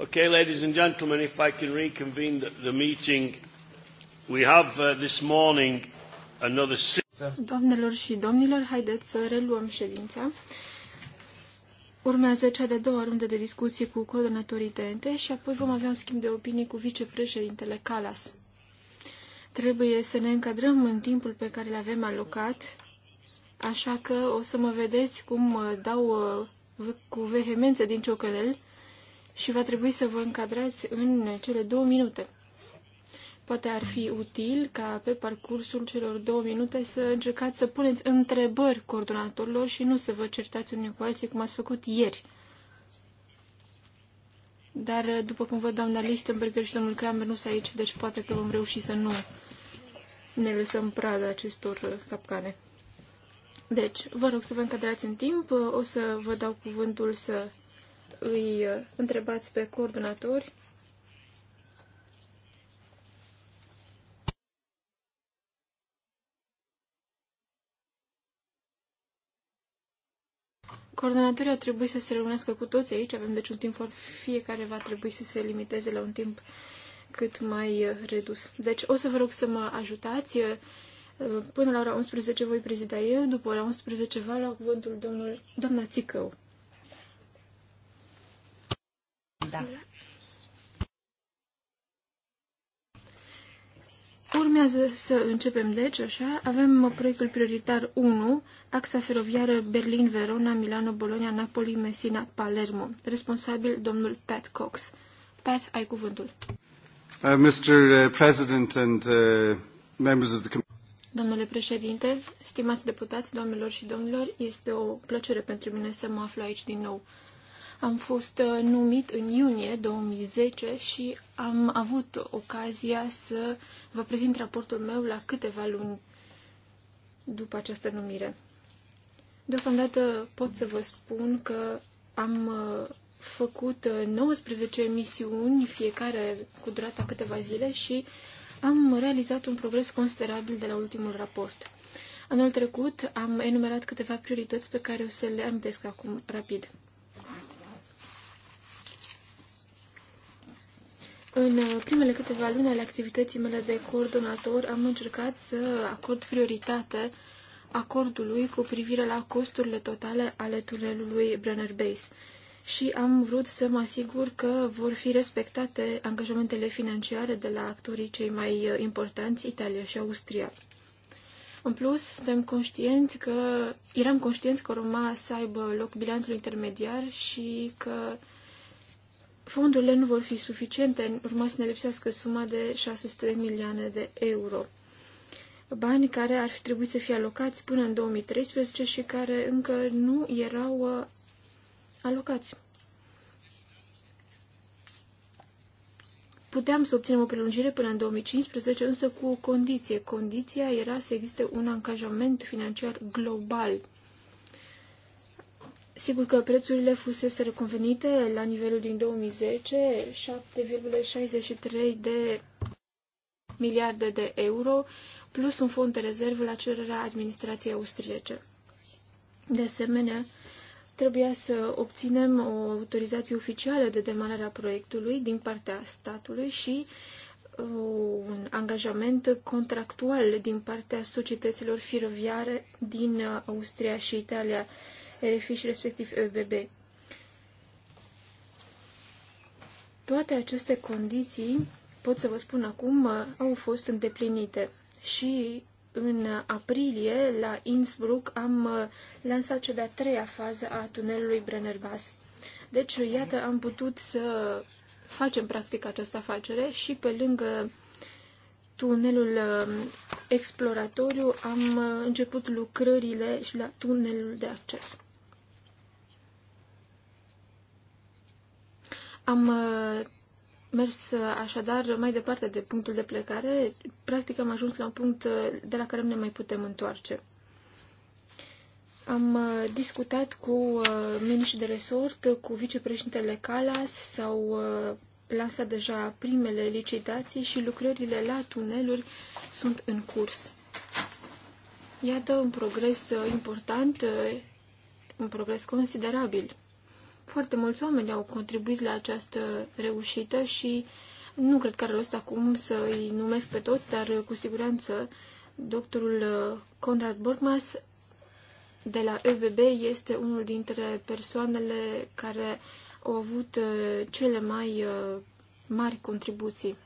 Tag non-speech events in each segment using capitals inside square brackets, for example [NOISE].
Okay, ladies and gentlemen, if I can reconvene the, the meeting, we have uh, this morning another Doamnelor și domnilor, haideți să reluăm ședința. Urmează cea de-a doua rundă de discuții cu coordonatorii TNT și apoi vom avea un schimb de opinii cu vicepreședintele Calas. Trebuie să ne încadrăm în timpul pe care îl avem alocat, așa că o să mă vedeți cum uh, dau uh, cu vehemență din ciocănel și va trebui să vă încadrați în cele două minute. Poate ar fi util ca pe parcursul celor două minute să încercați să puneți întrebări coordonatorilor și nu să vă certați unii cu alții cum ați făcut ieri. Dar, după cum văd, doamna Lichtenberger și domnul Kramer nu sunt aici, deci poate că vom reuși să nu ne lăsăm prada acestor uh, capcane. Deci, vă rog să vă încadrați în timp, uh, o să vă dau cuvântul să îi întrebați pe coordonatori. Coordonatorii au trebuit să se reunească cu toți aici, avem deci un timp foarte... Fiecare va trebui să se limiteze la un timp cât mai uh, redus. Deci o să vă rog să mă ajutați. Uh, până la ora 11 voi prezida eu, după ora 11 va lua cuvântul domnul, doamna Țicău. Da. Urmează să începem deci, așa, avem proiectul prioritar 1, axa feroviară Berlin-Verona, Milano-Bologna, Napoli, Messina, Palermo. Responsabil domnul Pat Cox. Pat, ai cuvântul. Uh, Mr. Uh, President and uh, members of the Domnule președinte, stimați deputați, domnilor și domnilor, este o plăcere pentru mine să mă aflu aici din nou. Am fost uh, numit în iunie 2010 și am avut ocazia să vă prezint raportul meu la câteva luni după această numire. Deocamdată pot să vă spun că am uh, făcut 19 uh, misiuni, fiecare cu durata câteva zile și am realizat un progres considerabil de la ultimul raport. Anul trecut am enumerat câteva priorități pe care o să le amintesc acum rapid. În uh, primele câteva luni ale activității mele de coordonator am încercat să acord prioritate acordului cu privire la costurile totale ale tunelului Brenner Base și am vrut să mă asigur că vor fi respectate angajamentele financiare de la actorii cei mai uh, importanți, Italia și Austria. În plus, suntem conștienți că, eram conștienți că urma să aibă loc bilanțul intermediar și că fondurile nu vor fi suficiente, urma să ne lipsească suma de 600 de milioane de euro. Bani care ar fi trebuit să fie alocați până în 2013 și care încă nu erau uh, alocați. Puteam să obținem o prelungire până în 2015, însă cu o condiție. Condiția era să existe un angajament financiar global Sigur că prețurile fusese reconvenite la nivelul din 2010, 7,63 de miliarde de euro, plus un fond de rezervă la cererea administrației austriece. De asemenea, trebuia să obținem o autorizație oficială de demarare a proiectului din partea statului și uh, un angajament contractual din partea societăților feroviare din uh, Austria și Italia RFI și respectiv EBB. Toate aceste condiții, pot să vă spun acum, au fost îndeplinite și în aprilie, la Innsbruck, am lansat cea de-a treia fază a tunelului Brennerbas. Deci, iată, am putut să facem practic această afacere și pe lângă tunelul um, exploratoriu am uh, început lucrările și la tunelul de acces. Am uh, mers uh, așadar mai departe de punctul de plecare. Practic am ajuns la un punct uh, de la care nu ne mai putem întoarce. Am discutat cu miniștri de resort, cu vicepreședintele Calas, s-au lansat deja primele licitații și lucrările la tuneluri sunt în curs. Iată un progres important, un progres considerabil. Foarte mulți oameni au contribuit la această reușită și nu cred că are rost acum să îi numesc pe toți, dar uh, cu siguranță doctorul uh, Conrad Borgmas de la ÖBB este unul dintre persoanele care au avut uh, cele mai mari contribuții.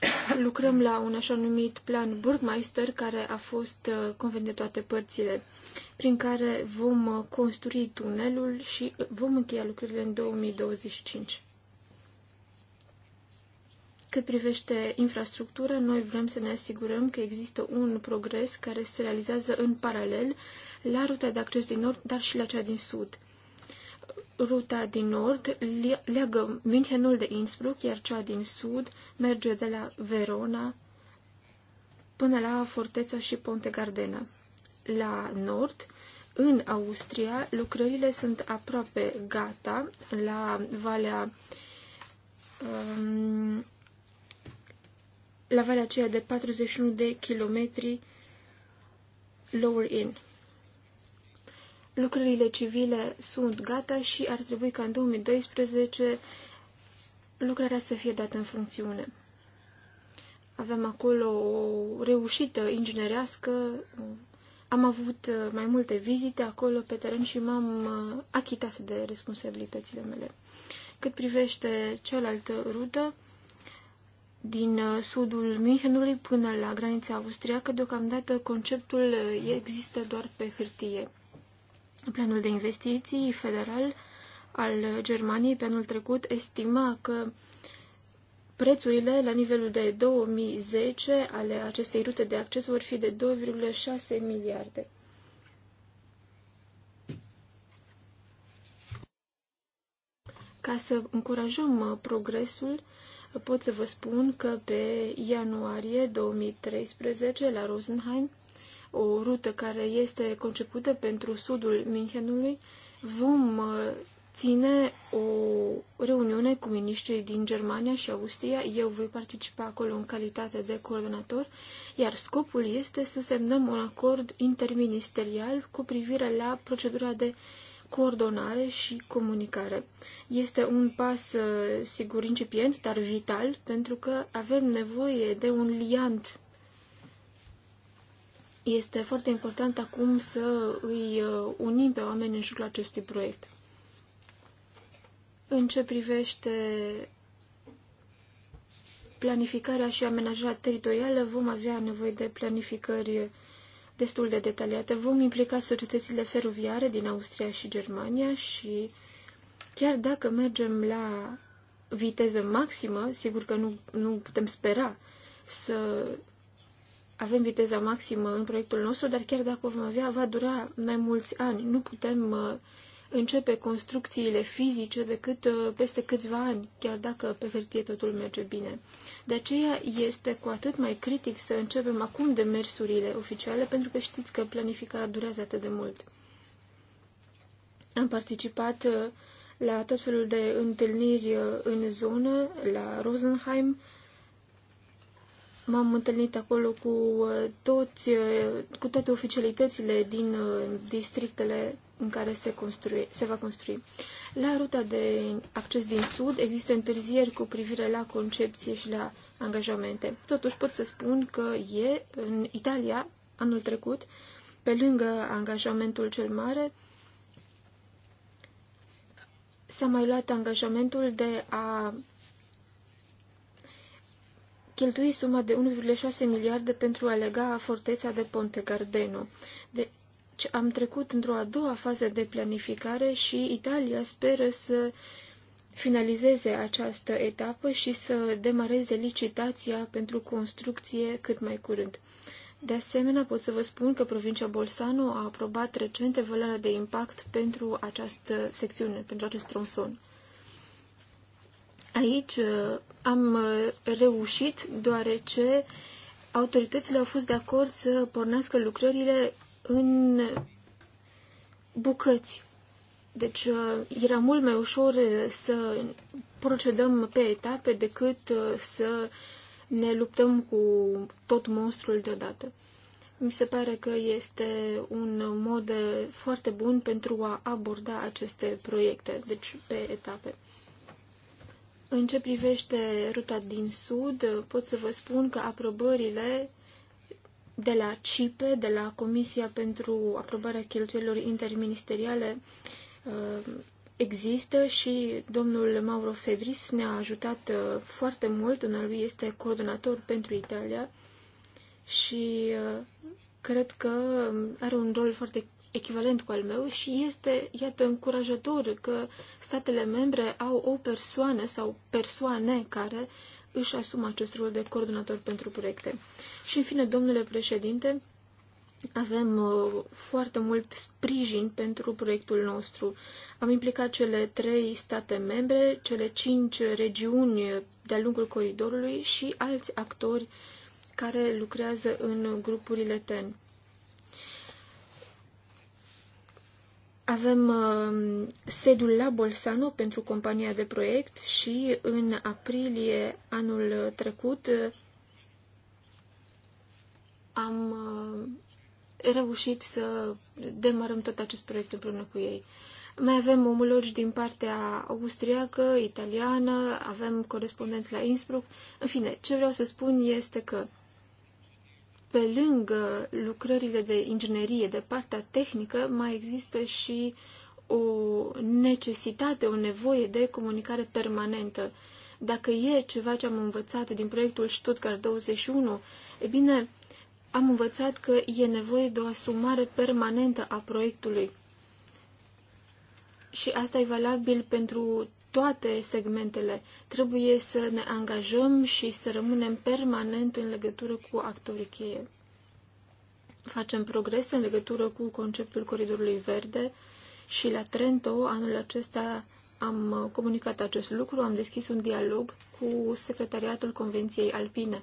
[COUGHS] lucrăm la un așa numit plan Burgmeister, care a fost uh, convenit de toate părțile, prin care vom uh, construi tunelul și uh, vom încheia lucrurile în 2025. Cât privește infrastructura, noi vrem să ne asigurăm că există un progres care se realizează în paralel la ruta de acces din nord, dar și la cea din sud. Ruta din nord leagă Münchenul de Innsbruck, iar cea din sud merge de la Verona până la Forteța și Ponte Gardena. La nord, în Austria, lucrările sunt aproape gata la Valea um, la valea aceea de 41 de kilometri Lower In lucrurile civile sunt gata și ar trebui ca în 2012 lucrarea să fie dată în funcțiune. Avem acolo o reușită inginerească. Am avut mai multe vizite acolo pe teren și m-am uh, achitat de responsabilitățile mele. Cât privește cealaltă rută, din uh, sudul Münchenului până la granița austriacă, deocamdată conceptul uh, există doar pe hârtie. Planul de investiții federal al Germaniei pe anul trecut estima că prețurile la nivelul de 2010 ale acestei rute de acces vor fi de 2,6 miliarde. Ca să încurajăm uh, progresul, uh, pot să vă spun că pe ianuarie 2013 la Rosenheim o rută care este concepută pentru sudul Münchenului, vom uh, ține o reuniune cu miniștrii din Germania și Austria. Eu voi participa acolo în calitate de coordonator, iar scopul este să semnăm un acord interministerial cu privire la procedura de coordonare și comunicare. Este un pas, uh, sigur, incipient, dar vital, pentru că avem nevoie de un liant este foarte important acum să îi uh, unim pe oameni în jurul acestui proiect. În ce privește planificarea și amenajarea teritorială, vom avea nevoie de planificări destul de detaliate. Vom implica societățile feroviare din Austria și Germania și chiar dacă mergem la viteză maximă, sigur că nu, nu putem spera să avem viteza maximă în proiectul nostru, dar chiar dacă o vom avea, va dura mai mulți ani. Nu putem uh, începe construcțiile fizice decât uh, peste câțiva ani, chiar dacă pe hârtie totul merge bine. De aceea este cu atât mai critic să începem acum demersurile oficiale, pentru că știți că planificarea durează atât de mult. Am participat uh, la tot felul de întâlniri în zonă, la Rosenheim, M-am întâlnit acolo cu uh, toți, uh, cu toate oficialitățile din uh, districtele în care se, construie, se va construi. La ruta de acces din sud există întârzieri cu privire la concepție și la angajamente. Totuși pot să spun că e în Italia, anul trecut, pe lângă angajamentul cel mare, s-a mai luat angajamentul de a cheltui suma de 1,6 miliarde pentru a lega forteța de Ponte Gardeno. De deci am trecut într-o a doua fază de planificare și Italia speră să finalizeze această etapă și să demareze licitația pentru construcție cât mai curând. De asemenea, pot să vă spun că provincia Bolsano a aprobat recent evaluarea de impact pentru această secțiune, pentru acest tronson. Aici, am uh, reușit deoarece autoritățile au fost de acord să pornească lucrările în bucăți. Deci uh, era mult mai ușor uh, să procedăm pe etape decât să ne luptăm cu tot monstrul deodată. Mi se pare că este un mod foarte bun pentru a aborda aceste proiecte, deci pe etape. În ce privește ruta din sud, pot să vă spun că aprobările de la CIPE, de la Comisia pentru aprobarea cheltuielor interministeriale, uh, există și domnul Mauro Fevris ne-a ajutat uh, foarte mult, lui este coordonator pentru Italia și uh, cred că are un rol foarte echivalent cu al meu și este, iată, încurajator că statele membre au o persoană sau persoane care își asumă acest rol de coordonator pentru proiecte. Și, în fine, domnule președinte, avem uh, foarte mult sprijin pentru proiectul nostru. Am implicat cele trei state membre, cele cinci regiuni de-a lungul coridorului și alți actori care lucrează în grupurile TEN. Avem uh, sediul la Bolsano pentru compania de proiect și în aprilie anul trecut uh, am uh, reușit să demarăm tot acest proiect împreună cu ei. Mai avem omologi din partea austriacă, italiană, avem corespondenți la Innsbruck. În fine, ce vreau să spun este că pe lângă lucrările de inginerie, de partea tehnică, mai există și o necesitate, o nevoie de comunicare permanentă. Dacă e ceva ce am învățat din proiectul Stuttgart 21, e bine, am învățat că e nevoie de o asumare permanentă a proiectului. Și asta e valabil pentru toate segmentele. Trebuie să ne angajăm și să rămânem permanent în legătură cu actorii cheie. Facem progrese în legătură cu conceptul Coridorului Verde și la Trento anul acesta am comunicat acest lucru, am deschis un dialog cu Secretariatul Convenției Alpine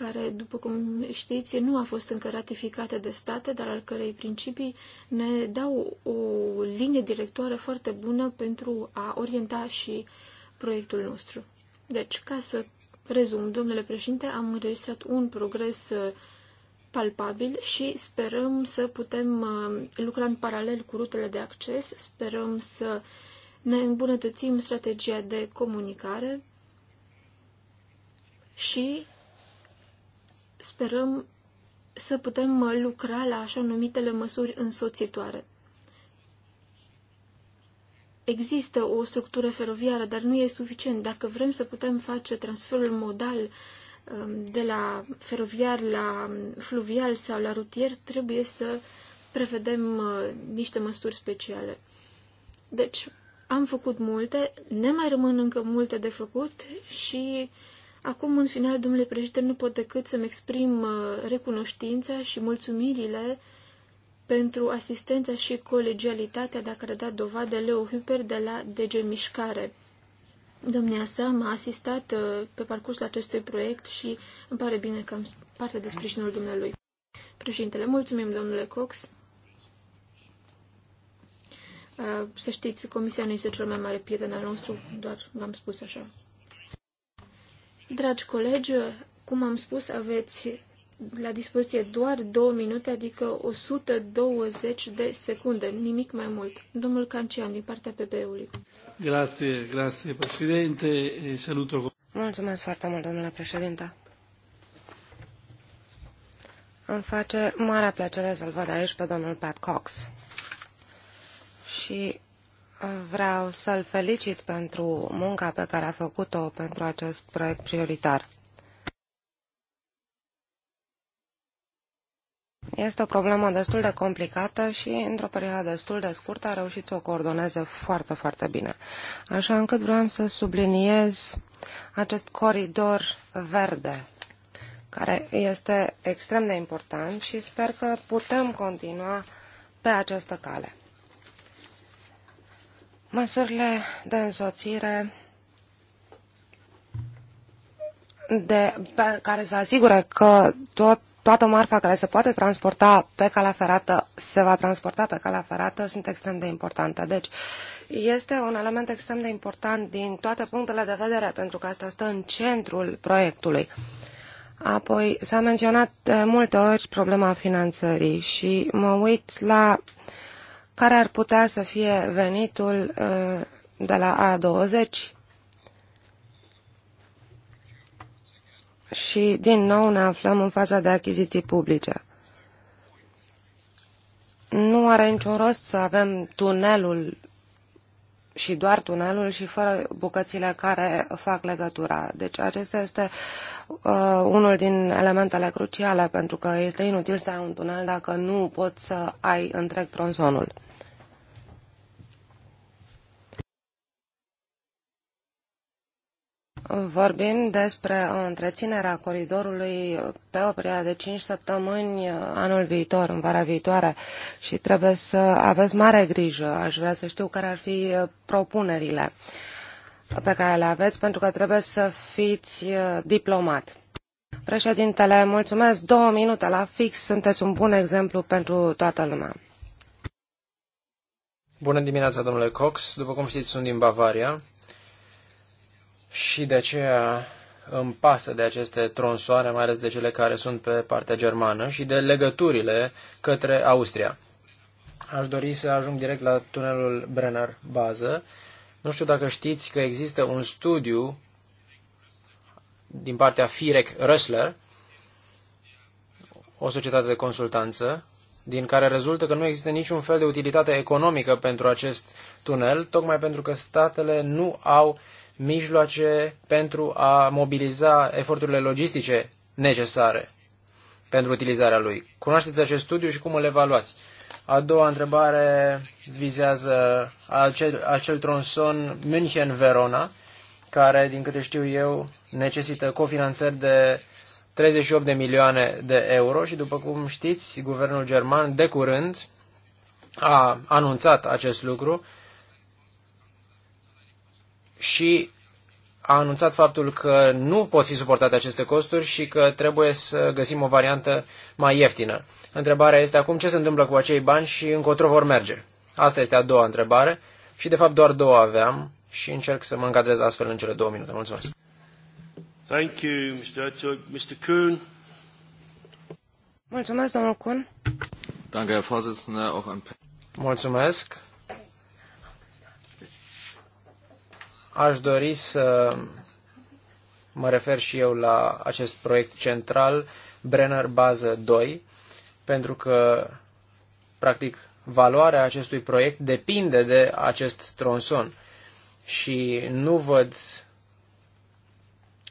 care, după cum știți, nu a fost încă ratificată de state, dar al cărei principii ne dau o linie directoare foarte bună pentru a orienta și proiectul nostru. Deci, ca să rezum, domnule președinte, am înregistrat un progres uh, palpabil și sperăm să putem uh, lucra în paralel cu rutele de acces, sperăm să ne îmbunătățim strategia de comunicare și sperăm să putem uh, lucra la așa numitele măsuri însoțitoare. Există o structură feroviară, dar nu e suficient. Dacă vrem să putem face transferul modal um, de la feroviar la fluvial sau la rutier, trebuie să prevedem uh, niște măsuri speciale. Deci, am făcut multe, ne mai rămân încă multe de făcut și uh, Acum, în final, domnule președinte, nu pot decât să-mi exprim uh, recunoștința și mulțumirile pentru asistența și colegialitatea de a dat dovadă Leo Huber de la DG Mișcare. Domnia sa m-a asistat uh, pe parcursul acestui proiect și îmi pare bine că am parte de sprijinul dumnealui. Președintele, mulțumim, domnule Cox. Uh, să știți, comisia nu este cel mai mare prieten al nostru, doar v-am spus așa. Dragi colegi, cum am spus, aveți la dispoziție doar două minute, adică 120 de secunde, nimic mai mult. Domnul Cancian, din partea pp ului Grazie, grazie, președinte. Salut. Mulțumesc foarte mult, domnule președinte. Îmi face mare plăcere să-l văd aici pe domnul Pat Cox. Și Vreau să-l felicit pentru munca pe care a făcut-o pentru acest proiect prioritar. Este o problemă destul de complicată și, într-o perioadă destul de scurtă, a reușit să o coordoneze foarte, foarte bine. Așa încât vreau să subliniez acest coridor verde, care este extrem de important și sper că putem continua pe această cale. Măsurile de însoțire de, pe care să asigure că tot, toată marfa care se poate transporta pe calea ferată se va transporta pe calea ferată sunt extrem de importante. Deci este un element extrem de important din toate punctele de vedere pentru că asta stă în centrul proiectului. Apoi s-a menționat de multe ori problema finanțării și mă uit la uh, care ar putea să fie venitul uh, de la A20 și din nou ne aflăm în faza de achiziții publice. Nu are niciun rost să avem tunelul și doar tunelul și fără bucățile care fac legătura. Deci acesta este uh, unul din elementele cruciale pentru că este inutil să ai un tunel dacă nu poți să ai întreg tronsonul. vorbim despre întreținerea coridorului pe o perioadă de 5 săptămâni uh, anul viitor, în vara viitoare și trebuie să aveți mare grijă. Aș vrea să știu care ar fi uh, propunerile pe care le aveți pentru că trebuie să fiți uh, diplomat. Președintele, mulțumesc. Două minute la fix. Sunteți un bun exemplu pentru toată lumea. Bună dimineața, domnule Cox. După cum știți, sunt din Bavaria și de aceea îmi pasă de aceste tronsoane, mai ales de cele care sunt pe partea germană și de legăturile către Austria. Aș dori să ajung direct la tunelul Brenner-Bază. Nu știu dacă știți că există un studiu din partea Firec Rössler, o societate de consultanță, din care rezultă că nu există niciun fel de utilitate economică pentru acest tunel, tocmai pentru că statele nu au uh, mijloace pentru a mobiliza eforturile logistice necesare pentru utilizarea lui. Cunoașteți acest studiu și cum îl evaluați? A doua întrebare vizează acel, acel tronson München-Verona, care, din câte știu eu, necesită cofinanțări de 38 de milioane de euro și, după cum știți, guvernul german de curând a anunțat acest lucru și a anunțat faptul că nu pot fi suportate aceste costuri și că trebuie să găsim o variantă mai ieftină. Întrebarea este acum ce se întâmplă cu acei bani și încotro vor merge. Asta este a doua întrebare și de fapt doar două aveam și încerc să mă încadrez astfel în cele două minute. Mulțumesc. Thank you, Mr. Herzog. Mr. Kuhn. Mulțumesc, domnul Kuhn. Danke, Herr Vorsitzender, auch an Mulțumesc. Aș dori să mă refer și eu la acest proiect central, Brenner Bază 2, pentru că, practic, valoarea acestui proiect depinde de acest tronson. Și nu văd,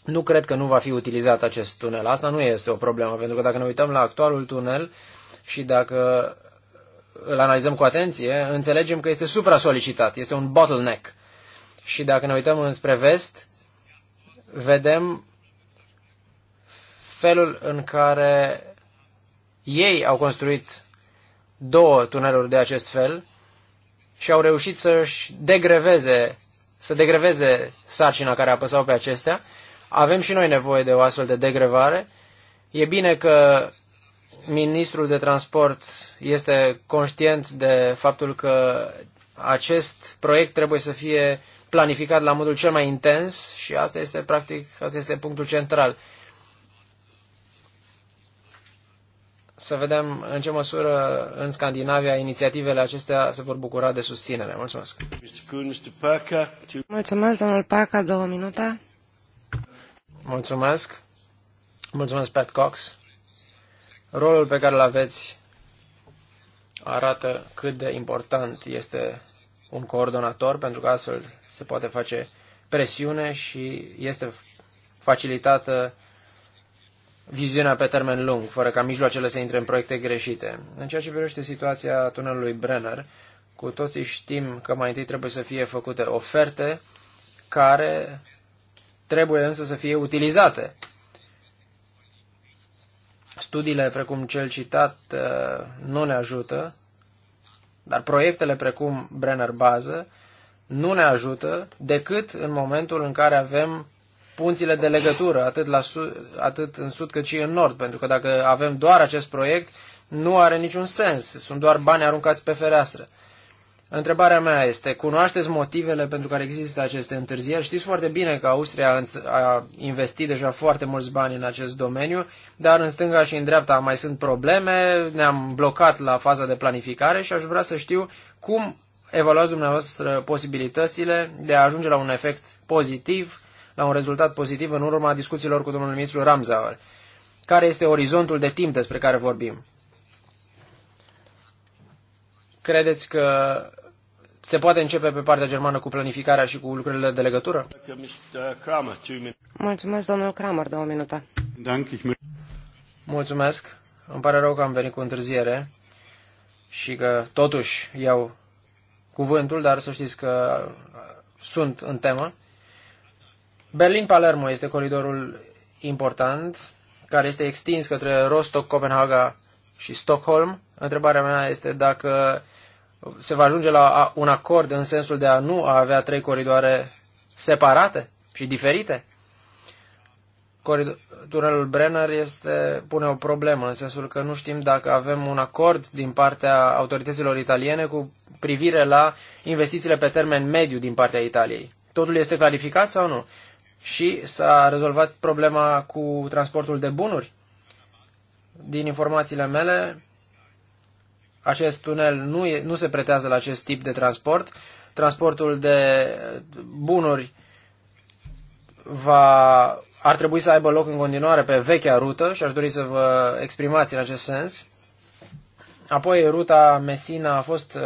nu cred că nu va fi utilizat acest tunel. Asta nu este o problemă, pentru că dacă ne uităm la actualul tunel și dacă îl analizăm cu atenție, înțelegem că este supra-solicitat, este un bottleneck. Și dacă ne uităm înspre vest, vedem felul în care ei au construit două tuneluri de acest fel și au reușit să-și degreveze, să degreveze sarcina care apăsau pe acestea. Avem și noi nevoie de o astfel de degrevare. E bine că ministrul de transport este conștient de faptul că acest proiect trebuie să fie planificat la modul cel mai intens și asta este practic, asta este punctul central. Să vedem în ce măsură în Scandinavia inițiativele acestea se vor bucura de susținere. Mulțumesc. Mulțumesc, domnul Paca, două minute. Mulțumesc. Mulțumesc, Pat Cox. Rolul pe care îl aveți arată cât de important este un coordonator, pentru că astfel se poate face presiune și este facilitată viziunea pe termen lung, fără ca mijloacele să intre în proiecte greșite. În ceea ce privește situația tunelului Brenner, cu toții știm că mai întâi trebuie să fie făcute oferte care trebuie însă să fie utilizate. Studiile precum cel citat uh, nu ne ajută dar proiectele precum Brenner Bază nu ne ajută decât în momentul în care avem punțile de legătură, atât, la sud, atât în sud cât și în nord, pentru că dacă avem doar acest proiect, nu are niciun sens, sunt doar bani aruncați pe fereastră. Întrebarea mea este, cunoașteți motivele pentru care există aceste întârzieri? Știți foarte bine că Austria a investit deja foarte mulți bani în acest domeniu, dar în stânga și în dreapta mai sunt probleme, ne-am blocat la faza de planificare și aș vrea să știu cum evaluați dumneavoastră posibilitățile de a ajunge la un efect pozitiv, la un rezultat pozitiv în urma discuțiilor cu domnul ministru Ramzauer. Care este orizontul de timp despre care vorbim? Credeți că se poate începe pe partea germană cu planificarea și cu lucrurile de legătură? Mulțumesc, domnul Kramer, două minute. Mulțumesc. Îmi pare rău că am venit cu întârziere și că totuși iau cuvântul, dar să știți că uh, sunt în temă. Berlin-Palermo este coridorul important, care este extins către Rostock, Copenhaga și Stockholm. Întrebarea mea este dacă se va ajunge la un acord în sensul de a nu avea trei coridoare separate și diferite? tunelul Brenner este, pune o problemă, în sensul că nu știm dacă avem un acord din partea autorităților italiene cu privire la investițiile pe termen mediu din partea Italiei. Totul este clarificat sau nu? Și s-a rezolvat problema cu transportul de bunuri? Din informațiile mele, acest tunel nu, e, nu se pretează la acest tip de transport. Transportul de bunuri va, ar trebui să aibă loc în continuare pe vechea rută și aș dori să vă exprimați în acest sens. Apoi ruta Messina a fost uh,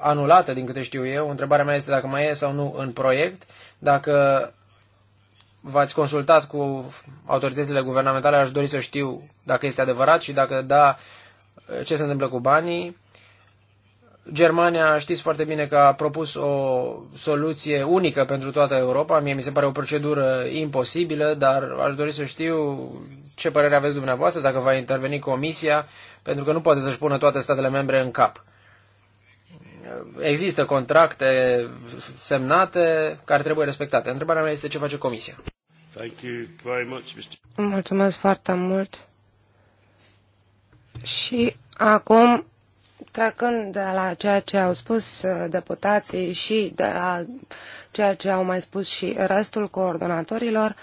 anulată, din câte știu eu. Întrebarea mea este dacă mai e sau nu în proiect, dacă v-ați consultat cu autoritățile guvernamentale, aș dori să știu dacă este adevărat și dacă da, ce se întâmplă cu banii. Germania, știți foarte bine că a propus o soluție unică pentru toată Europa. Mie mi se pare o procedură imposibilă, dar aș dori să știu ce părere aveți dumneavoastră, dacă va interveni Comisia, pentru că nu poate să-și pună toate statele membre în cap. Există contracte semnate care trebuie respectate. Întrebarea mea este ce face Comisia. Mulțumesc foarte mult. Și acum, trecând de la ceea ce au spus uh, deputații și de la ceea ce au mai spus și restul coordonatorilor,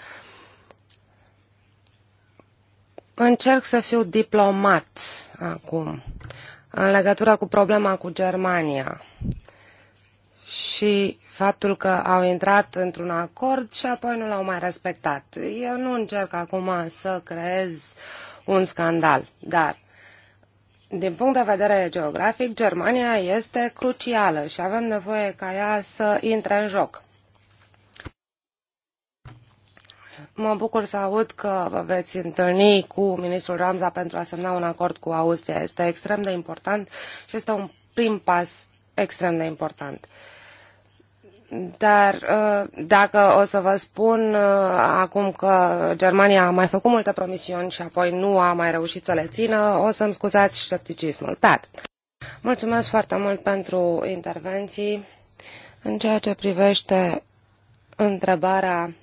încerc să fiu diplomat acum în legătură cu problema cu Germania și faptul că au intrat într-un acord și apoi nu l-au mai respectat. Eu nu încerc acum să creez un scandal, dar din punct de vedere geografic, Germania este crucială și avem nevoie ca ea să intre în joc. Mă bucur să aud că vă veți întâlni cu ministrul Ramza pentru a semna un acord cu Austria. Este extrem de important și este un prim pas extrem de important. Uh, dar uh, dacă o să vă spun uh, acum că Germania a mai făcut multe promisiuni și apoi nu a mai reușit să le țină, o să-mi scuzați scepticismul. Pat, mulțumesc foarte mult pentru intervenții. În ceea ce privește întrebarea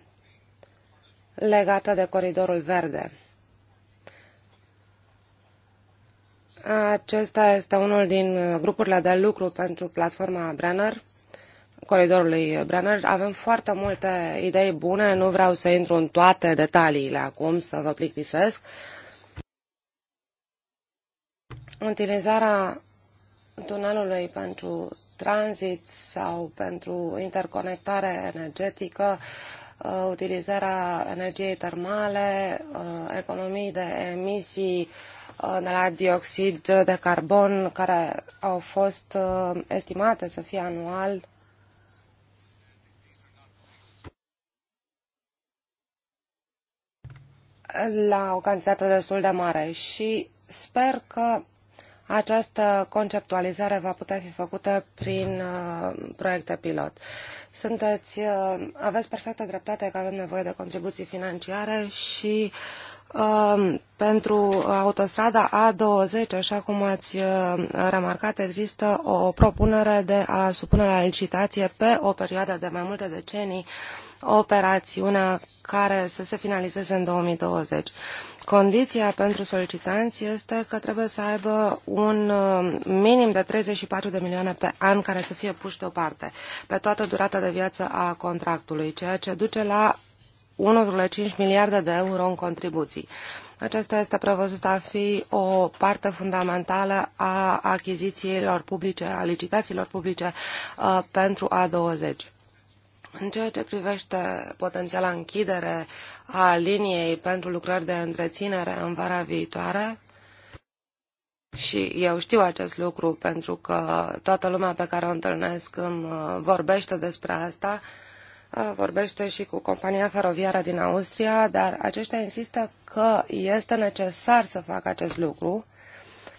legată de coridorul verde. Acesta este unul din grupurile de lucru pentru platforma Brenner coridorului Brenner avem foarte multe idei bune, nu vreau să intru în toate detaliile acum, să vă plictisesc. Utilizarea tunelului pentru tranzit sau pentru interconectare energetică, uh, utilizarea energiei termale, uh, economii de emisii, uh, de la dioxid de carbon care au fost estimate să fie anual la o cantitate destul de mare și sper că această conceptualizare va putea fi făcută prin uh, proiecte pilot. Sunteți, uh, aveți perfectă dreptate că avem nevoie de contribuții financiare și uh, pentru autostrada A20, așa cum ați uh, remarcat, există o propunere de a supune la licitație pe o perioadă de mai multe decenii uh, operațiune care să se finalizeze în 2020. Condiția pentru solicitanți este că trebuie să aibă un uh, minim de 34 de milioane pe an care să fie puși deoparte pe toată durata de viață a contractului, ceea ce duce la 1,5 miliarde de euro în contribuții. Aceasta este prevăzută a fi o parte fundamentală a achizițiilor publice, a licitațiilor publice uh, pentru A20. În ceea ce privește potențiala închidere a liniei pentru lucrări de întreținere în vara viitoare, și eu știu acest lucru pentru că toată lumea pe care o întâlnesc îmi uh, vorbește despre asta, uh, vorbește și cu compania feroviară din Austria, dar aceștia insistă că este necesar să facă acest lucru,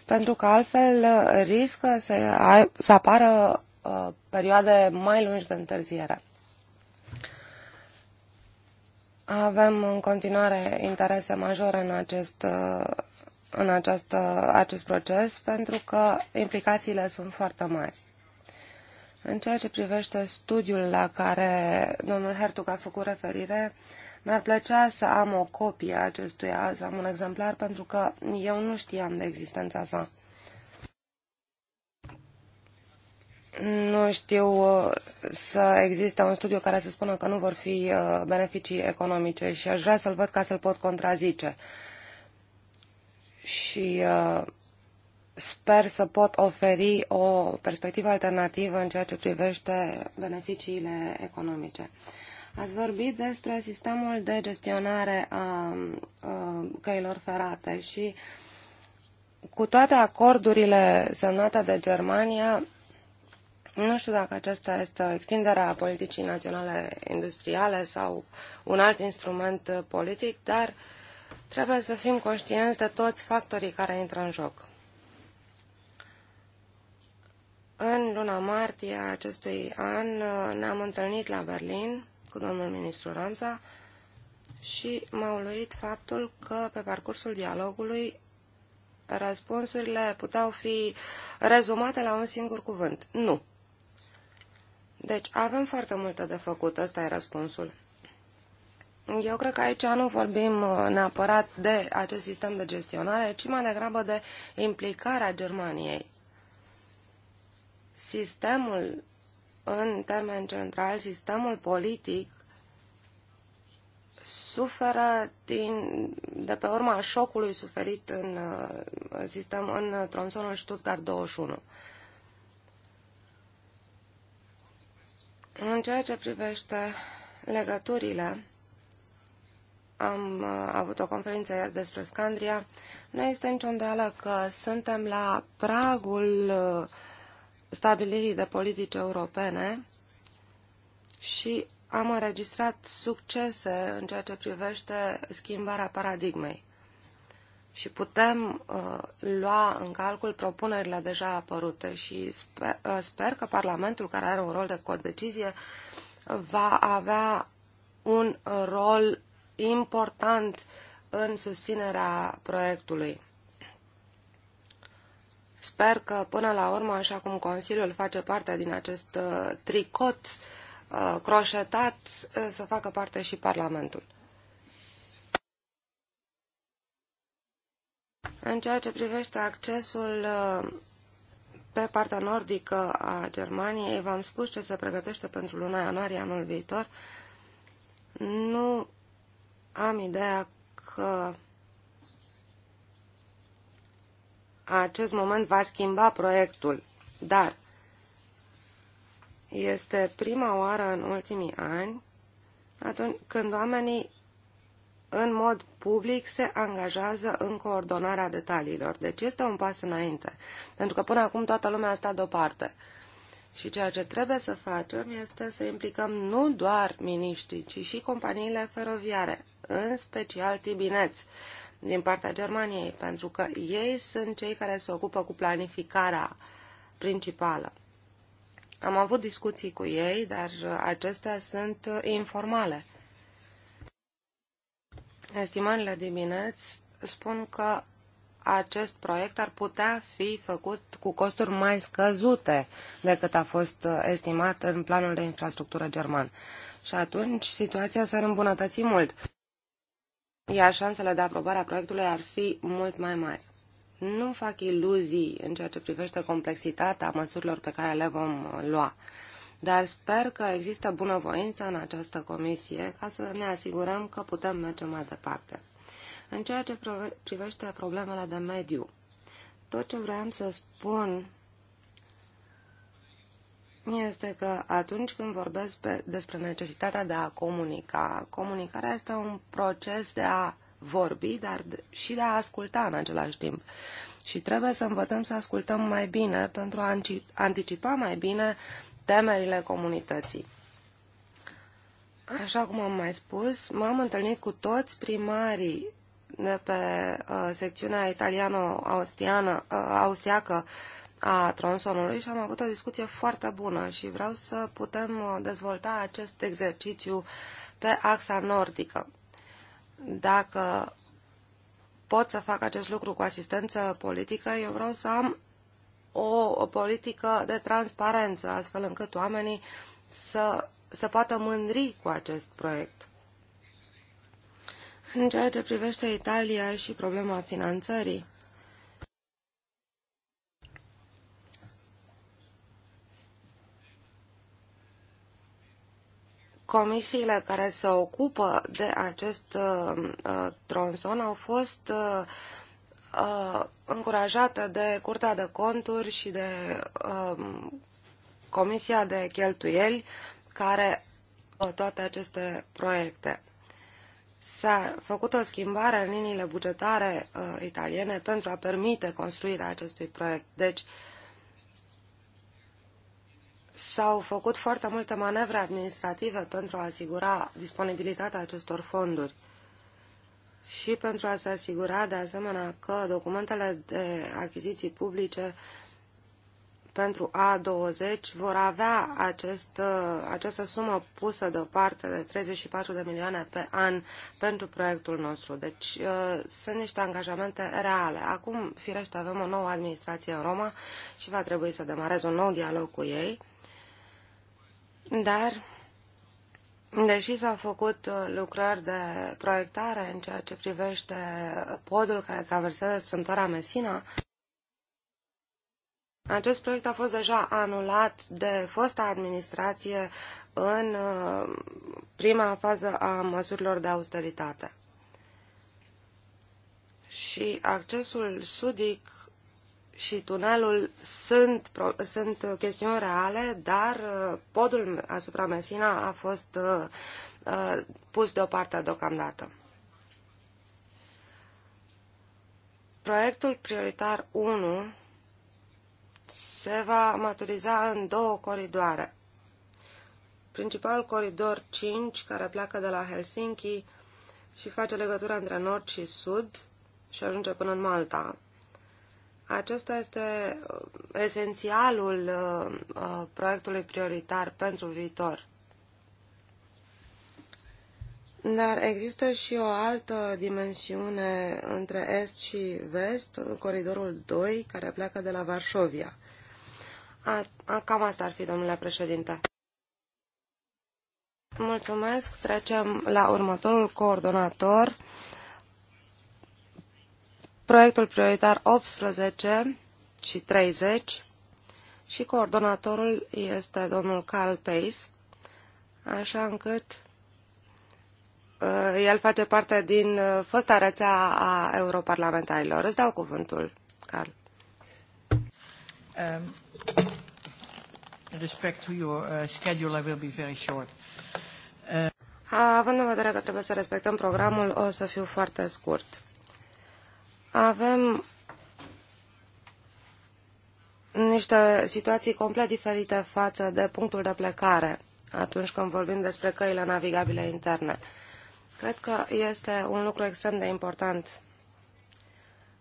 pentru că altfel uh, riscă să, să apară perioade mai lungi de întârziere. Avem în continuare interese majore în acest uh, în această, acest proces pentru că implicațiile sunt foarte mari. În ceea ce privește studiul la care domnul Hertug a făcut referire, mi-ar plăcea să am o copie a acestuia, să am un exemplar, pentru că eu nu știam de existența sa. nu știu uh, să existe un studiu care să spună că nu vor fi uh, beneficii economice și aș vrea să-l văd ca să-l pot contrazice. Și uh, sper să pot oferi o perspectivă alternativă în ceea ce privește beneficiile economice. Ați vorbit despre sistemul de gestionare a căilor ferate și cu toate acordurile semnate de Germania, nu știu dacă aceasta este o extindere a politicii naționale industriale sau un alt instrument politic, dar trebuie să fim conștienți de toți factorii care intră în joc. În luna martie a acestui an uh, ne-am întâlnit la Berlin cu domnul ministru Ramsa și m-a uluit faptul că pe parcursul dialogului răspunsurile puteau fi rezumate la un singur cuvânt. Nu. Deci avem foarte multe de făcut, ăsta e răspunsul. Eu cred că aici nu vorbim uh, neapărat de acest sistem de gestionare, ci mai degrabă de implicarea Germaniei. Sistemul, în termen central, sistemul politic suferă din, de pe urma șocului suferit în, uh, în, sistem, în uh, tronsonul Stuttgart 21. În ceea ce privește legăturile, am uh, avut o conferință iar despre Scandria. Nu este nicio îndoială că suntem la pragul uh, stabilirii de politici europene și am înregistrat succese în ceea ce privește schimbarea paradigmei și putem uh, lua în calcul propunerile deja apărute și sper, uh, sper că Parlamentul, care are un rol de codecizie, va avea un rol important în susținerea proiectului. Sper că până la urmă, așa cum Consiliul face parte din acest uh, tricot uh, croșetat, uh, să facă parte și Parlamentul. În ceea ce privește accesul uh, pe partea nordică a Germaniei, v-am spus ce se pregătește pentru luna ianuarie anul viitor. Nu am ideea că acest moment va schimba proiectul, dar este prima oară în ultimii ani atunci când oamenii în mod public se angajează în coordonarea detaliilor. Deci este un pas înainte, pentru că până acum toată lumea a stat deoparte. Și ceea ce trebuie să facem este să implicăm nu doar miniștrii, ci și companiile feroviare, în special tibineți, din partea Germaniei, pentru că ei sunt cei care se ocupă cu planificarea principală. Am avut discuții cu ei, dar acestea sunt informale. Estimările dimineți spun că acest proiect ar putea fi făcut cu costuri mai scăzute decât a fost estimat în planul de infrastructură german. Și atunci situația s-ar îmbunătăți mult, iar șansele de aprobare a proiectului ar fi mult mai mari. Nu fac iluzii în ceea ce privește complexitatea măsurilor pe care le vom lua dar sper că există bunăvoință în această comisie ca să ne asigurăm că putem merge mai departe. În ceea ce privește problemele de mediu, tot ce vreau să spun este că atunci când vorbesc pe, despre necesitatea de a comunica, comunicarea este un proces de a vorbi, dar și de a asculta în același timp. Și trebuie să învățăm să ascultăm mai bine pentru a anticipa mai bine temerile comunității. Așa cum am mai spus, m-am întâlnit cu toți primarii de pe uh, secțiunea italiano-austriacă uh, a tronsonului și am avut o discuție foarte bună și vreau să putem uh, dezvolta acest exercițiu pe axa nordică. Dacă pot să fac acest lucru cu asistență politică, eu vreau să am o, o politică de transparență, astfel încât oamenii să se poată mândri cu acest proiect. În ceea ce privește Italia și problema finanțării, comisiile care se ocupă de acest uh, tronson au fost uh, uh, încurajată de Curtea de Conturi și de uh, Comisia de Cheltuieli care toate aceste proiecte. S-a făcut o schimbare în liniile bugetare uh, italiene pentru a permite construirea acestui proiect. Deci, s-au făcut foarte multe manevre administrative pentru a asigura disponibilitatea acestor fonduri și pentru a se asigura de asemenea că documentele de achiziții publice pentru A20 vor avea acest, această sumă pusă deoparte de 34 de milioane pe an pentru proiectul nostru. Deci uh, sunt niște angajamente reale. Acum, firește, avem o nouă administrație în Roma și va trebui să demarez un nou dialog cu ei. Dar Deși s-au făcut uh, lucrări de proiectare în ceea ce privește uh, podul care traversează Sântora Mesina, acest proiect a fost deja anulat de fosta administrație în uh, prima fază a măsurilor de austeritate. Și accesul sudic și tunelul sunt, sunt chestiuni reale, dar uh, podul asupra Mesina a fost uh, uh, pus deoparte deocamdată. Proiectul prioritar 1 se va maturiza în două coridoare. Principalul coridor 5, care pleacă de la Helsinki și face legătura între nord și sud și ajunge până în Malta, acesta este uh, esențialul uh, uh, proiectului prioritar pentru viitor. Dar există și o altă dimensiune între est și vest, coridorul 2, care pleacă de la Varșovia. A, a, cam asta ar fi, domnule președinte. Mulțumesc. Trecem la următorul coordonator, proiectul prioritar 18 și 30 și coordonatorul este domnul Carl Pace, așa încât uh, el face parte din uh, fosta rețea a europarlamentarilor. Îți dau cuvântul, Carl. Um, respect to your uh, schedule, I will be very short. Uh... Având în vedere că trebuie să respectăm programul, o să fiu foarte scurt avem niște situații complet diferite față de punctul de plecare atunci când vorbim despre căile navigabile interne. Cred că este un lucru extrem de important.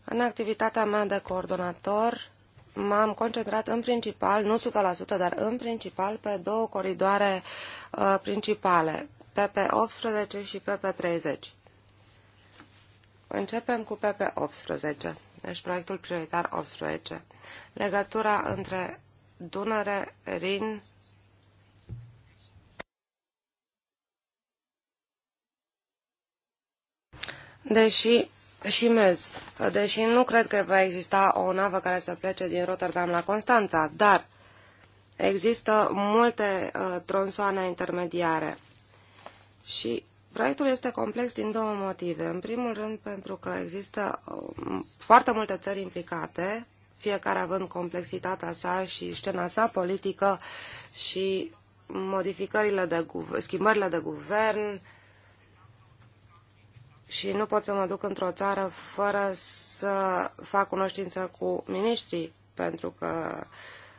În activitatea mea de coordonator m-am concentrat în principal, nu 100%, dar în principal pe două coridoare uh, principale, PP18 și PP30. Începem cu PP18, deci proiectul prioritar 18. Legătura între Dunăre, Rin, deși și Mez, deși nu cred că va exista o navă care să plece din Rotterdam la Constanța, dar există multe uh, tronsoane intermediare și Proiectul este complex din două motive. În primul rând pentru că există um, foarte multe țări implicate, fiecare având complexitatea sa și scena sa politică și modificările de schimbările de guvern și nu pot să mă duc într-o țară fără să fac cunoștință cu miniștrii, pentru că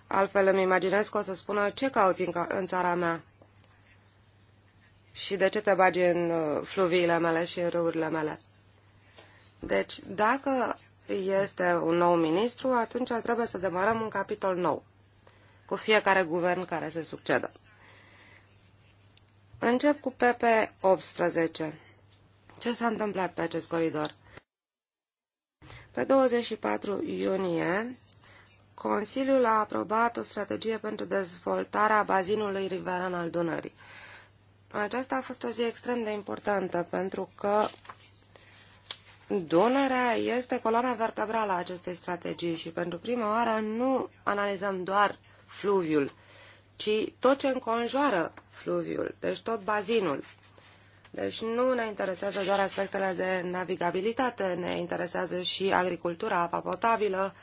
altfel îmi imaginez că o să spună ce cauți în, în țara mea și de ce te bagi în uh, fluviile mele și în râurile mele. Deci, dacă este un nou ministru, atunci trebuie să demarăm un capitol nou cu fiecare guvern care se succedă. Încep cu PP18. Ce s-a întâmplat pe acest coridor? Pe 24 iunie, Consiliul a aprobat o strategie pentru dezvoltarea bazinului riveran al Dunării. Aceasta a fost o zi extrem de importantă pentru că Dunărea este coloana vertebrală a acestei strategii și pentru prima oară nu analizăm doar fluviul, ci tot ce înconjoară fluviul, deci tot bazinul. Deci nu ne interesează doar aspectele de navigabilitate, ne interesează și agricultura, apa potabilă,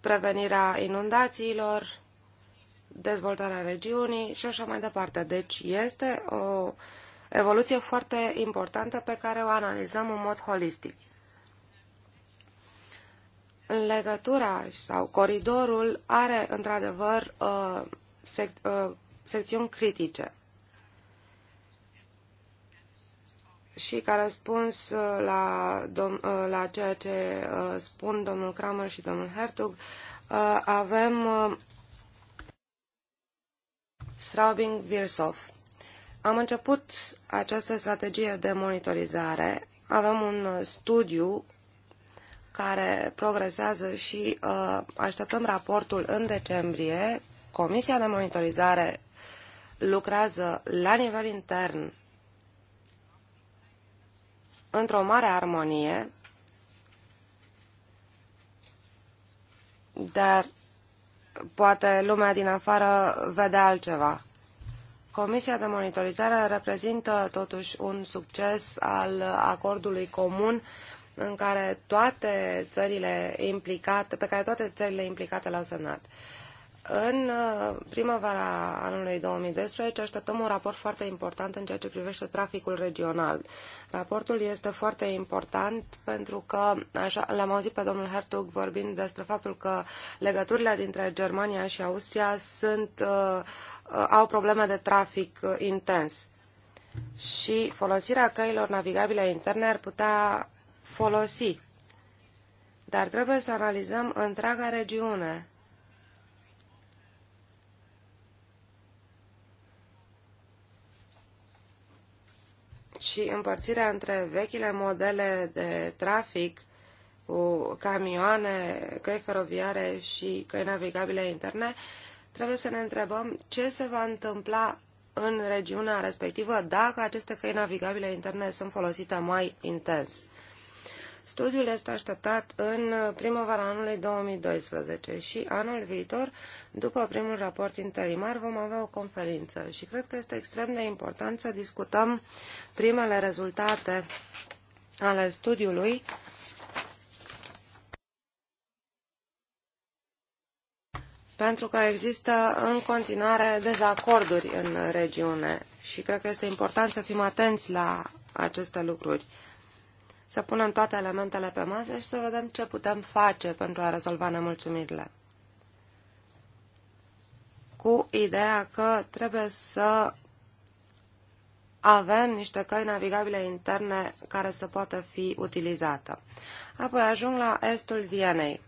prevenirea inundațiilor, dezvoltarea regiunii și așa mai departe. Deci este o evoluție foarte importantă pe care o analizăm în mod holistic. Legătura sau coridorul are într-adevăr uh, sec uh, secțiuni critice. Și ca răspuns uh, la, la ceea ce spun domnul Kramer și domnul Hertug, avem Straubing Virsov. Am început această strategie de monitorizare. Avem un uh, studiu care progresează și uh, așteptăm raportul în decembrie. Comisia de monitorizare lucrează la nivel intern într-o mare armonie, dar poate lumea din afară vede altceva. Comisia de monitorizare reprezintă totuși un succes al acordului comun în care toate țările implicate, pe care toate țările implicate l-au semnat. În uh, primăvara anului 2012 așteptăm un raport foarte important în ceea ce privește traficul regional. Raportul este foarte important pentru că așa, l-am auzit pe domnul Hertug vorbind despre faptul că legăturile dintre Germania și Austria sunt, uh, uh, au probleme de trafic intens. Și folosirea căilor navigabile interne ar putea folosi. Dar trebuie să analizăm întreaga regiune și împărțirea între vechile modele de trafic cu camioane, căi feroviare și căi navigabile interne, trebuie să ne întrebăm ce se va întâmpla în regiunea respectivă dacă aceste căi navigabile interne sunt folosite mai intens. Studiul este așteptat în primăvara anului 2012 și anul viitor, după primul raport interimar, vom avea o conferință și cred că este extrem de important să discutăm primele rezultate ale studiului pentru că există în continuare dezacorduri în regiune și cred că este important să fim atenți la aceste lucruri să punem toate elementele pe masă și să vedem ce putem face pentru a rezolva nemulțumirile. Cu ideea că trebuie să avem niște căi navigabile interne care să poată fi utilizată. Apoi ajung la estul Vienei.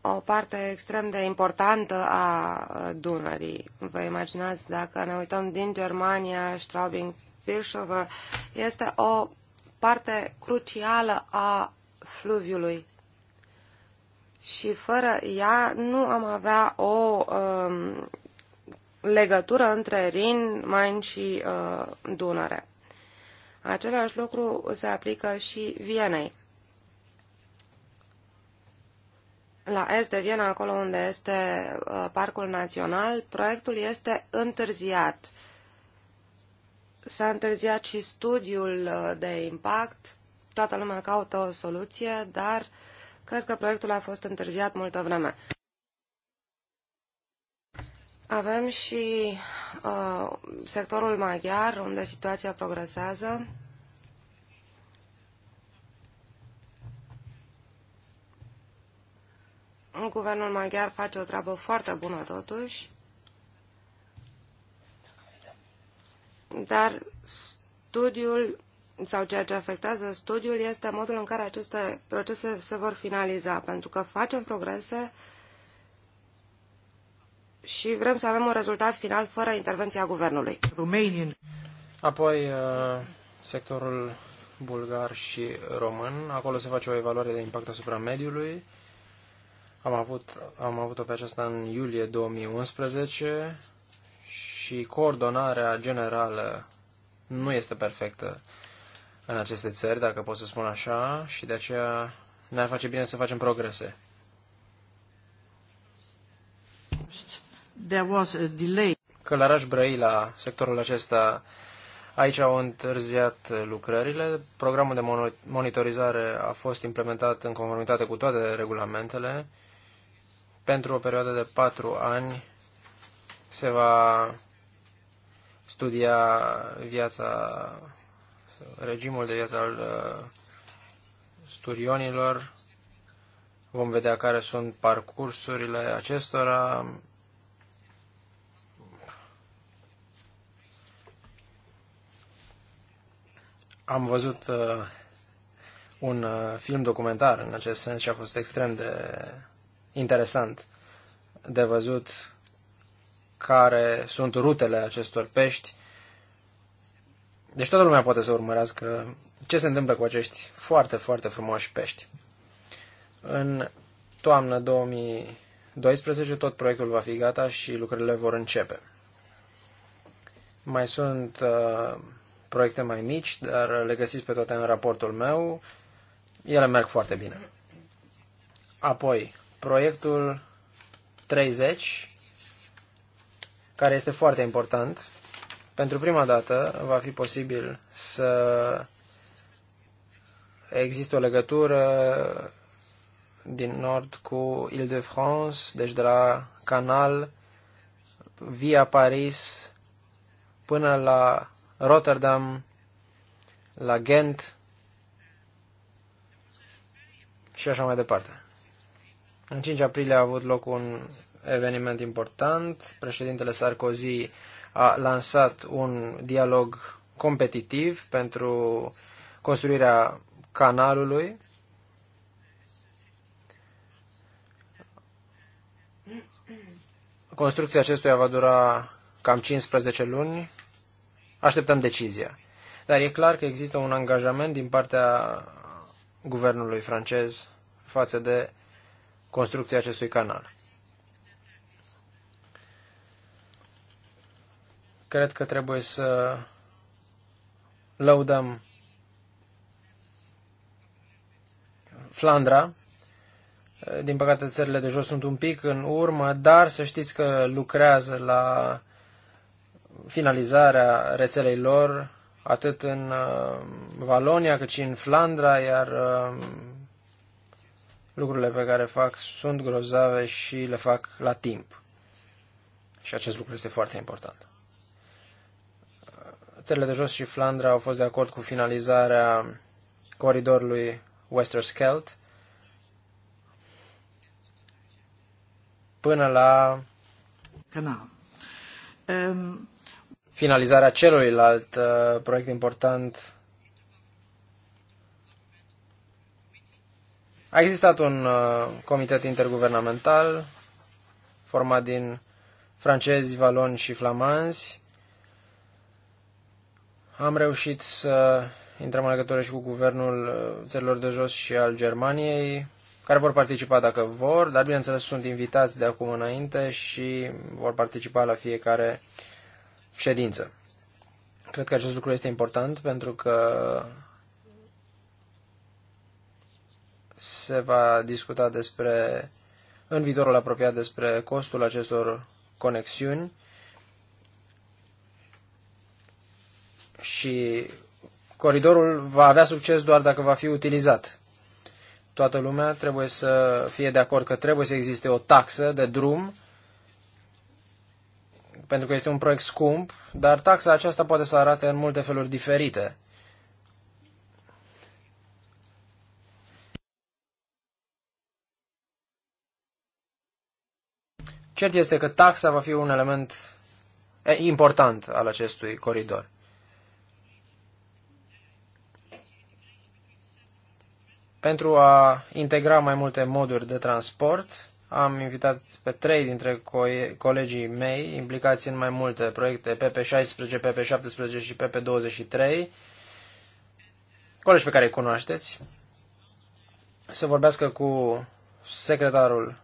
O parte extrem de importantă a Dunării. Vă imaginați dacă ne uităm din Germania, Straubing Pilșovă este o parte crucială a fluviului și fără ea nu am avea o um, legătură între Rin, Main și uh, Dunăre. Același lucru se aplică și Vienei. La est de Viena, acolo unde este uh, Parcul Național, proiectul este întârziat. Uh, S-a întârziat și studiul uh, de impact. Toată lumea caută o soluție, dar cred că proiectul a fost întârziat multă vreme. Avem și uh, sectorul maghiar, unde situația progresează. Guvernul maghiar face o treabă foarte bună totuși. dar studiul sau ceea ce afectează studiul este modul în care aceste procese se vor finaliza, pentru că facem progrese și vrem să avem un rezultat final fără intervenția guvernului. Romanian. Apoi uh, sectorul bulgar și român, acolo se face o evaluare de impact asupra mediului. Am avut, am avut pe aceasta în iulie 2011 și coordonarea generală nu este perfectă în aceste țări, dacă pot să spun așa, și de aceea ne-ar face bine să facem progrese. There was a delay. Călăraș Brăila, sectorul acesta, aici au întârziat lucrările. Programul de monitorizare a fost implementat în conformitate cu toate regulamentele. Pentru o perioadă de patru ani se va studia viața, regimul de viață al uh, studionilor. Vom vedea care sunt parcursurile acestora. Am văzut uh, un uh, film documentar în acest sens și a fost extrem de interesant de văzut care sunt rutele acestor pești. Deci toată lumea poate să urmărească ce se întâmplă cu acești foarte, foarte frumoși pești. În toamnă 2012 tot proiectul va fi gata și lucrurile vor începe. Mai sunt uh, proiecte mai mici, dar le găsiți pe toate în raportul meu. Ele merg foarte bine. Apoi, proiectul 30 care este foarte important. Pentru prima dată va fi posibil să există o legătură din nord cu Île-de-France, deci de la Canal via Paris până la Rotterdam, la Ghent și așa mai departe. În 5 aprilie a avut loc un eveniment important. Președintele Sarkozy a lansat un dialog competitiv pentru construirea canalului. Construcția acestuia va dura cam 15 luni. Așteptăm decizia. Dar e clar că există un angajament din partea guvernului francez față de construcția acestui canal. cred că trebuie să lăudăm Flandra. Din păcate, țările de jos sunt un pic în urmă, dar să știți că lucrează la finalizarea rețelei lor, atât în uh, Valonia cât și în Flandra, iar uh, lucrurile pe care fac sunt grozave și le fac la timp. Și acest lucru este foarte important. Țările de jos și Flandra au fost de acord cu finalizarea coridorului Westerskelt până la Canal. Um... finalizarea celuilalt uh, proiect important. A existat un uh, comitet interguvernamental format din francezi, valoni și flamanzi am reușit să intrăm în legătură și cu guvernul uh, țărilor de jos și al Germaniei, care vor participa dacă vor, dar bineînțeles sunt invitați de acum înainte și vor participa la fiecare ședință. Cred că acest lucru este important pentru că se va discuta despre, în viitorul apropiat, despre costul acestor conexiuni și coridorul va avea succes doar dacă va fi utilizat. Toată lumea trebuie să fie de acord că trebuie să existe o taxă de drum, pentru că este un proiect scump, dar taxa aceasta poate să arate în multe feluri diferite. Cert este că taxa va fi un element important al acestui coridor. Pentru a integra mai multe moduri de transport, am invitat pe trei dintre co- colegii mei implicați în mai multe proiecte, PP16, PP17 și PP23, colegi pe care îi cunoașteți, să vorbească cu secretarul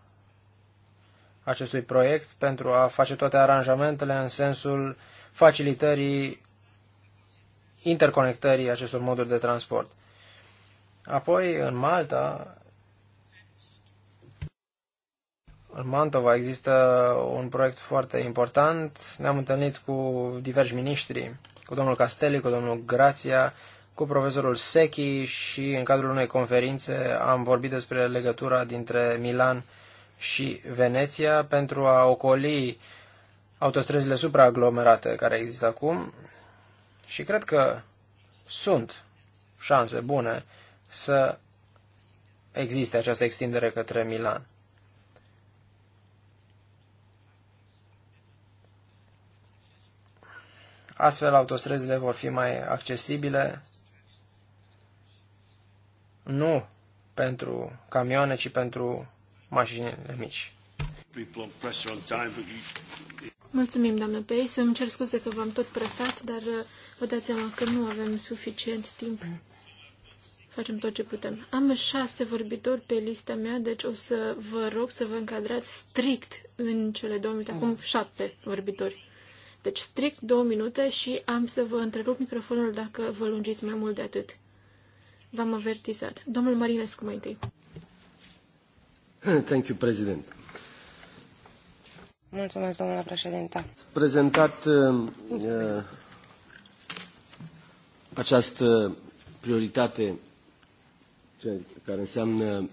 acestui proiect pentru a face toate aranjamentele în sensul facilitării interconectării acestor moduri de transport. Apoi, în Malta, în Mantova există un proiect foarte important. Ne-am întâlnit cu diversi miniștri, cu domnul Castelli, cu domnul Grația, cu profesorul Secchi și în cadrul unei conferințe am vorbit despre legătura dintre Milan și Veneția pentru a ocoli autostrăzile supraaglomerate care există acum și cred că sunt șanse bune să existe această extindere către Milan. Astfel, autostrăzile vor fi mai accesibile nu pentru camioane, ci pentru mașinile mici. Mulțumim, doamnă Pei. Să-mi cer scuze că v-am tot presat, dar vă dați seama că nu avem suficient timp facem tot ce putem. Am șase vorbitori pe lista mea, deci o să vă rog să vă încadrați strict în cele două minute. Acum șapte vorbitori. Deci strict două minute și am să vă întrerup microfonul dacă vă lungiți mai mult de atât. V-am avertizat. Domnul Marinescu mai întâi. Thank you, President. Mulțumesc, domnule președinte. Ați prezentat uh, uh această prioritate care înseamnă uh,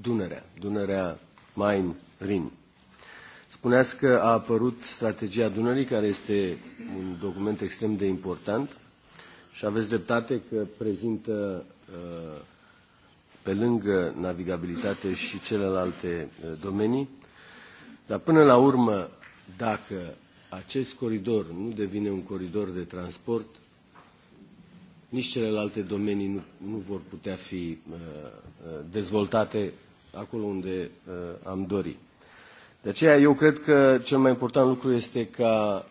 Dunărea, Dunărea Main-Rin. Spuneați că a apărut strategia Dunării, care este un document extrem de important și aveți dreptate că prezintă uh, pe lângă navigabilitate și celelalte uh, domenii. Dar până la urmă, dacă acest coridor nu devine un coridor de transport, nici celelalte domenii nu, nu vor putea fi uh, uh, dezvoltate acolo unde uh, am dori. De aceea eu cred că cel mai important lucru este ca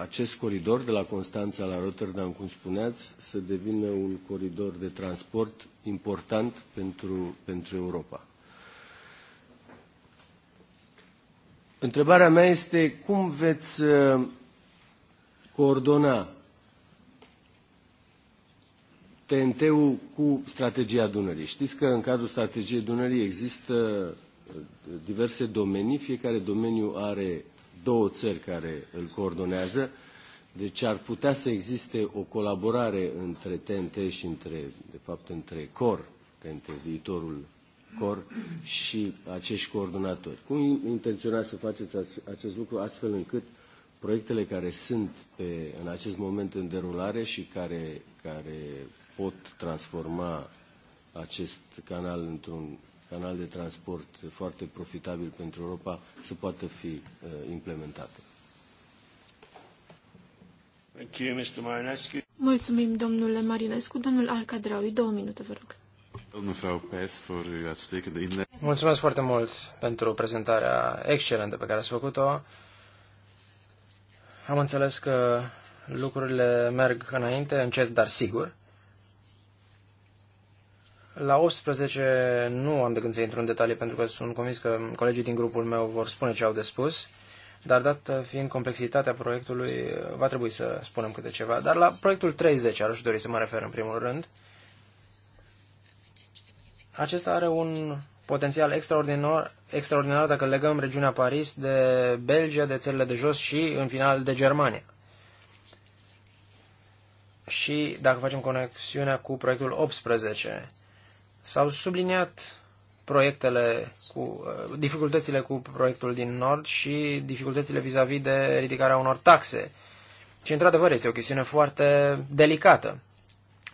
acest coridor de la Constanța la Rotterdam, cum spuneați, să devină un coridor de transport important pentru, pentru Europa. Întrebarea mea este cum veți coordona TNT-ul cu strategia Dunării. Știți că în cadrul strategiei Dunării există uh, diverse domenii, fiecare domeniu are două țări care îl coordonează, deci ar putea să existe o colaborare între TNT și între, de fapt, între COR, între viitorul COR și acești coordonatori. Cum intenționați să faceți acest lucru astfel încât proiectele care sunt pe, în acest moment în derulare și care, care pot transforma acest canal într-un canal de transport foarte profitabil pentru Europa să poată fi uh, implementate. Mulțumim, domnule Marinescu. Domnul Alcadraui, două minute, vă rog. Mulțumesc foarte mult pentru prezentarea excelentă pe care ați făcut-o. Am înțeles că lucrurile merg înainte, încet, dar sigur. La 18 nu am de gând să intru în detalii pentru că sunt convins că colegii din grupul meu vor spune ce au de spus, dar dat fiind complexitatea proiectului, va trebui să spunem câte ceva. Dar la proiectul 30 ar dori să mă refer în primul rând. Acesta are un potențial extraordinar, extraordinar dacă legăm regiunea Paris de Belgia, de țările de jos și, în final, de Germania. Și dacă facem conexiunea cu proiectul 18, S-au subliniat proiectele cu, uh, dificultățile cu proiectul din Nord și dificultățile vis-a-vis -vis de ridicarea unor taxe. Și, într-adevăr, este o chestiune foarte delicată.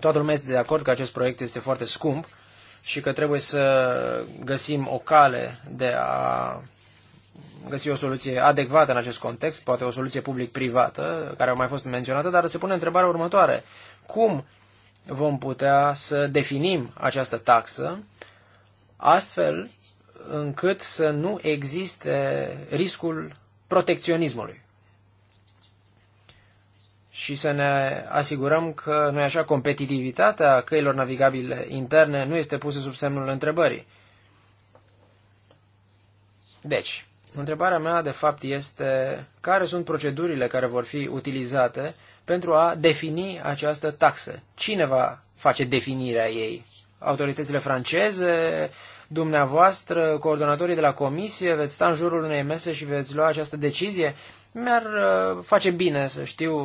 Toată lumea este de acord că acest proiect este foarte scump și că trebuie să găsim o cale de a găsi o soluție adecvată în acest context, poate o soluție public-privată, care a mai fost menționată, dar se pune întrebarea următoare. Cum vom putea să definim această taxă, astfel încât să nu existe riscul protecționismului și să ne asigurăm că, nu așa, competitivitatea căilor navigabile interne nu este pusă sub semnul întrebării. Deci, întrebarea mea, de fapt, este care sunt procedurile care vor fi utilizate pentru a defini această taxă. Cine va face definirea ei? Autoritățile franceze, dumneavoastră, coordonatorii de la comisie, veți sta în jurul unei mese și veți lua această decizie? Mi-ar uh, face bine să știu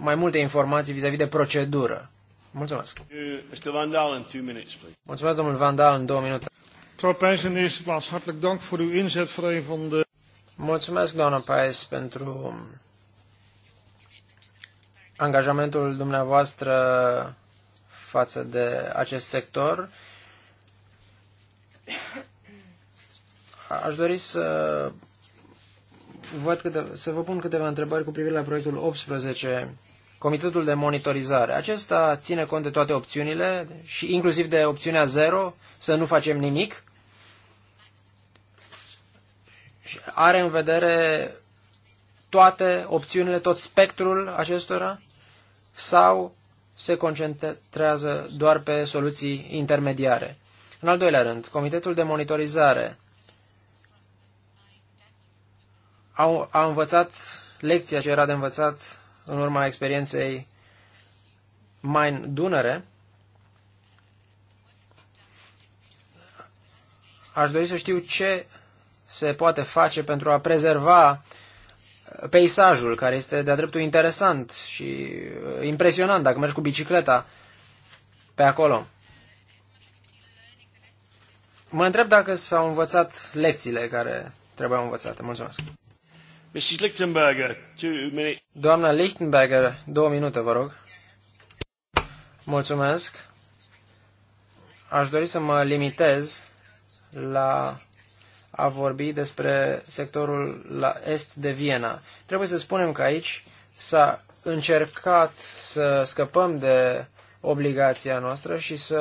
mai multe informații vis-a-vis -vis de procedură. Mulțumesc. Uh, Mr. Van Dalen, two minutes, please. Mulțumesc, domnul Van în două minute. dank voor uw inzet van de... Mulțumesc, doamna Paes, pentru angajamentul dumneavoastră față de acest sector. Aș dori să, văd câte, să vă pun câteva întrebări cu privire la proiectul 18, Comitetul de Monitorizare. Acesta ține cont de toate opțiunile și inclusiv de opțiunea 0, să nu facem nimic. Are în vedere toate opțiunile, tot spectrul acestora? sau se concentrează doar pe soluții intermediare. În al doilea rând, Comitetul de Monitorizare a, a învățat lecția ce era de învățat în urma experienței Main Dunăre. Aș dori să știu ce se poate face pentru a prezerva peisajul, care este de-a dreptul interesant și uh, impresionant dacă mergi cu bicicleta pe acolo. Mă întreb dacă s-au învățat lecțiile care trebuiau învățate. Mulțumesc. Mrs. Lichtenberger, Doamna Lichtenberger, două minute, vă rog. Mulțumesc. Aș dori să mă limitez la a vorbi despre sectorul la est de Viena. Trebuie să spunem că aici s-a încercat să scăpăm de obligația noastră și să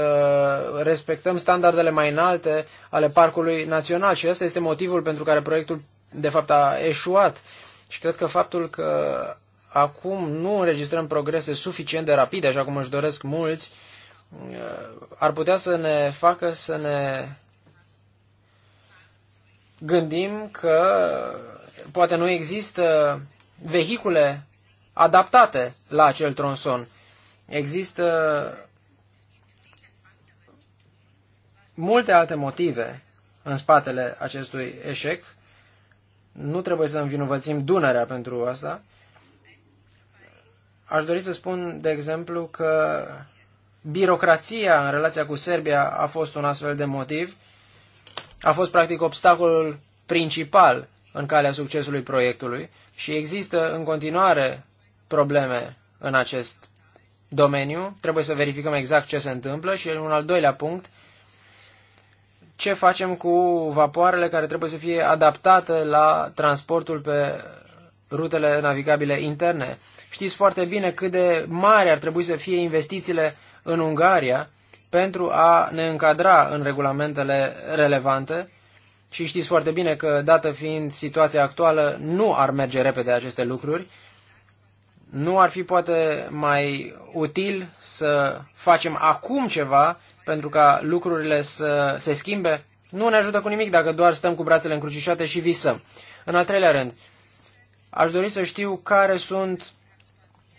respectăm standardele mai înalte ale Parcului Național și ăsta este motivul pentru care proiectul de fapt a eșuat și cred că faptul că acum nu înregistrăm progrese suficient de rapide, așa cum își doresc mulți, ar putea să ne facă să ne gândim că poate nu există vehicule adaptate la acel tronson. Există multe alte motive în spatele acestui eșec. Nu trebuie să învinovățim Dunărea pentru asta. Aș dori să spun, de exemplu, că birocrația în relația cu Serbia a fost un astfel de motiv a fost practic obstacolul principal în calea succesului proiectului și există în continuare probleme în acest domeniu. Trebuie să verificăm exact ce se întâmplă și în un al doilea punct, ce facem cu vapoarele care trebuie să fie adaptate la transportul pe rutele navigabile interne. Știți foarte bine cât de mari ar trebui să fie investițiile în Ungaria pentru a ne încadra în regulamentele relevante și știți foarte bine că, dată fiind situația actuală, nu ar merge repede aceste lucruri. Nu ar fi poate mai util să facem acum ceva pentru ca lucrurile să se schimbe? Nu ne ajută cu nimic dacă doar stăm cu brațele încrucișate și visăm. În al treilea rând, aș dori să știu care sunt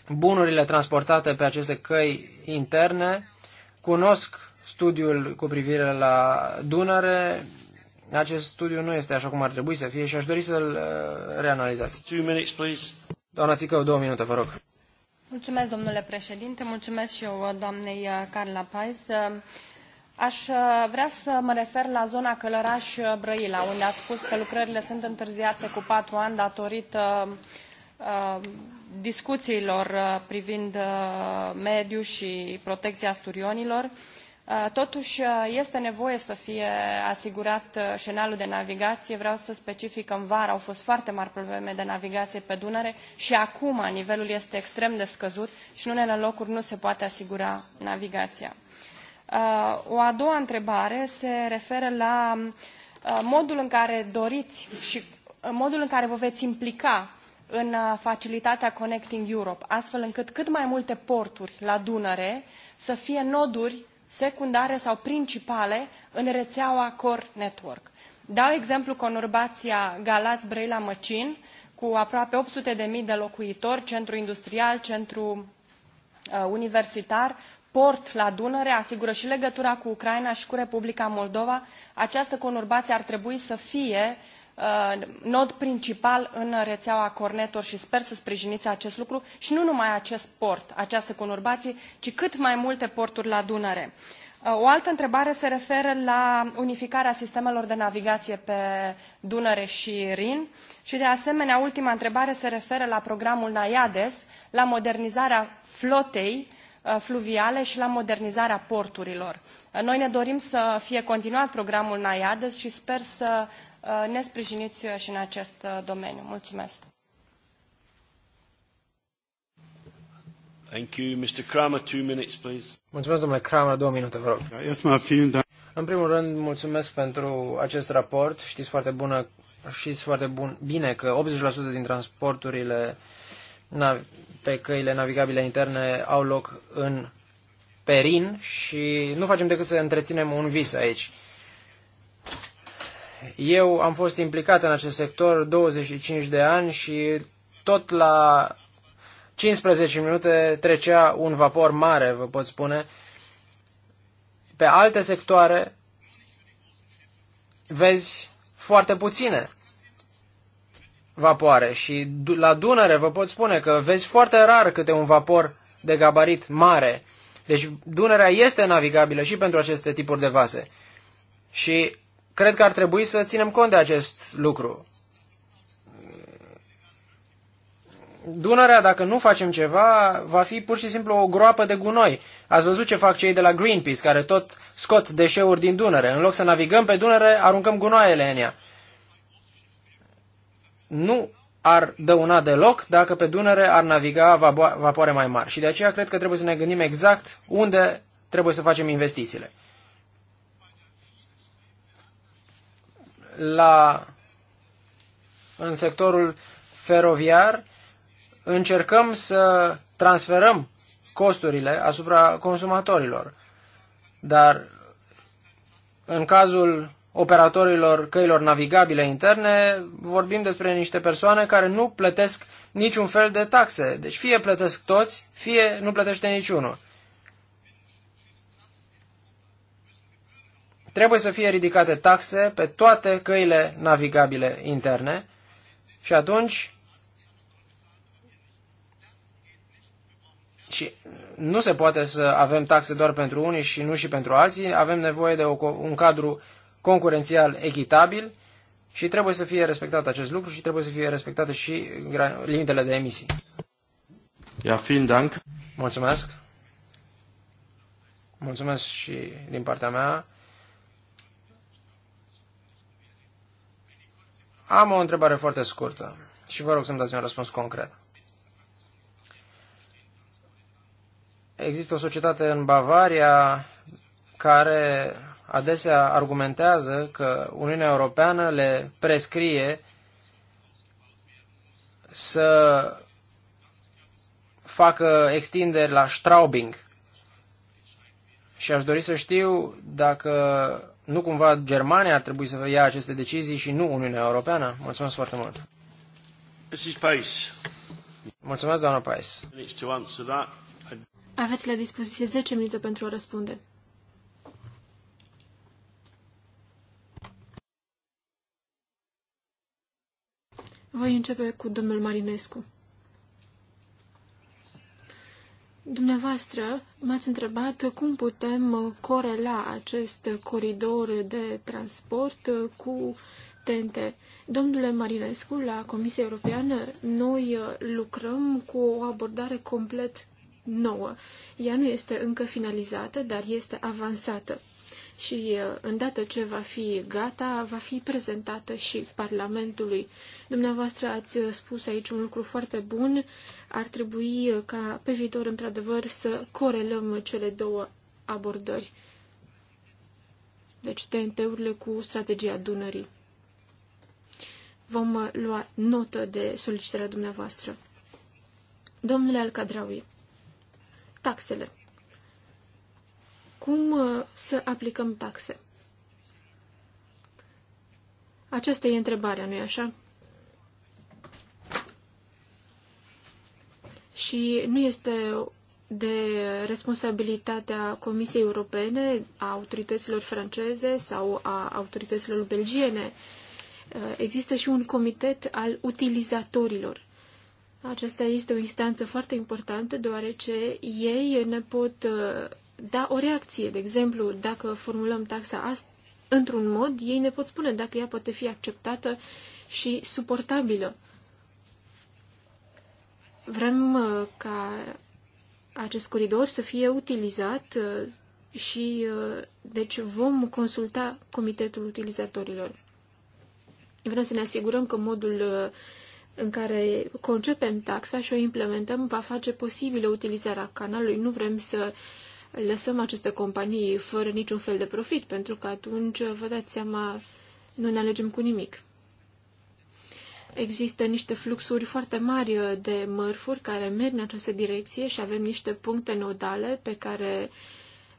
bunurile transportate pe aceste căi interne Cunosc studiul cu privire la Dunăre. Acest studiu nu este așa cum ar trebui să fie și aș dori să-l uh, reanalizați. Doamna Țicău, două minute, vă rog. Mulțumesc, domnule președinte. Mulțumesc și eu, doamnei uh, Carla Pais. Uh, aș vrea să mă refer la zona Călăraș-Brăila, unde ați spus că lucrările sunt întârziate cu patru ani datorită uh, discuțiilor uh, privind uh, mediul și protecția sturionilor, uh, totuși este nevoie să fie asigurat șenalul de navigație. Vreau să specific că în vară au fost foarte mari probleme de navigație pe Dunăre și acum nivelul este extrem de scăzut și în unele locuri nu se poate asigura navigația. O a doua întrebare se referă la modul în care doriți și modul în care vă veți implica în uh, facilitatea Connecting Europe, astfel încât cât mai multe porturi la Dunăre să fie noduri secundare sau principale în rețeaua Core Network. Dau exemplu conurbația Galați-Brăila-Măcin, cu aproape 800.000 de, de locuitori, centru industrial, centru uh, universitar, port la Dunăre, asigură și legătura cu Ucraina și cu Republica Moldova. Această conurbație ar trebui să fie uh, Uh, nod principal în rețeaua Cornetor și sper să sprijiniți acest lucru și nu numai acest port, această conurbație, ci cât mai multe porturi la Dunăre. Uh, o altă întrebare se referă la unificarea sistemelor de navigație pe Dunăre și Rin și, de asemenea, ultima întrebare se referă la programul Naiades, la modernizarea flotei uh, fluviale și la modernizarea porturilor. Noi ne dorim să fie continuat programul Naiades și sper să Uh, ne sprijiniți uh, și în acest uh, domeniu. Mulțumesc! Thank you. Mr. Kramer, two minutes, please. Mulțumesc, domnule Kramer, două minute, vă rog. Da- în primul rând, mulțumesc pentru acest raport. Știți foarte bună, și foarte bun, bine că 80% din transporturile pe căile navigabile interne au loc în Perin și nu facem decât să întreținem un vis aici. Eu am fost implicat în acest sector 25 de ani și tot la 15 minute trecea un vapor mare, vă pot spune. Pe alte sectoare vezi foarte puține vapoare și la Dunăre vă pot spune că vezi foarte rar câte un vapor de gabarit mare. Deci Dunărea este navigabilă și pentru aceste tipuri de vase. Și Cred că ar trebui să ținem cont de acest lucru. Dunărea, dacă nu facem ceva, va fi pur și simplu o groapă de gunoi. Ați văzut ce fac cei de la Greenpeace, care tot scot deșeuri din Dunăre. În loc să navigăm pe Dunăre, aruncăm gunoaiele în ea. Nu ar dăuna deloc dacă pe Dunăre ar naviga vapoare mai mari. Și de aceea cred că trebuie să ne gândim exact unde trebuie să facem investițiile. la, în sectorul feroviar, încercăm să transferăm costurile asupra consumatorilor. Dar în cazul operatorilor căilor navigabile interne, vorbim despre niște persoane care nu plătesc niciun fel de taxe. Deci fie plătesc toți, fie nu plătește niciunul. Trebuie să fie ridicate taxe pe toate căile navigabile interne și atunci și nu se poate să avem taxe doar pentru unii și nu și pentru alții. Avem nevoie de o, un cadru concurențial echitabil și trebuie să fie respectat acest lucru și trebuie să fie respectate și limitele de emisii. Ja, vielen Dank. Mulțumesc. Mulțumesc și din partea mea. Am o întrebare foarte scurtă și vă rog să-mi dați un răspuns concret. Există o societate în Bavaria care adesea argumentează că Uniunea Europeană le prescrie să facă extinderi la Straubing. Și aș dori să știu dacă nu cumva Germania ar trebui să ia aceste decizii și nu Uniunea Europeană? Mulțumesc foarte mult. Mulțumesc, doamna Pais. Aveți la dispoziție 10 minute pentru a răspunde. Voi începe cu domnul Marinescu. Dumneavoastră m-ați întrebat cum putem uh, corela acest coridor de transport uh, cu tente. Domnule Marinescu, la Comisia Europeană, noi uh, lucrăm cu o abordare complet nouă. Ea nu este încă finalizată, dar este avansată și îndată ce va fi gata, va fi prezentată și Parlamentului. Dumneavoastră ați uh, spus aici un lucru foarte bun. Ar trebui uh, ca pe viitor, într-adevăr, să corelăm cele două abordări. Deci TNT-urile cu strategia Dunării. Vom uh, lua notă de solicitarea dumneavoastră. Domnule Alcadraui, taxele cum uh, să aplicăm taxe? Aceasta e întrebarea, nu-i așa? Și nu este de responsabilitatea Comisiei Europene, a autorităților franceze sau a autorităților belgiene. Uh, există și un comitet al utilizatorilor. Aceasta este o instanță foarte importantă, deoarece ei ne pot uh, da o reacție. De exemplu, dacă formulăm taxa într-un mod, ei ne pot spune dacă ea poate fi acceptată și suportabilă. Vrem uh, ca acest coridor să fie utilizat uh, și uh, deci vom consulta comitetul utilizatorilor. Vrem să ne asigurăm că modul în care concepem taxa și o implementăm va face posibilă utilizarea canalului. Nu vrem să uh, lăsăm aceste companii fără niciun fel de profit, pentru că atunci, vă dați seama, nu ne alegem cu nimic. Există niște fluxuri foarte mari de mărfuri care merg în această direcție și avem niște puncte nodale pe care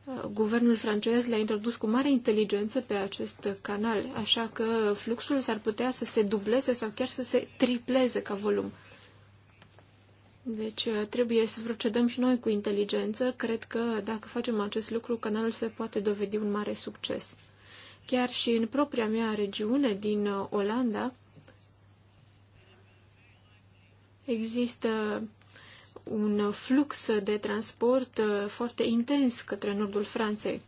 uh, guvernul francez le-a introdus cu mare inteligență pe acest canal, așa că fluxul s-ar putea să se dubleze sau chiar să se tripleze ca volum. Deci uh, trebuie să procedăm și noi cu inteligență. Cred că dacă facem acest lucru, canalul se poate dovedi un mare succes. Chiar și în propria mea regiune din uh, Olanda există un flux de transport uh, foarte intens către nordul Franței.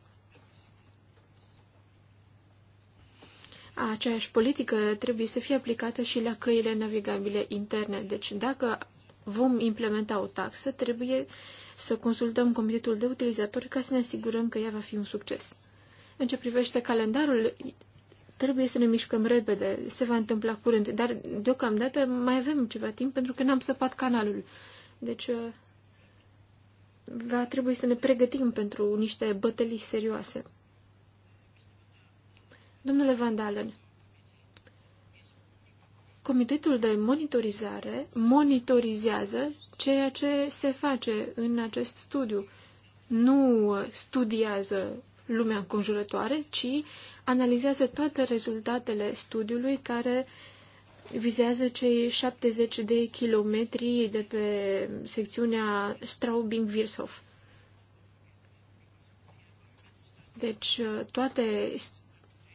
Aceeași politică trebuie să fie aplicată și la căile navigabile interne. Deci dacă vom implementa o taxă, trebuie să consultăm comitetul de utilizatori ca să ne asigurăm că ea va fi un succes. În ce privește calendarul, trebuie să ne mișcăm repede, se va întâmpla curând, dar deocamdată mai avem ceva timp pentru că n-am săpat canalul. Deci uh, va trebui să ne pregătim pentru niște bătălii serioase. Domnule Van Dalen, Comitetul de monitorizare monitorizează ceea ce se face în acest studiu. Nu studiază lumea înconjurătoare, ci analizează toate rezultatele studiului care vizează cei 70 de kilometri de pe secțiunea Straubing-Virsov. Deci toate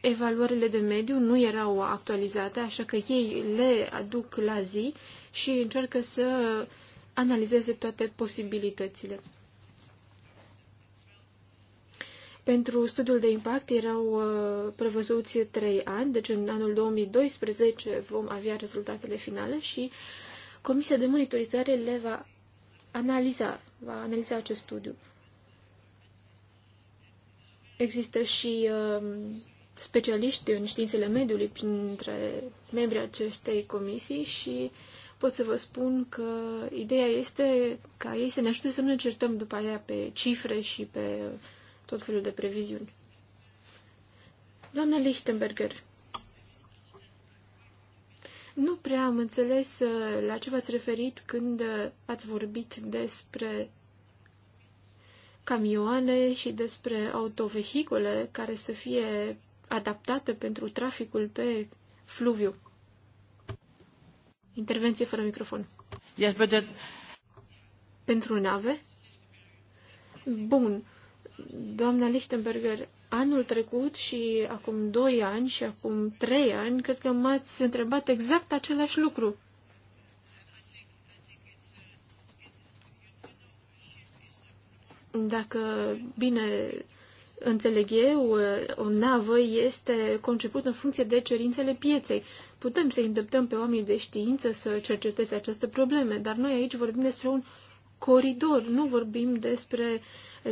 evaluările de mediu nu erau actualizate, așa că ei le aduc la zi și încearcă să analizeze toate posibilitățile. Pentru studiul de impact erau uh, prevăzuți trei ani, deci în anul 2012 vom avea rezultatele finale și Comisia de Monitorizare le va analiza, va analiza acest studiu. Există și uh, specialiști în științele mediului printre membrii acestei comisii și pot să vă spun că ideea este ca ei să ne ajute să nu ne certăm după aia pe cifre și pe tot felul de previziuni. Doamna Lichtenberger, nu prea am înțeles uh, la ce v-ați referit când uh, ați vorbit despre camioane și despre autovehicule care să fie adaptată pentru traficul pe fluviu. Intervenție fără microfon. Yes, but that... Pentru nave? Bun. Doamna Lichtenberger, anul trecut și acum doi ani și acum trei ani, cred că m-ați întrebat exact același lucru. Dacă, bine, înțeleg eu, o uh, navă este concepută în funcție de cerințele pieței. Putem să îndreptăm pe oamenii de știință să cerceteze aceste probleme, dar noi aici vorbim despre un coridor, nu vorbim despre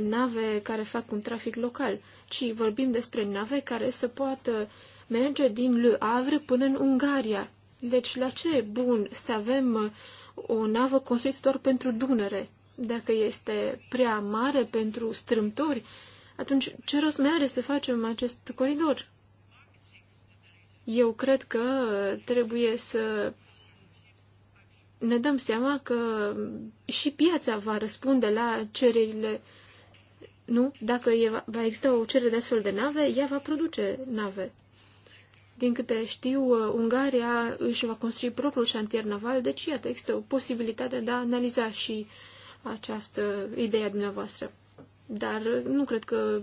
nave care fac un trafic local, ci vorbim despre nave care să poată merge din Le Havre până în Ungaria. Deci la ce bun să avem uh, o navă construită doar pentru Dunăre? Dacă este prea mare pentru strâmtori, atunci ce rost mai are să facem acest coridor? Eu cred că trebuie să ne dăm seama că și piața va răspunde la cererile, nu? Dacă e, va exista o cerere de astfel de nave, ea va produce nave. Din câte știu, Ungaria își va construi propriul șantier naval, deci iată, există o posibilitate de a analiza și această idee a dumneavoastră. Dar nu cred că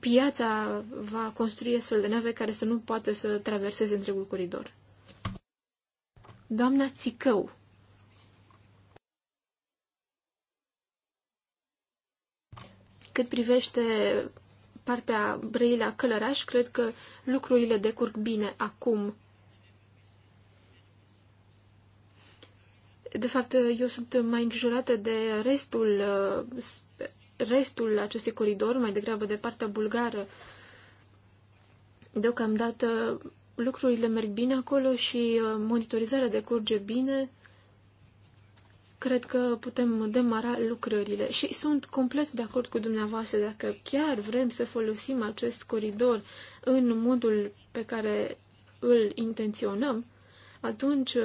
piața va construi astfel de nave care să nu poată să traverseze întregul coridor. Doamna Țicău. Cât privește partea Brăila Călăraș, cred că lucrurile decurg bine acum. De fapt, eu sunt mai îngrijorată de restul uh, restul acestui coridor, mai degrabă de partea bulgară. Deocamdată lucrurile merg bine acolo și uh, monitorizarea decurge bine. Cred că putem demara lucrările și sunt complet de acord cu dumneavoastră dacă chiar vrem să folosim acest coridor în modul pe care îl intenționăm, atunci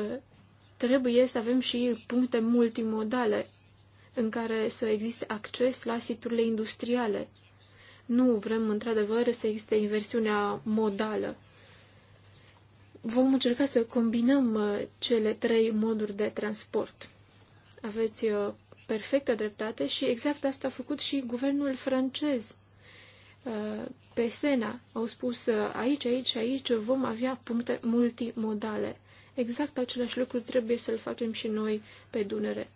trebuie să avem și puncte multimodale în care să existe acces la siturile industriale. Nu vrem, într-adevăr, să existe inversiunea modală. Vom încerca să combinăm uh, cele trei moduri de transport. Aveți uh, perfectă dreptate și exact asta a făcut și guvernul francez. Uh, pe Sena au spus aici, aici, aici vom avea puncte multimodale. Exact același lucru trebuie să-l facem și noi pe Dunăre.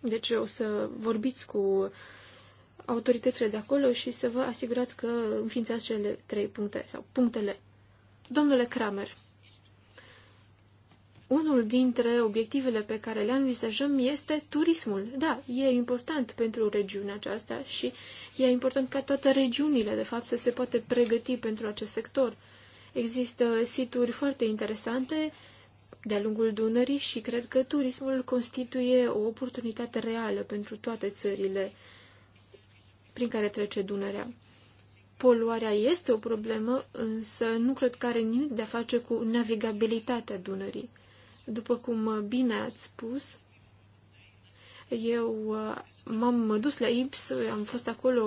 Deci o să vorbiți cu autoritățile de acolo și să vă asigurați că înființați cele trei puncte sau punctele. Domnule Kramer, unul dintre obiectivele pe care le învisajăm este turismul. Da, e important pentru regiunea aceasta și e important ca toate regiunile, de fapt, să se poate pregăti pentru acest sector. Există situri foarte interesante de-a lungul Dunării și cred că turismul constituie o oportunitate reală pentru toate țările prin care trece Dunărea. Poluarea este o problemă, însă nu cred că are nimic de a face cu navigabilitatea Dunării. După cum bine ați spus, eu uh, m-am dus la Ips, am fost acolo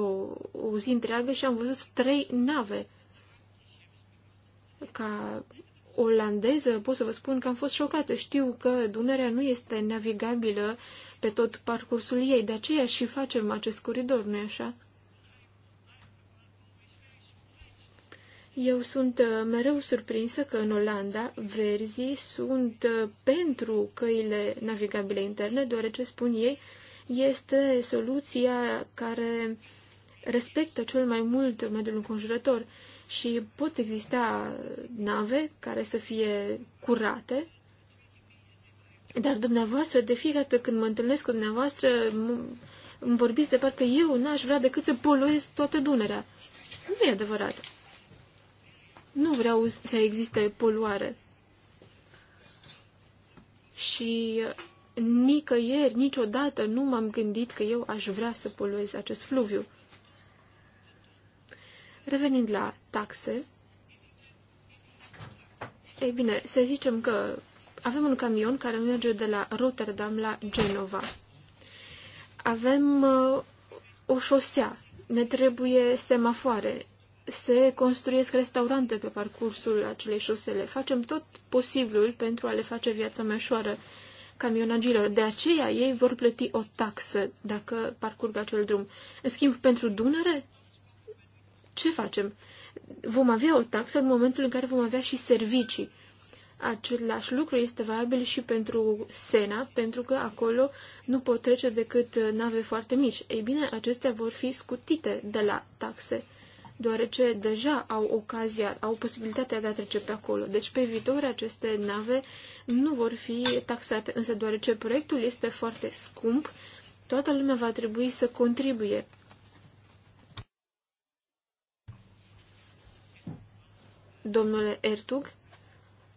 o zi întreagă și am văzut trei nave ca olandeză, pot să vă spun că am fost șocată. Știu că Dunărea nu este navigabilă pe tot parcursul ei, de aceea și facem acest coridor, nu-i așa? Eu sunt uh, mereu surprinsă că în Olanda verzii sunt uh, pentru căile navigabile interne, deoarece, spun ei, este soluția care respectă cel mai mult mediul înconjurător și pot exista nave care să fie curate, dar dumneavoastră, de fiecare dată când mă întâlnesc cu dumneavoastră, îmi vorbiți de parcă eu n-aș vrea decât să poluez toată Dunărea. Nu e adevărat. Nu vreau să existe poluare. Și nicăieri, niciodată nu m-am gândit că eu aș vrea să poluez acest fluviu. Revenind la taxe, ei bine, să zicem că avem un camion care merge de la Rotterdam la Genova. Avem uh, o șosea, ne trebuie semafoare, se construiesc restaurante pe parcursul acelei șosele. Facem tot posibilul pentru a le face viața mai ușoară camionagilor. De aceea ei vor plăti o taxă dacă parcurg acel drum. În schimb, pentru Dunăre, ce facem? Vom avea o taxă în momentul în care vom avea și servicii. Același lucru este valabil și pentru Sena, pentru că acolo nu pot trece decât nave foarte mici. Ei bine, acestea vor fi scutite de la taxe, deoarece deja au ocazia, au posibilitatea de a trece pe acolo. Deci, pe viitor, aceste nave nu vor fi taxate, însă deoarece proiectul este foarte scump, toată lumea va trebui să contribuie Domnule Ertug,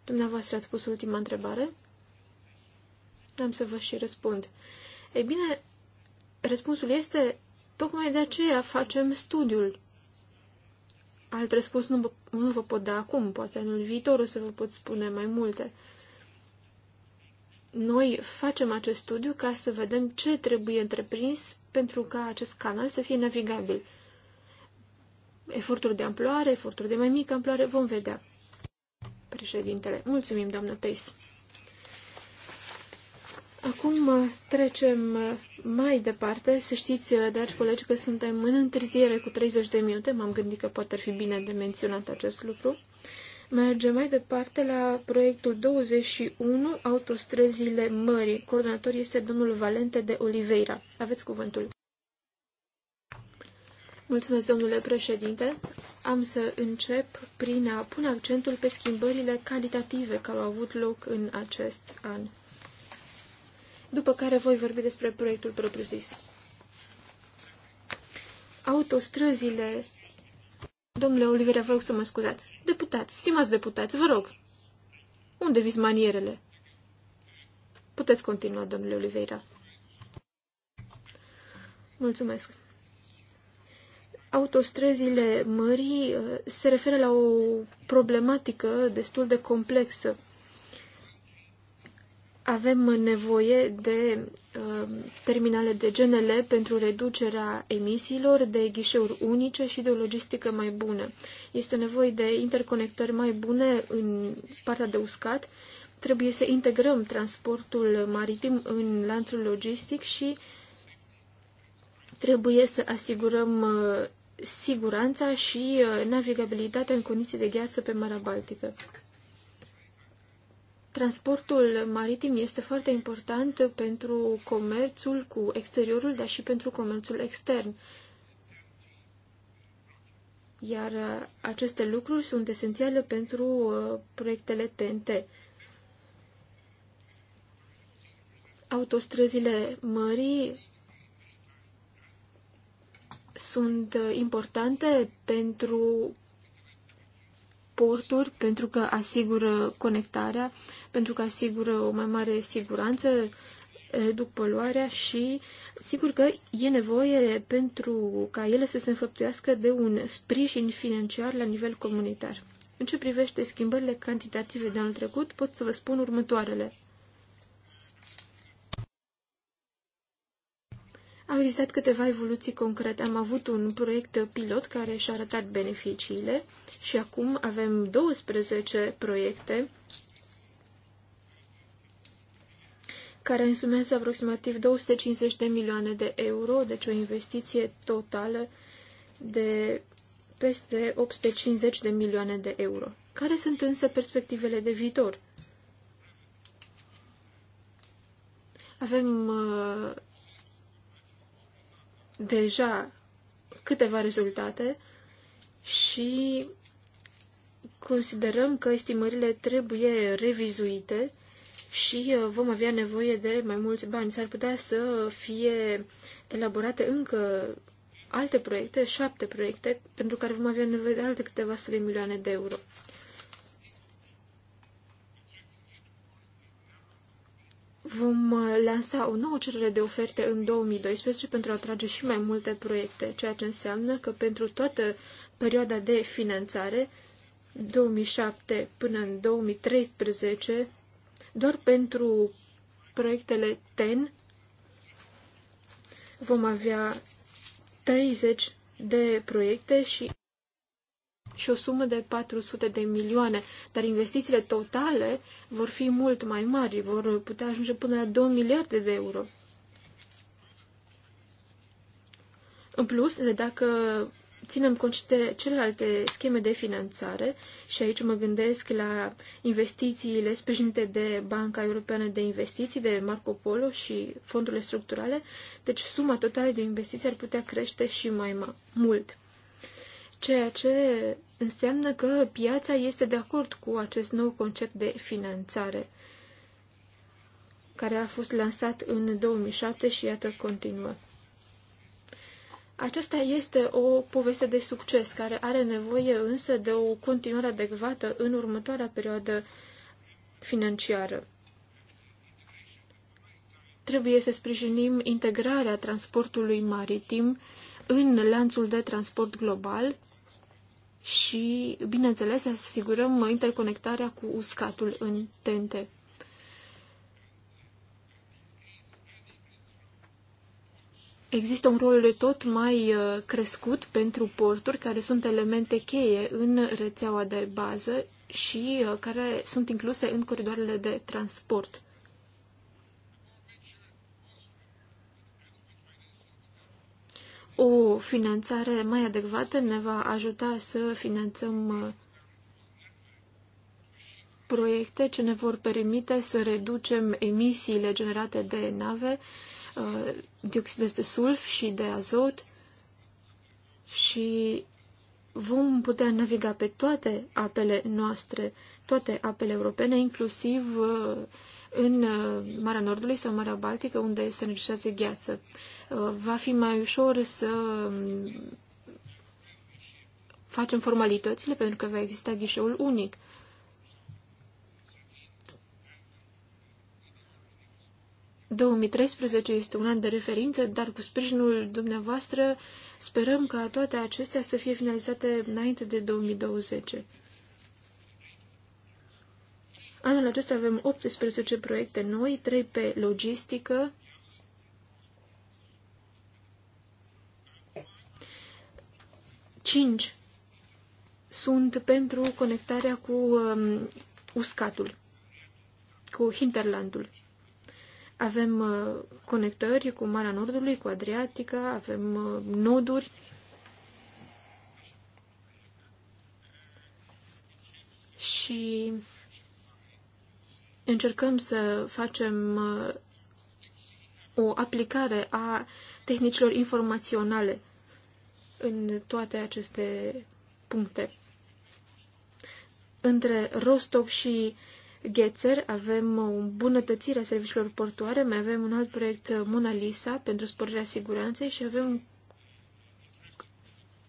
dumneavoastră ați pus ultima întrebare? Am să vă și răspund. Ei bine, răspunsul este tocmai de aceea facem studiul. Alt răspuns nu, nu vă pot da acum, poate anul viitor o să vă pot spune mai multe. Noi facem acest studiu ca să vedem ce trebuie întreprins pentru ca acest canal să fie navigabil eforturi de amploare, eforturi de mai mică amploare, vom vedea. Președintele, mulțumim, doamnă Pace. Acum uh, trecem uh, mai departe. Să știți, uh, dragi colegi, că suntem în întârziere cu 30 de minute. M-am gândit că poate ar fi bine de menționat acest lucru. Mergem mai departe la proiectul 21, Autostrăzile Mării. Coordonator este domnul Valente de Oliveira. Aveți cuvântul. Mulțumesc, domnule președinte. Am să încep prin a pune accentul pe schimbările calitative care au avut loc în acest an. După care voi vorbi despre proiectul propriu-zis. Autostrăzile... Domnule Olivera, vă rog să mă scuzați. Deputați, stimați deputați, vă rog. Unde vis manierele? Puteți continua, domnule Oliveira. Mulțumesc autostrăzile mării uh, se referă la o problematică destul de complexă. Avem nevoie de uh, terminale de GNL pentru reducerea emisiilor, de ghișeuri unice și de o logistică mai bună. Este nevoie de interconectări mai bune în partea de uscat. Trebuie să integrăm transportul maritim în lanțul logistic și trebuie să asigurăm uh, siguranța și uh, navigabilitatea în condiții de gheață pe Marea Baltică. Transportul maritim este foarte important pentru comerțul cu exteriorul, dar și pentru comerțul extern. Iar uh, aceste lucruri sunt esențiale pentru uh, proiectele TNT. Autostrăzile mării sunt uh, importante pentru porturi, pentru că asigură conectarea, pentru că asigură o mai mare siguranță, reduc poluarea și sigur că e nevoie pentru ca ele să se înfăptuiască de un sprijin financiar la nivel comunitar. În ce privește schimbările cantitative de anul trecut, pot să vă spun următoarele. Am existat câteva evoluții concrete. Am avut un proiect pilot care și-a arătat beneficiile și acum avem 12 proiecte care însumează aproximativ 250 de milioane de euro, deci o investiție totală de peste 850 de milioane de euro. Care sunt însă perspectivele de viitor? Avem uh, deja câteva rezultate și considerăm că estimările trebuie revizuite și uh, vom avea nevoie de mai mulți bani. S-ar putea să fie elaborate încă alte proiecte, șapte proiecte, pentru care vom avea nevoie de alte câteva sute de milioane de euro. Vom uh, lansa o nouă cerere de oferte în 2012 pentru a atrage și mai multe proiecte, ceea ce înseamnă că pentru toată perioada de finanțare, 2007 până în 2013, doar pentru proiectele TEN vom avea 30 de proiecte și și o sumă de 400 de milioane, dar investițiile totale vor fi mult mai mari, vor putea ajunge până la 2 miliarde de euro. În plus, dacă ținem cont de celelalte scheme de finanțare și aici mă gândesc la investițiile sprijinite de Banca Europeană de Investiții, de Marco Polo și fondurile structurale, deci suma totală de investiții ar putea crește și mai mult ceea ce înseamnă că piața este de acord cu acest nou concept de finanțare care a fost lansat în 2007 și iată continuă. Aceasta este o poveste de succes care are nevoie însă de o continuare adecvată în următoarea perioadă financiară. Trebuie să sprijinim integrarea transportului maritim în lanțul de transport global și, bineînțeles, să asigurăm interconectarea cu uscatul în tente. Există un rol tot mai uh, crescut pentru porturi, care sunt elemente cheie în rețeaua de bază și uh, care sunt incluse în coridoarele de transport. O finanțare mai adecvată ne va ajuta să finanțăm uh, proiecte ce ne vor permite să reducem emisiile generate de nave, uh, dioxid de sulf și de azot și vom putea naviga pe toate apele noastre, toate apele europene, inclusiv uh, în Marea Nordului sau Marea Baltică, unde se înregistrează gheață va fi mai ușor să facem formalitățile pentru că va exista ghișeul unic. ...2013 este un an de referință, dar cu sprijinul dumneavoastră sperăm ca toate acestea să fie finalizate înainte de 2020. Anul acesta avem 18 proiecte noi, 3 pe logistică, 5 sunt pentru conectarea cu um, uscatul, cu hinterlandul. Avem uh, conectări cu Marea Nordului, cu Adriatica, avem uh, noduri. Și încercăm să facem uh, o aplicare a tehnicilor informaționale în toate aceste puncte. Între Rostov și Ghețer avem o îmbunătățire a serviciilor portoare, mai avem un alt proiect uh, Mona Lisa pentru sporirea siguranței și avem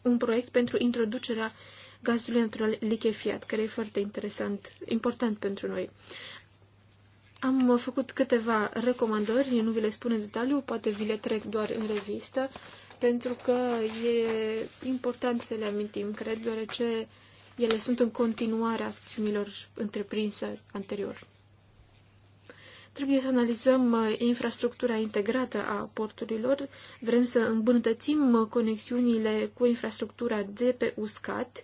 un proiect pentru introducerea gazului natural lichefiat, care e foarte interesant, important pentru noi. Am făcut câteva recomandări, nu vi le spun în detaliu, poate vi le trec doar în revistă pentru că e important să le amintim, cred, deoarece ele sunt în continuare acțiunilor întreprinse anterior. Trebuie să analizăm uh, infrastructura integrată a porturilor. Vrem să îmbunătățim uh, conexiunile cu infrastructura de pe uscat.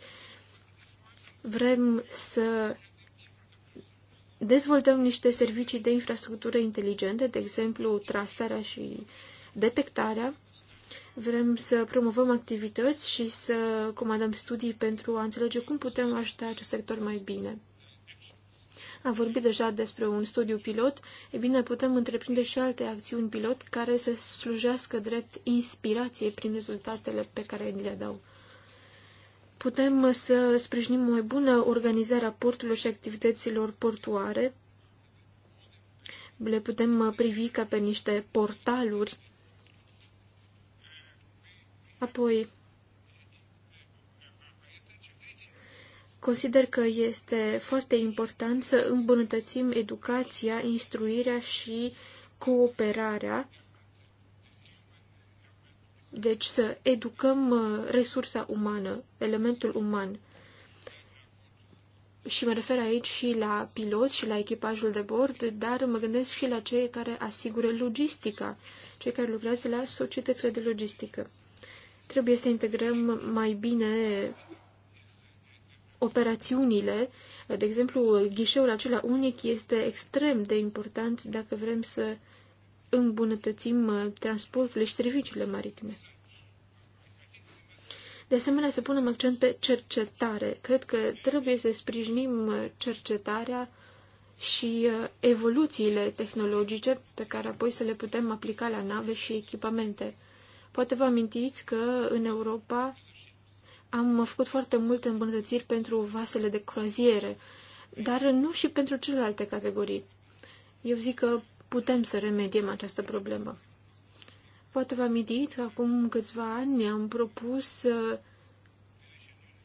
Vrem să dezvoltăm niște servicii de infrastructură inteligente, de exemplu, trasarea și detectarea. Vrem să promovăm activități și să comandăm studii pentru a înțelege cum putem ajuta acest sector mai bine. Am vorbit deja despre un studiu pilot, e bine, putem întreprinde și alte acțiuni pilot care să slujească drept inspirație prin rezultatele pe care le dau. Putem să sprijinim mai bună organizarea porturilor și activităților portuare. Le putem privi ca pe niște portaluri Apoi, consider că este foarte important să îmbunătățim educația, instruirea și cooperarea. Deci să educăm uh, resursa umană, elementul uman. Și mă refer aici și la pilot și la echipajul de bord, dar mă gândesc și la cei care asigură logistica, cei care lucrează la societățile de logistică. Trebuie să integrăm mai bine operațiunile. De exemplu, ghișeul acela unic este extrem de important dacă vrem să îmbunătățim uh, transportul și serviciile maritime. De asemenea, să punem accent pe cercetare. Cred că trebuie să sprijinim uh, cercetarea și uh, evoluțiile tehnologice pe care apoi să le putem aplica la nave și echipamente. Poate vă amintiți că în Europa am făcut foarte multe îmbunătățiri pentru vasele de croaziere, dar nu și pentru celelalte categorii. Eu zic că putem să remediem această problemă. Poate vă amintiți că acum câțiva ani am propus să, uh,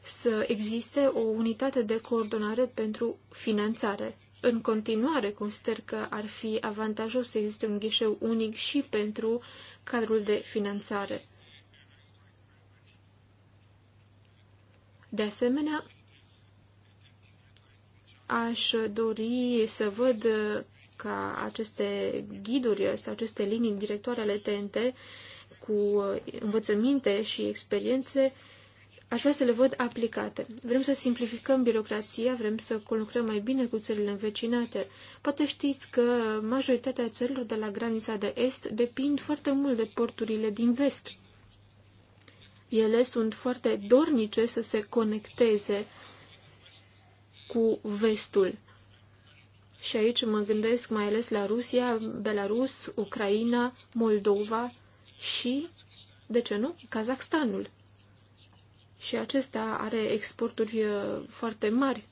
să existe o unitate de coordonare pentru finanțare. În continuare, consider că ar fi avantajos să existe un ghișeu unic și pentru cadrul de finanțare. De asemenea, aș dori să văd ca aceste ghiduri sau aceste linii directoare ale TNT cu învățăminte și experiențe aș vrea să le văd aplicate. Vrem să simplificăm birocrația, vrem să conlucrăm mai bine cu țările învecinate. Poate știți că majoritatea țărilor de la granița de est depind foarte mult de porturile din vest. Ele sunt foarte dornice să se conecteze cu vestul. Și aici mă gândesc mai ales la Rusia, Belarus, Ucraina, Moldova și, de ce nu, Kazakhstanul și acesta are exporturi uh, foarte mari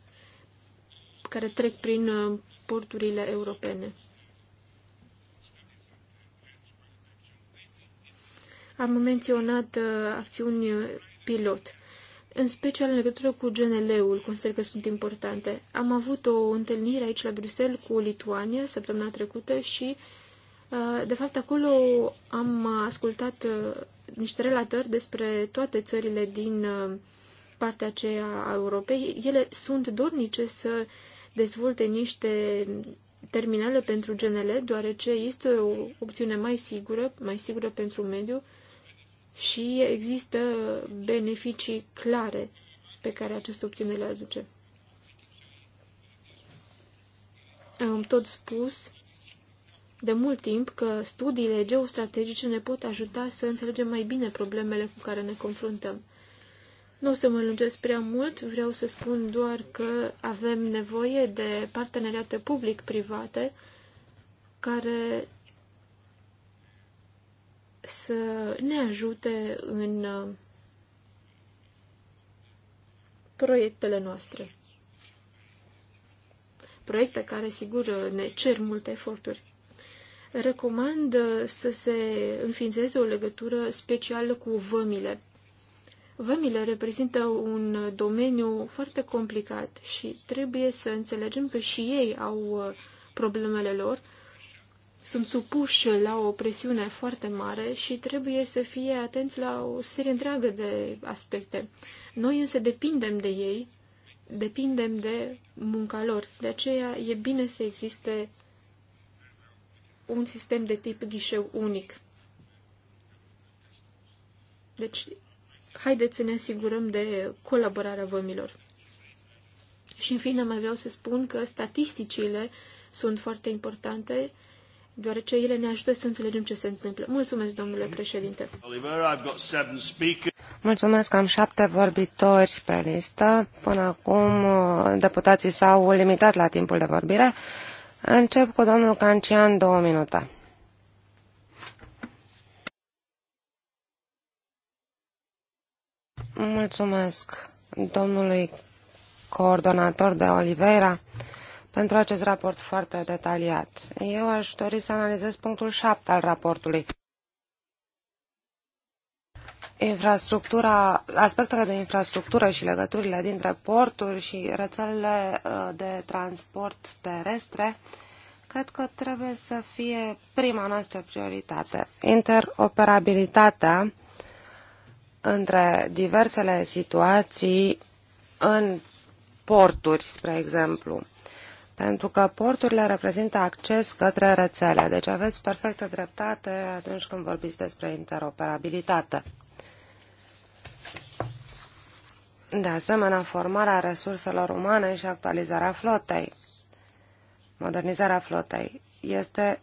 care trec prin uh, porturile europene. Am menționat uh, acțiuni pilot, în special în legătură cu GNL-ul, consider că sunt importante. Am avut o întâlnire aici la Bruxelles cu Lituania săptămâna trecută și, de fapt, acolo am ascultat niște relatări despre toate țările din uh, partea aceea a Europei. Ele sunt dornice să dezvolte niște terminale pentru GNL, deoarece este o opțiune mai sigură, mai sigură pentru mediu și există beneficii clare pe care această opțiune le aduce. Am tot spus de mult timp că studiile geostrategice ne pot ajuta să înțelegem mai bine problemele cu care ne confruntăm. Nu o să mă lungesc prea mult, vreau să spun doar că avem nevoie de parteneriate public-private care să ne ajute în uh, proiectele noastre. Proiecte care, sigur, ne cer multe eforturi recomand uh, să se înființeze o legătură specială cu vămile. Vămile reprezintă un domeniu foarte complicat și trebuie să înțelegem că și ei au uh, problemele lor, sunt supuși la o presiune foarte mare și trebuie să fie atenți la o serie întreagă de aspecte. Noi însă depindem de ei, depindem de munca lor. De aceea e bine să existe un sistem de tip ghișeu unic. Deci, haideți să ne asigurăm de colaborarea vămilor. Și, în fine, mai vreau să spun că statisticile sunt foarte importante, deoarece ele ne ajută să înțelegem ce se întâmplă. Mulțumesc, domnule președinte. Mulțumesc, am șapte vorbitori pe listă. Până acum, uh, deputații s-au limitat la timpul de vorbire. Încep cu domnul Cancian două minute. Mulțumesc domnului coordonator de Oliveira pentru acest raport foarte detaliat. Eu aș dori să analizez punctul 7 al raportului infrastructura, aspectele de infrastructură și legăturile dintre porturi și rețelele uh, de transport terestre, cred că trebuie să fie prima noastră prioritate. Interoperabilitatea între diversele situații în porturi, spre exemplu. Pentru că porturile reprezintă acces către rețele, deci aveți perfectă dreptate atunci când vorbiți despre interoperabilitate. De asemenea, formarea resurselor umane și actualizarea flotei, modernizarea flotei, este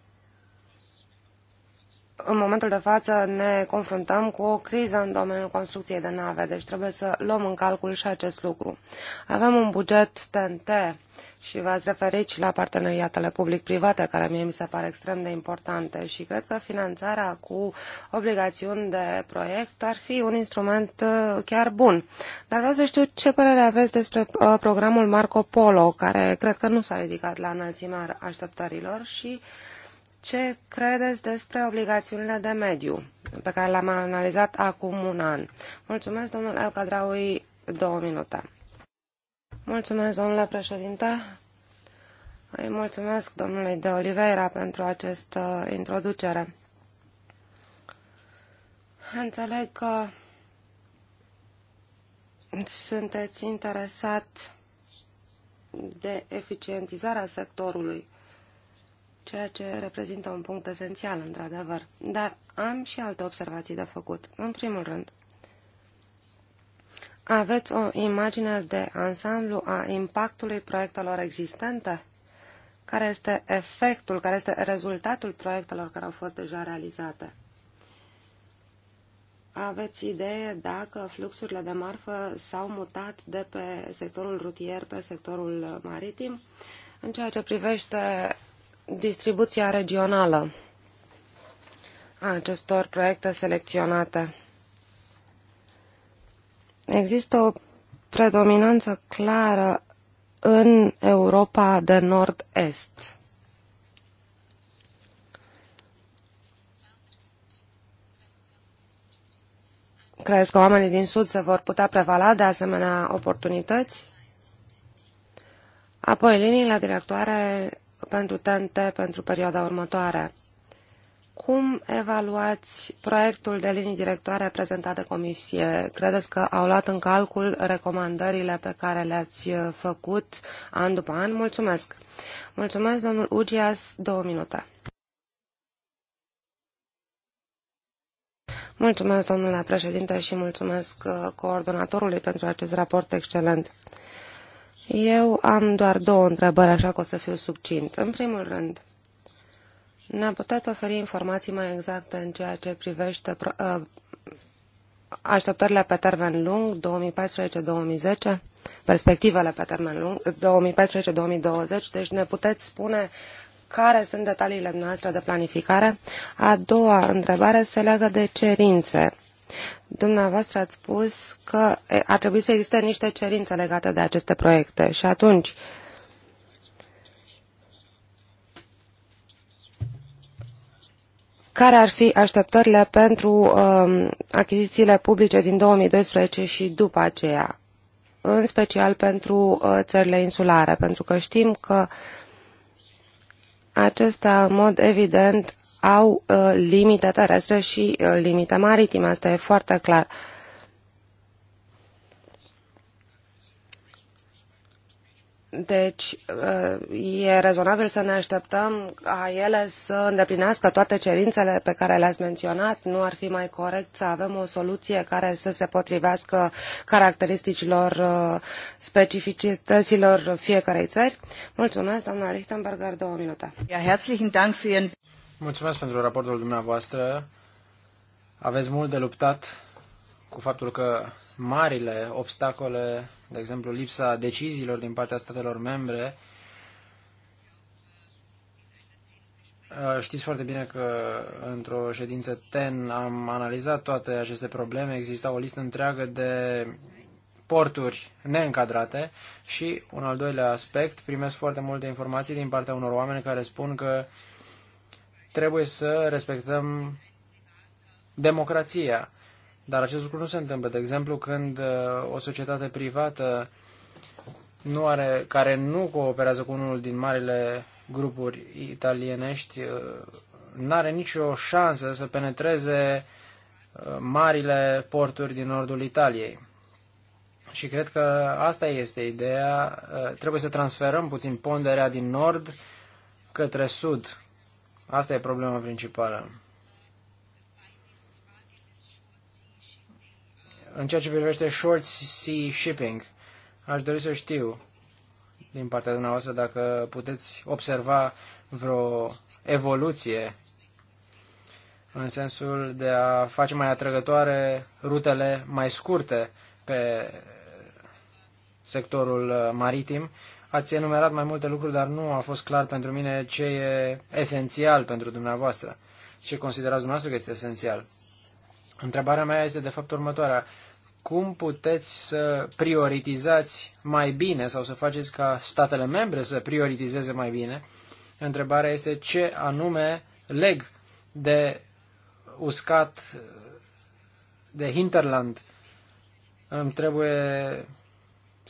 în momentul de față ne confruntăm cu o criză în domeniul construcției de nave, deci trebuie să luăm în calcul și acest lucru. Avem un buget TNT și v-ați referit și la parteneriatele public-private, care mie mi se pare extrem de importante și cred că finanțarea cu obligațiuni de proiect ar fi un instrument uh, chiar bun. Dar vreau să știu ce părere aveți despre uh, programul Marco Polo, care cred că nu s-a ridicat la înălțimea așteptărilor și ce credeți despre obligațiunile de mediu pe care le-am analizat acum un an. Mulțumesc, domnul El Cadraui, două minute. Mulțumesc, domnule președinte. Îi mulțumesc domnului de Oliveira pentru această introducere. Înțeleg că sunteți interesat de eficientizarea sectorului ceea ce reprezintă un punct esențial, într-adevăr. Dar am și alte observații de făcut. În primul rând, aveți o imagine de ansamblu a impactului proiectelor existente? Care este efectul, care este rezultatul proiectelor care au fost deja realizate? Aveți idee dacă fluxurile de marfă s-au mutat de pe sectorul rutier pe sectorul maritim? În ceea ce privește distribuția regională a acestor proiecte selecționate. Există o predominanță clară în Europa de Nord-Est. Crezi că oamenii din Sud se vor putea prevala de asemenea oportunități? Apoi, liniile directoare pentru TNT pentru perioada următoare. Cum evaluați proiectul de linii directoare prezentat de comisie? Credeți că au luat în calcul recomandările pe care le-ați uh, făcut an după an? Mulțumesc! Mulțumesc, domnul Ugias, două minute. Mulțumesc, domnule președinte, și mulțumesc uh, coordonatorului pentru acest raport excelent. Eu am doar două întrebări, așa că o să fiu succint. În primul rând, ne puteți oferi informații mai exacte în ceea ce privește uh, așteptările pe termen lung 2014-2010, perspectivele pe termen lung 2014-2020, deci ne puteți spune care sunt detaliile noastre de planificare. A doua întrebare se leagă de cerințe. Dumneavoastră ați spus că ar trebui să existe niște cerințe legate de aceste proiecte și atunci care ar fi așteptările pentru um, achizițiile publice din 2012 și după aceea, în special pentru uh, țările insulare, pentru că știm că acesta în mod evident, au uh, limite terestre și uh, limite maritime, asta e foarte clar. Deci uh, e rezonabil să ne așteptăm ca ele să îndeplinească toate cerințele pe care le-ați menționat. Nu ar fi mai corect să avem o soluție care să se potrivească caracteristicilor uh, specificităților fiecarei țări? Mulțumesc, doamna Lichtenberger, două minute. Ja, herzlichen Dank für Ihren Mulțumesc pentru raportul dumneavoastră. Aveți mult de luptat cu faptul că marile obstacole, de exemplu lipsa deciziilor din partea statelor membre, uh, Știți foarte bine că într-o ședință TEN am analizat toate aceste probleme. Exista o listă întreagă de porturi neîncadrate și un al doilea aspect, primesc foarte multe informații din partea unor oameni care spun că uh, trebuie să respectăm democrația. Dar acest lucru nu se întâmplă. De exemplu, când uh, o societate privată nu are, care nu cooperează cu unul din marile grupuri italienești, uh, nu are nicio șansă să penetreze uh, marile porturi din nordul Italiei. Și cred că asta este ideea. Trebuie să transferăm puțin ponderea din nord către sud. Asta e problema principală. În ceea ce privește short sea shipping, aș dori să știu din partea dumneavoastră dacă puteți observa vreo evoluție în sensul de a face mai atrăgătoare rutele mai scurte pe sectorul maritim Ați enumerat mai multe lucruri, dar nu a fost clar pentru mine ce e esențial pentru dumneavoastră. Ce considerați dumneavoastră că este esențial? Întrebarea mea este de fapt următoarea. Cum puteți să prioritizați mai bine sau să faceți ca statele membre să prioritizeze mai bine? Întrebarea este ce anume leg de uscat de hinterland. Îmi trebuie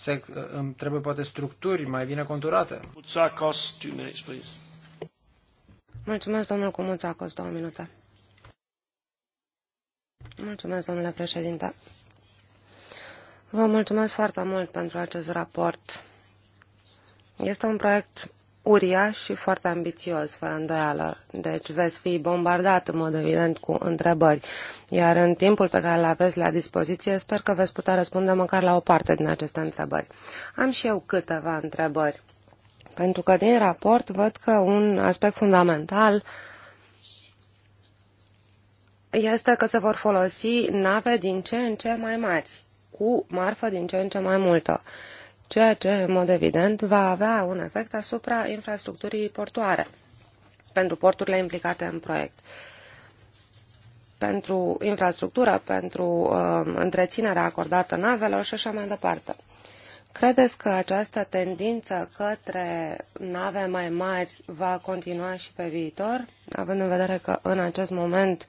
se, îmi trebuie poate structuri mai bine conturate. Mulțumesc two minutes, please. Mulțumesc, domnul Cumuțacos, două minute. Mulțumesc, domnule președinte. Vă mulțumesc foarte mult pentru acest raport. Este un proiect uriaș și foarte ambițios, fără îndoială. Deci veți fi bombardat în mod evident cu întrebări. Iar în timpul pe care îl aveți la dispoziție, sper că veți putea răspunde măcar la o parte din aceste întrebări. Am și eu câteva întrebări. Pentru că din raport văd că un aspect fundamental este că se vor folosi nave din ce în ce mai mari, cu marfă din ce în ce mai multă. Uh, ceea ce, în mod evident, va avea un efect asupra infrastructurii portoare pentru porturile implicate în proiect pentru infrastructură, pentru uh, întreținerea acordată navelor și așa mai departe. Credeți că această tendință către nave mai mari va continua și pe viitor, având în vedere că în acest moment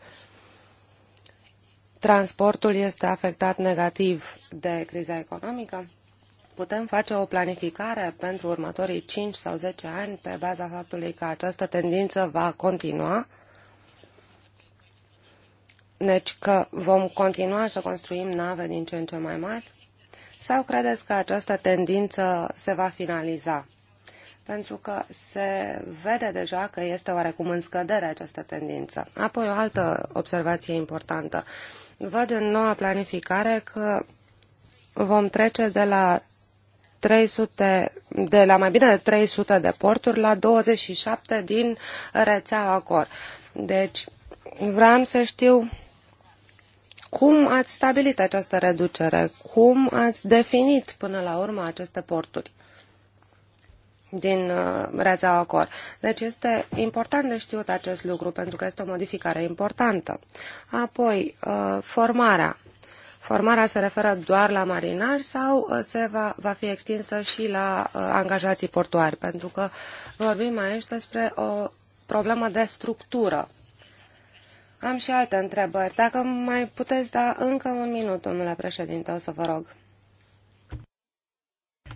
transportul este afectat negativ de criza economică? putem face o planificare pentru următorii 5 sau 10 ani pe baza faptului că această tendință va continua, deci că vom continua să construim nave din ce în ce mai mari? Sau credeți că această tendință se va finaliza? Pentru că se vede deja că este oarecum în scădere această tendință. Apoi o altă observație importantă. Văd în noua planificare că vom trece de la 300, de la mai bine de 300 de porturi la 27 din rețeaua Cor. Deci, vreau să știu cum ați stabilit această reducere, cum ați definit până la urmă aceste porturi din uh, rețeaua COR. Deci este important de știut acest lucru pentru că este o modificare importantă. Apoi, uh, formarea. Formarea se referă doar la marinari sau uh, se va, va fi extinsă și la uh, angajații portuari? Pentru că vorbim aici despre o problemă de structură. Am și alte întrebări. Dacă mai puteți da încă un minut, domnule președinte, o să vă rog.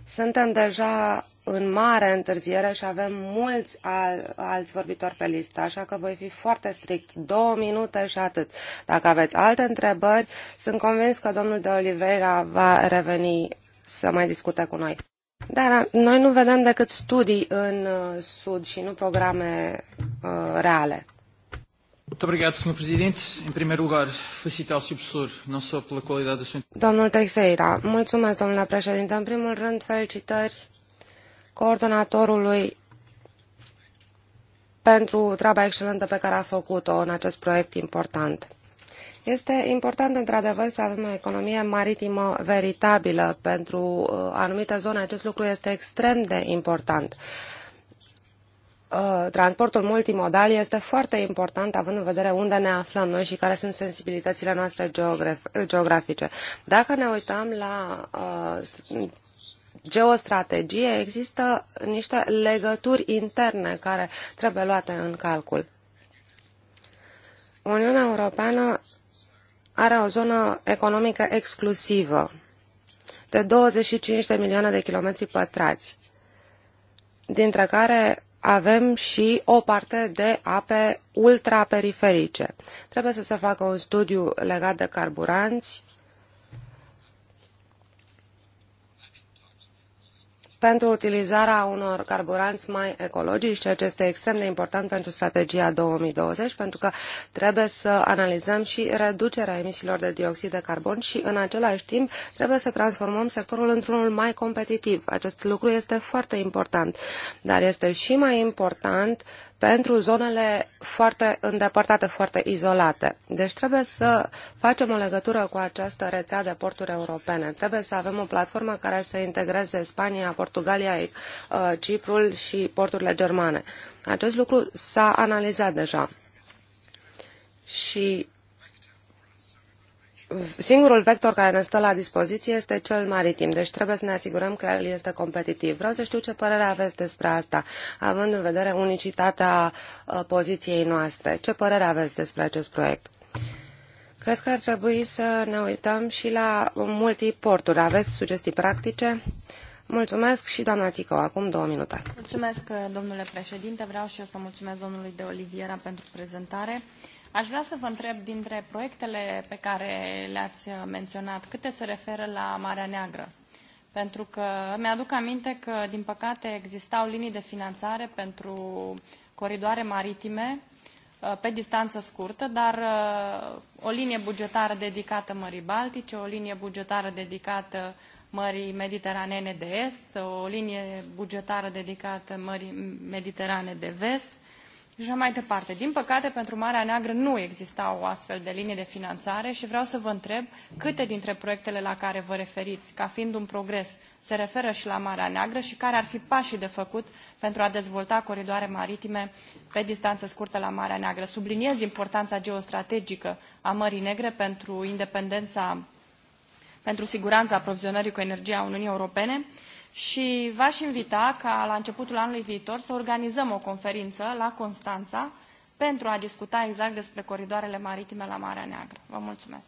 Suntem deja în mare întârziere și avem mulți al, alți vorbitori pe listă, așa că voi fi foarte strict. Două minute și atât. Dacă aveți alte întrebări, sunt convins că domnul de Oliveira va reveni să mai discute cu noi. Dar noi nu vedem decât studii în uh, Sud și nu programe uh, reale. Muito obrigado, Sr. Presidente. Em primeiro lugar, felicito ao Sr. Professor, não só pela qualidade do seu... Domnul Teixeira, mulțumesc, domnule președinte. În primul rând, felicitări coordonatorului pentru treaba excelentă pe care a făcut-o în acest proiect important. Este important, într-adevăr, să avem o economie maritimă veritabilă pentru uh, anumite zone. Acest lucru este extrem de important. Uh, Uh, transportul multimodal este foarte important având în vedere unde ne aflăm noi și care sunt sensibilitățile noastre geografice. Dacă ne uităm la uh, geostrategie, există niște legături interne care trebuie luate în calcul. Uniunea Europeană are o zonă economică exclusivă de 25 de milioane de kilometri pătrați, dintre care avem și o parte de ape ultraperiferice. Trebuie să se facă un studiu legat de carburanți pentru utilizarea unor carburanți mai ecologici, ceea ce este extrem de important pentru strategia 2020, pentru că trebuie să analizăm și reducerea emisiilor de dioxid de carbon și, în același timp, trebuie să transformăm sectorul într-unul mai competitiv. Acest lucru este foarte important, dar este și mai important uh, pentru zonele foarte îndepărtate, foarte izolate. Deci trebuie să facem o legătură cu această rețea de porturi europene. Trebuie să avem o platformă care să integreze Spania, Portugalia, eh, Ciprul și porturile germane. Acest lucru s-a analizat deja. Și singurul vector care ne stă la dispoziție este cel maritim, deci trebuie să ne asigurăm că el este competitiv. Vreau să știu ce părere aveți despre asta, având în vedere unicitatea uh, poziției noastre. Ce părere aveți despre acest proiect? Cred că ar trebui să ne uităm și la multiporturi. Aveți sugestii practice? Mulțumesc și doamna Țicău, acum două minute. Mulțumesc, domnule președinte. Vreau și eu să mulțumesc domnului de Oliviera pentru prezentare. Uh, Aș vrea să vă întreb dintre proiectele pe care le-ați menționat, câte se referă la Marea Neagră? Pentru că mi-aduc aminte că, din păcate, existau linii de finanțare pentru coridoare maritime uh, pe distanță scurtă, dar uh, o linie bugetară dedicată Mării Baltice, o linie bugetară dedicată Mării Mediteranene de Est, o linie bugetară dedicată Mării Mediterane de Vest, și mai departe. Din păcate, pentru Marea Neagră nu exista o astfel de linie de finanțare și vreau să vă întreb câte dintre proiectele la care vă referiți, ca fiind un progres, se referă și la Marea Neagră și care ar fi pașii de făcut pentru a dezvolta coridoare maritime pe distanță scurtă la Marea Neagră. Subliniez importanța geostrategică a Mării Negre pentru independența, pentru siguranța aprovizionării cu energie a Uniunii Europene și v-aș invita ca la începutul anului viitor să organizăm o conferință la Constanța pentru a discuta exact despre coridoarele maritime la Marea Neagră. Vă mulțumesc.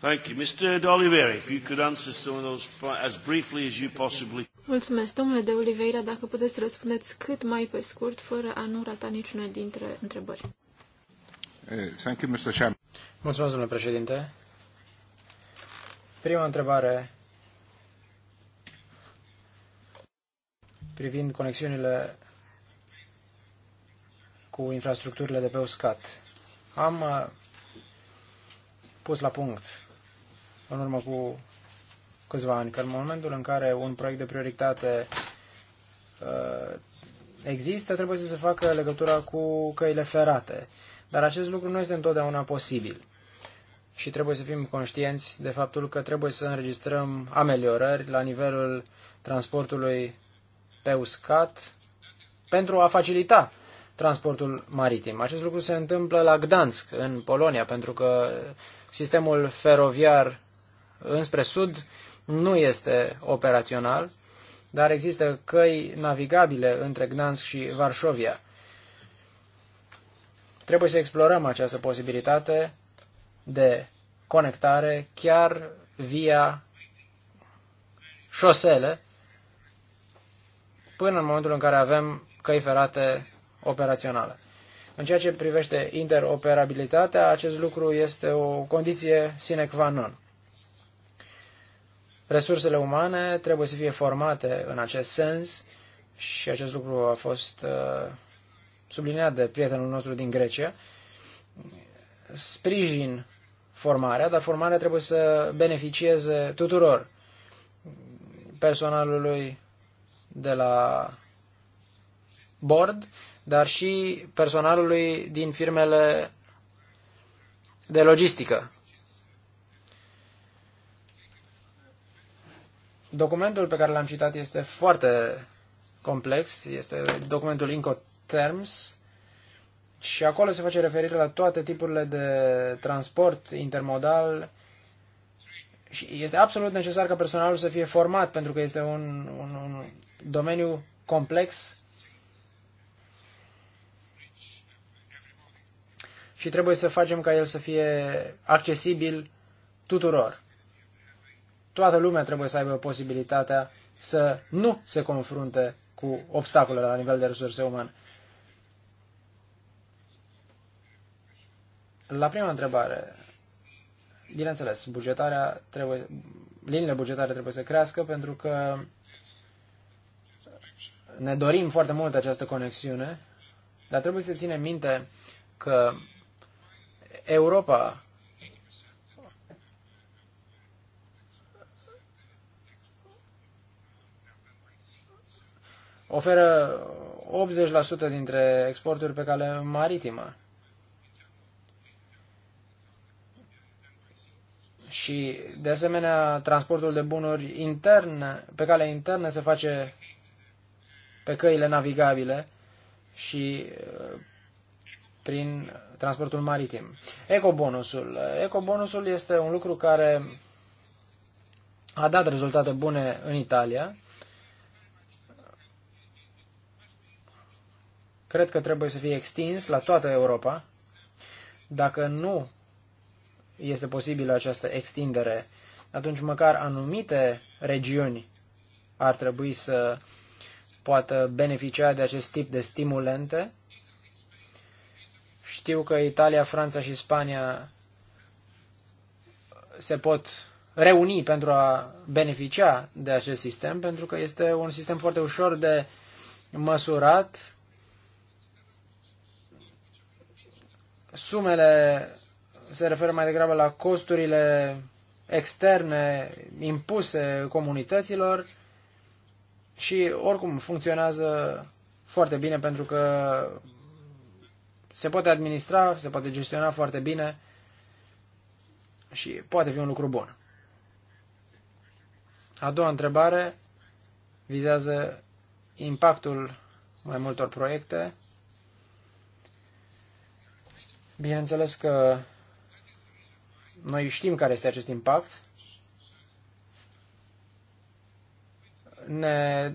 Thank you. Mr. De Oliveira, if you could answer some of those as briefly as you possibly Mulțumesc, domnule de Oliveira, dacă puteți să răspundeți cât mai pe scurt, fără a nu rata niciuna dintre întrebări. Eh, thank you, Mr. Chairman. Mulțumesc, domnule președinte. Prima întrebare privind conexiunile cu infrastructurile de pe uscat. Am uh, pus la punct în urmă cu câțiva ani că în momentul în care un proiect de prioritate uh, există, trebuie să se facă legătura cu căile ferate. Dar acest lucru nu este întotdeauna posibil. Și trebuie să fim conștienți de faptul că trebuie să înregistrăm ameliorări la nivelul transportului pe uscat pentru a facilita transportul maritim. Acest lucru se întâmplă la Gdansk, în Polonia, pentru că sistemul feroviar înspre sud nu este operațional, dar există căi navigabile între Gdansk și Varșovia. Trebuie să explorăm această posibilitate de conectare chiar via șosele până în momentul în care avem căi ferate operaționale. În ceea ce privește interoperabilitatea, acest lucru este o condiție sine qua non. Resursele umane trebuie să fie formate în acest sens și acest lucru a fost uh, subliniat de prietenul nostru din Grecia. Sprijin formarea, dar formarea trebuie să beneficieze tuturor personalului de la board, dar și personalului din firmele de logistică. Documentul pe care l-am citat este foarte complex, este documentul Incoterms și acolo se face referire la toate tipurile de transport intermodal și este absolut necesar ca personalul să fie format pentru că este un, un, un domeniu complex și trebuie să facem ca el să fie accesibil tuturor. Toată lumea trebuie să aibă posibilitatea să nu se confrunte cu obstacole la nivel de resurse umane. La prima întrebare, bineînțeles, bugetarea trebuie, liniile bugetare trebuie să crească pentru că ne dorim foarte mult această conexiune, dar trebuie să ținem minte că Europa oferă 80% dintre exporturi pe cale maritimă. Și, de asemenea, transportul de bunuri intern, pe cale internă se face pe căile navigabile și uh, prin transportul maritim. Ecobonusul. Ecobonusul este un lucru care a dat rezultate bune în Italia. Cred că trebuie să fie extins la toată Europa. Dacă nu este posibilă această extindere, atunci măcar anumite regiuni ar trebui să poată beneficia de acest tip de stimulente. Știu că Italia, Franța și Spania se pot reuni pentru a beneficia de acest sistem, pentru că este un sistem foarte ușor de măsurat. Sumele se referă mai degrabă la costurile externe impuse comunităților și oricum funcționează foarte bine pentru că se poate administra, se poate gestiona foarte bine și poate fi un lucru bun. A doua întrebare vizează impactul mai multor proiecte. Bineînțeles că noi știm care este acest impact ne,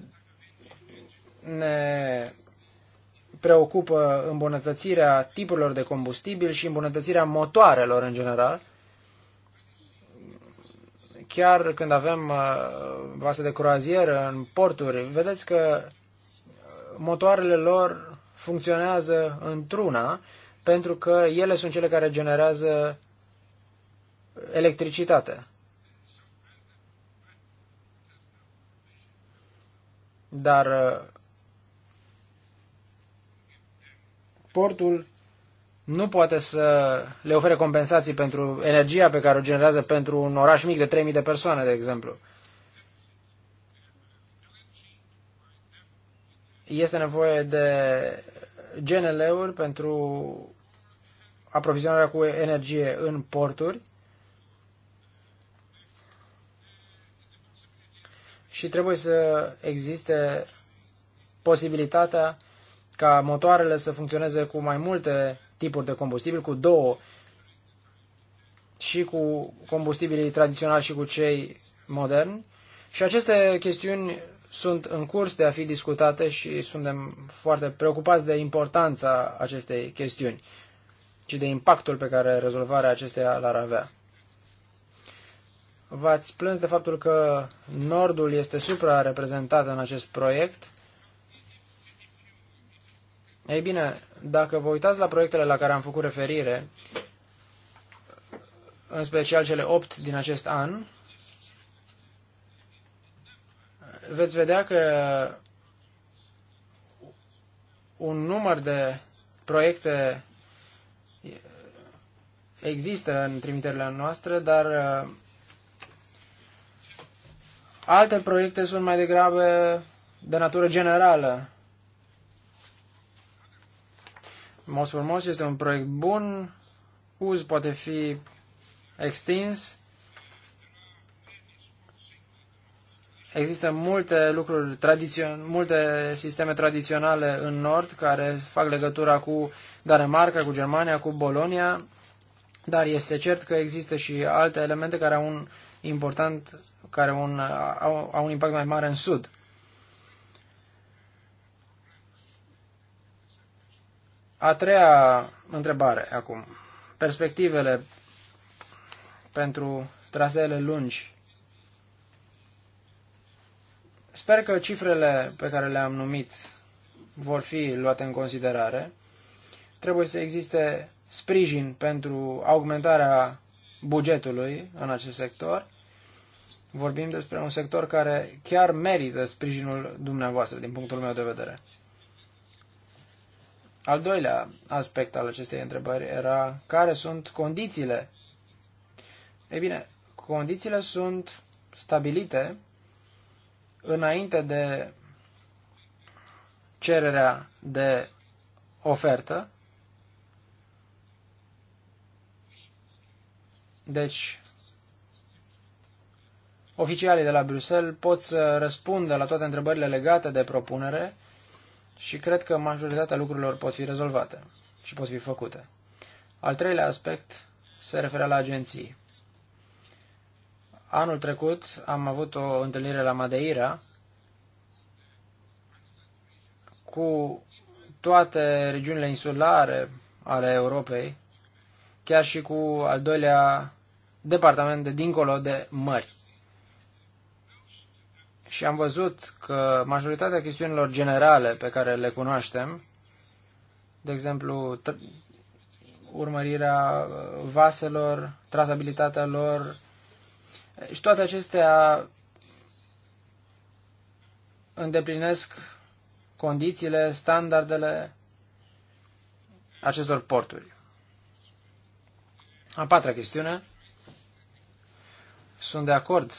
ne preocupă îmbunătățirea tipurilor de combustibil și îmbunătățirea motoarelor în general. Chiar când avem uh, vase de croazieră în porturi, vedeți că motoarele lor funcționează într-una pentru că ele sunt cele care generează electricitate. Dar uh, portul nu poate să le ofere compensații pentru energia pe care o generează pentru un oraș mic de 3.000 de persoane, de exemplu. Este nevoie de GNL-uri pentru aprovizionarea cu energie în porturi și trebuie să existe posibilitatea ca motoarele să funcționeze cu mai multe tipuri de combustibil, cu două, și cu combustibilii tradiționali și cu cei moderni. Și aceste chestiuni sunt în curs de a fi discutate și suntem foarte preocupați de importanța acestei chestiuni și de impactul pe care rezolvarea acesteia l-ar avea. V-ați plâns de faptul că Nordul este supra-reprezentat în acest proiect. Ei bine, dacă vă uitați la proiectele la care am făcut referire, în special cele 8 din acest an, veți vedea că un număr de proiecte există în trimiterile noastre, dar Alte proiecte sunt mai degrabă de natură generală. Mos Frumos este un proiect bun, uz poate fi extins. Există multe lucruri, multe sisteme tradiționale în Nord care fac legătura cu Danemarca, cu Germania, cu Bolonia, dar este cert că există și alte elemente care au un important care un, au, au un impact mai mare în sud. A treia întrebare acum. Perspectivele pentru traseele lungi. Sper că cifrele pe care le-am numit vor fi luate în considerare. Trebuie să existe sprijin pentru augmentarea bugetului în acest sector vorbim despre un sector care chiar merită sprijinul dumneavoastră, din punctul meu de vedere. Al doilea aspect al acestei întrebări era care sunt condițiile. Ei bine, condițiile sunt stabilite înainte de cererea de ofertă. Deci, oficialii de la Bruxelles pot să răspundă la toate întrebările legate de propunere și cred că majoritatea lucrurilor pot fi rezolvate și pot fi făcute. Al treilea aspect se referă la agenții. Anul trecut am avut o întâlnire la Madeira cu toate regiunile insulare ale Europei, chiar și cu al doilea departament de dincolo de mări și am văzut că majoritatea chestiunilor generale pe care le cunoaștem, de exemplu, urmărirea uh, vaselor, trasabilitatea lor, eh, și toate acestea îndeplinesc condițiile, standardele acestor porturi. A patra chestiune. Sunt de acord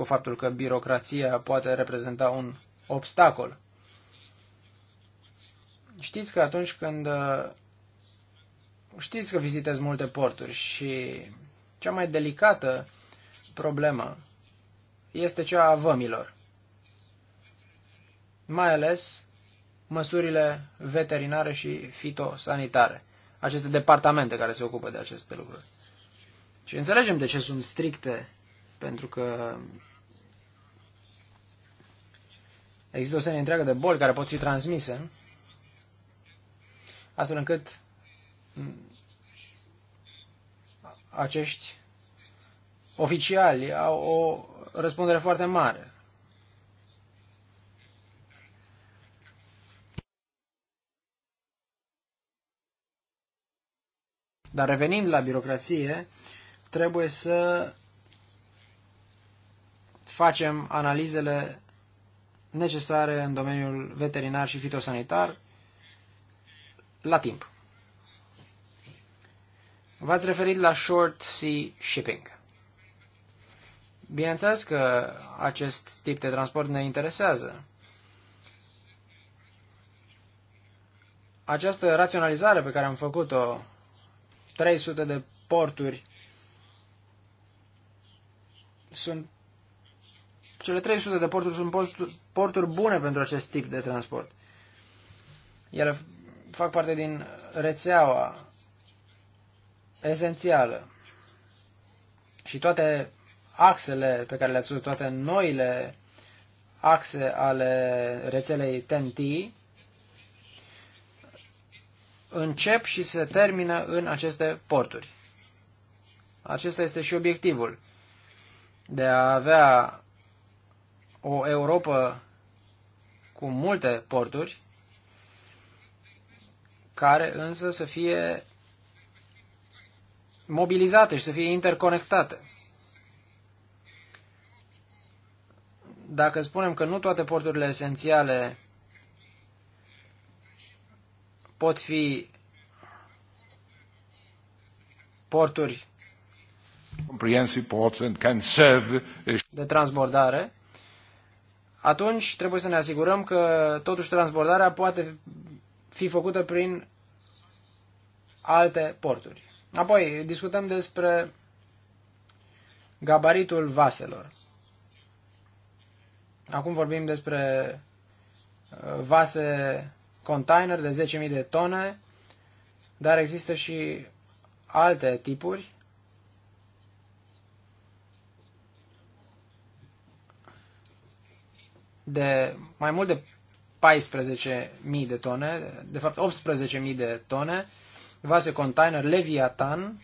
cu faptul că birocrația poate reprezenta un obstacol. Știți că atunci când știți că vizitez multe porturi și cea mai delicată problemă este cea a vămilor. Mai ales măsurile veterinare și fitosanitare. Aceste departamente care se ocupă de aceste lucruri. Și înțelegem de ce sunt stricte, pentru că Există o serie întreagă de boli care pot fi transmise, astfel încât acești oficiali au o răspundere foarte mare. Dar revenind la birocrație, trebuie să facem analizele necesare în domeniul veterinar și fitosanitar la timp. V-ați referit la short sea shipping. Bineînțeles că acest tip de transport ne interesează. Această raționalizare pe care am făcut-o, 300 de porturi sunt cele 300 de porturi sunt porturi bune pentru acest tip de transport. Ele fac parte din rețeaua esențială. Și toate axele pe care le-ați văzut, toate noile axe ale rețelei TNT încep și se termină în aceste porturi. Acesta este și obiectivul de a avea o Europa cu multe porturi, care însă să fie mobilizate și să fie interconectate. Dacă spunem că nu toate porturile esențiale pot fi porturi de transbordare, atunci trebuie să ne asigurăm că totuși transbordarea poate fi făcută prin alte porturi. Apoi discutăm despre gabaritul vaselor. Acum vorbim despre uh, vase container de 10.000 de tone, dar există și alte tipuri de mai mult de 14.000 de tone, de fapt 18.000 de tone, vase container Leviathan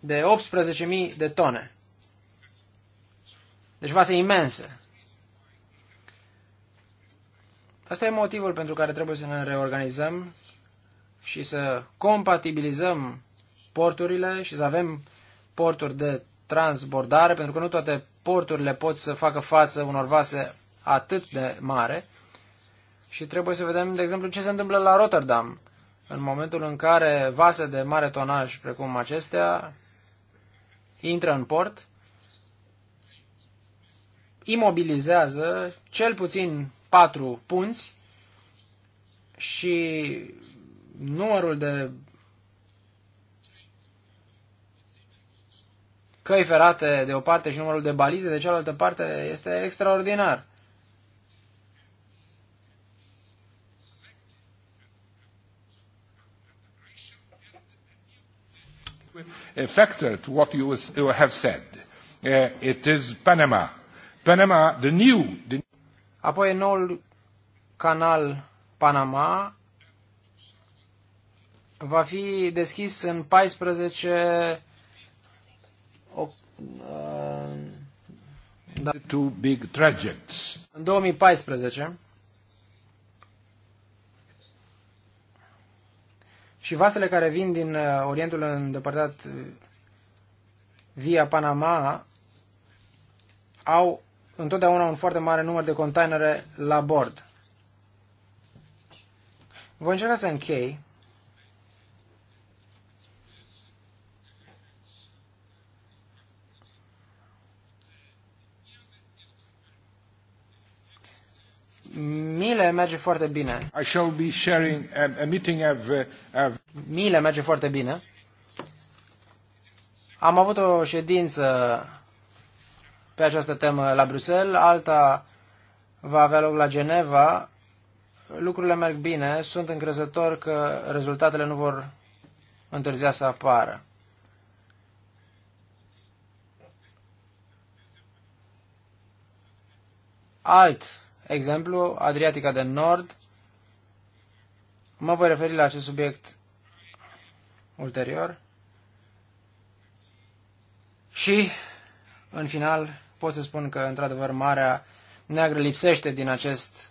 de 18.000 de tone. Deci vase imense. Asta e motivul pentru care trebuie să ne reorganizăm și să compatibilizăm porturile și să avem porturi de transbordare, pentru că nu toate porturile pot să facă față unor vase atât de mare. Și trebuie să vedem, de exemplu, ce se întâmplă la Rotterdam, în momentul în care vase de mare tonaj, precum acestea, intră în port, imobilizează cel puțin patru punți și numărul de căi ferate de o parte și numărul de balize de cealaltă parte este extraordinar. In to what you have said. Eh, it is Panama. Panama, the new... The... Apoi noul canal Panama va fi deschis în 14 uh, da. Two big tragedies. În 2014 și vasele care vin din uh, Orientul îndepărtat uh, via Panama au întotdeauna un foarte mare număr de containere la bord. Voi încerca să închei Mile merge foarte bine. I shall be sharing a, a meeting of, of... Mile merge foarte bine. Am avut o ședință pe această temă la Bruxelles, alta va avea loc la Geneva. Lucrurile merg bine, sunt încrezător că rezultatele nu vor întârzia să apară. Alt Exemplu, Adriatica de Nord. Mă voi referi la acest subiect ulterior. Și, în final, pot să spun că, într-adevăr, Marea Neagră lipsește din acest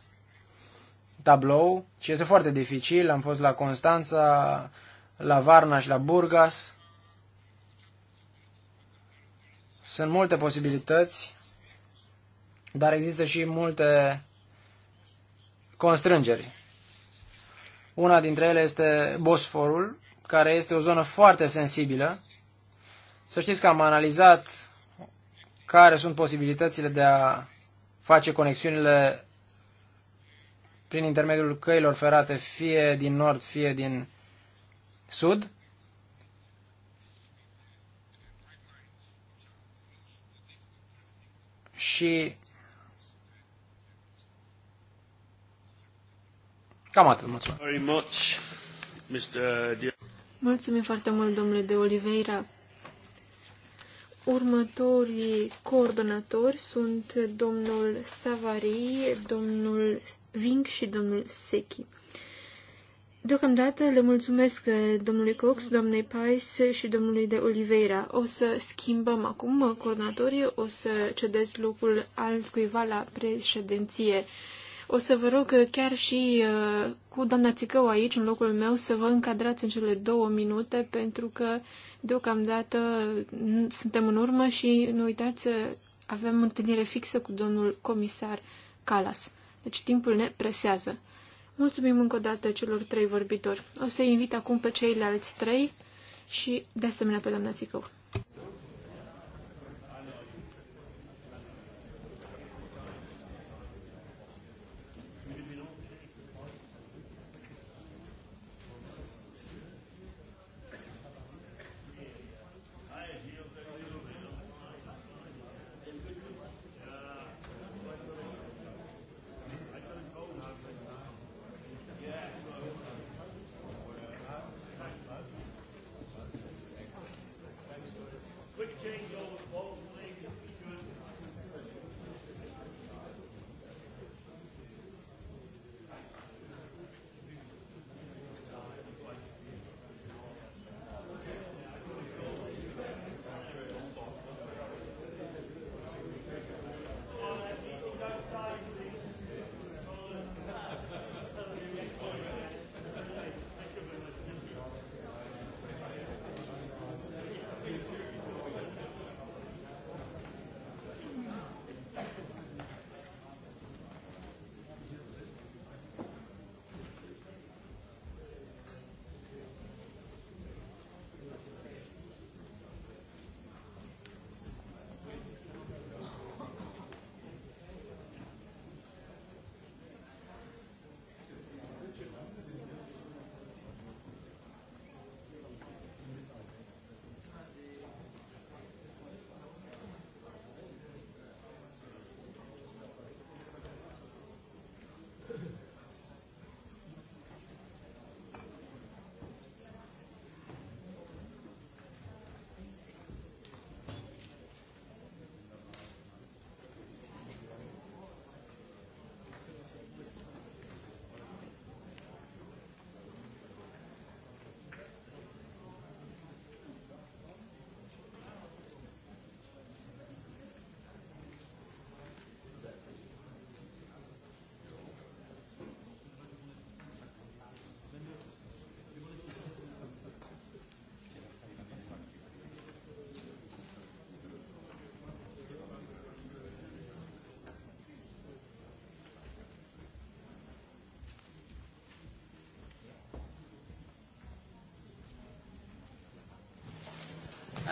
tablou și este foarte dificil. Am fost la Constanța, la Varna și la Burgas. Sunt multe posibilități dar există și multe constrângeri. Una dintre ele este Bosforul, care este o zonă foarte sensibilă. Să știți că am analizat care sunt posibilitățile de a face conexiunile prin intermediul căilor ferate, fie din nord, fie din sud. Și Cam atât, mulțumesc. Mulțumim foarte mult, domnule de Oliveira. Următorii coordonatori sunt domnul Savari, domnul Vink și domnul Sechi. Deocamdată le mulțumesc domnului Cox, doamnei Pais și domnului de Oliveira. O să schimbăm acum coordonatorii, o să cedez locul altcuiva la președinție. O să vă rog uh, chiar și uh, cu doamna Țicău aici, în locul meu, să vă încadrați în cele două minute, pentru că deocamdată suntem în urmă și nu uitați, uh, avem întâlnire fixă cu domnul comisar Calas. Deci timpul ne presează. Mulțumim încă o dată celor trei vorbitori. O să invit acum pe ceilalți trei și de asemenea pe doamna Țicău.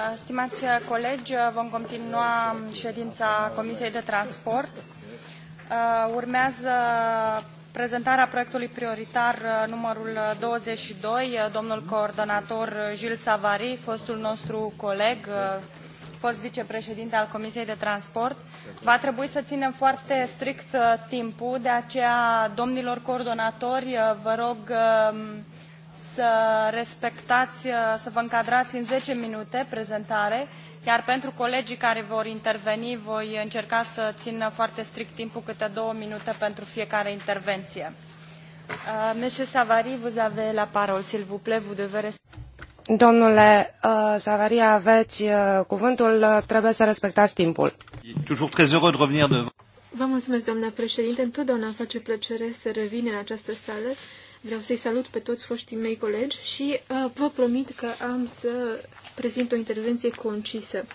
Uh, stimați uh, colegi, uh, vom continua um, ședința Comisiei de Transport. Urmează prezentarea proiectului prioritar numărul 22, domnul coordonator Gilles Savary, fostul nostru coleg, fost vicepreședinte al Comisiei de Transport. Va trebui să ținem foarte strict timpul, de aceea, domnilor coordonatori, vă rog um, să respectați solicitați uh, să vă încadrați în 10 minute prezentare, iar pentru colegii care vor interveni voi încerca să țin foarte strict timpul câte două minute pentru fiecare intervenție. Uh, Monsieur Savary, vous avez la parole, s'il vous plaît, vous devez Domnule uh, Savary, aveți uh, cuvântul, uh, trebuie să respectați timpul. Vă mulțumesc, doamna președinte. Întotdeauna îmi face plăcere să revin în această sală Vreau să-i salut pe toți foștii mei colegi și uh, vă promit că am să prezint o intervenție concisă.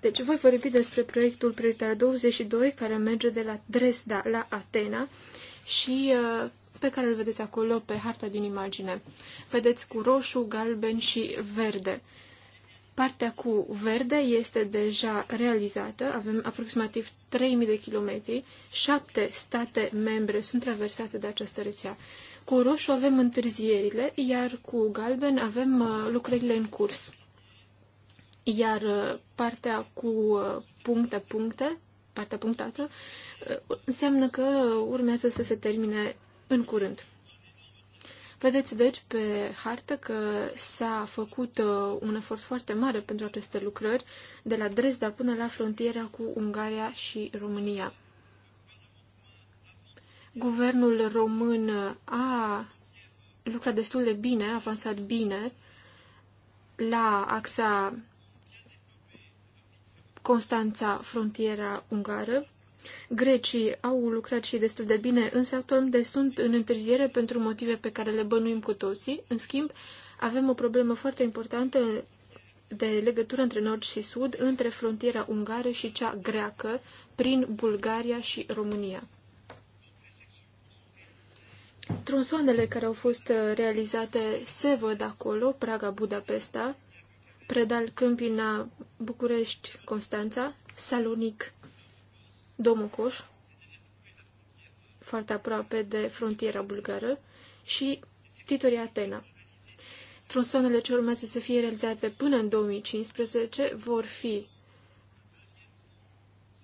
Deci, voi vorbi despre proiectul prioritar 22, care merge de la Dresda la Atena și uh, pe care îl vedeți acolo pe harta din imagine. Vedeți cu roșu, galben și verde. Partea cu verde este deja realizată, avem aproximativ 3000 de kilometri, șapte state membre sunt traversate de această rețea. Cu roșu avem întârzierile, iar cu galben avem uh, lucrările în curs. Iar uh, partea cu puncte-puncte, uh, partea punctată, înseamnă că urmează să se termine în curând. Vedeți, deci, pe hartă că s-a făcut un efort foarte mare pentru aceste lucrări, de la Dresda până la frontiera cu Ungaria și România. Guvernul român a lucrat destul de bine, a avansat bine la axa Constanța, frontiera ungară. Grecii au lucrat și destul de bine, însă actualmente sunt în întârziere pentru motive pe care le bănuim cu toții. În schimb, avem o problemă foarte importantă de legătură între nord și sud, între frontiera ungară și cea greacă, prin Bulgaria și România. Tronsoanele care au fost uh, realizate se văd acolo, Praga, Budapesta, Predal, Câmpina, București, Constanța, Salonic, Domocoș, foarte aproape de frontiera bulgară, și Titoria Atena. Tronsoanele ce urmează să fie realizate până în 2015 vor fi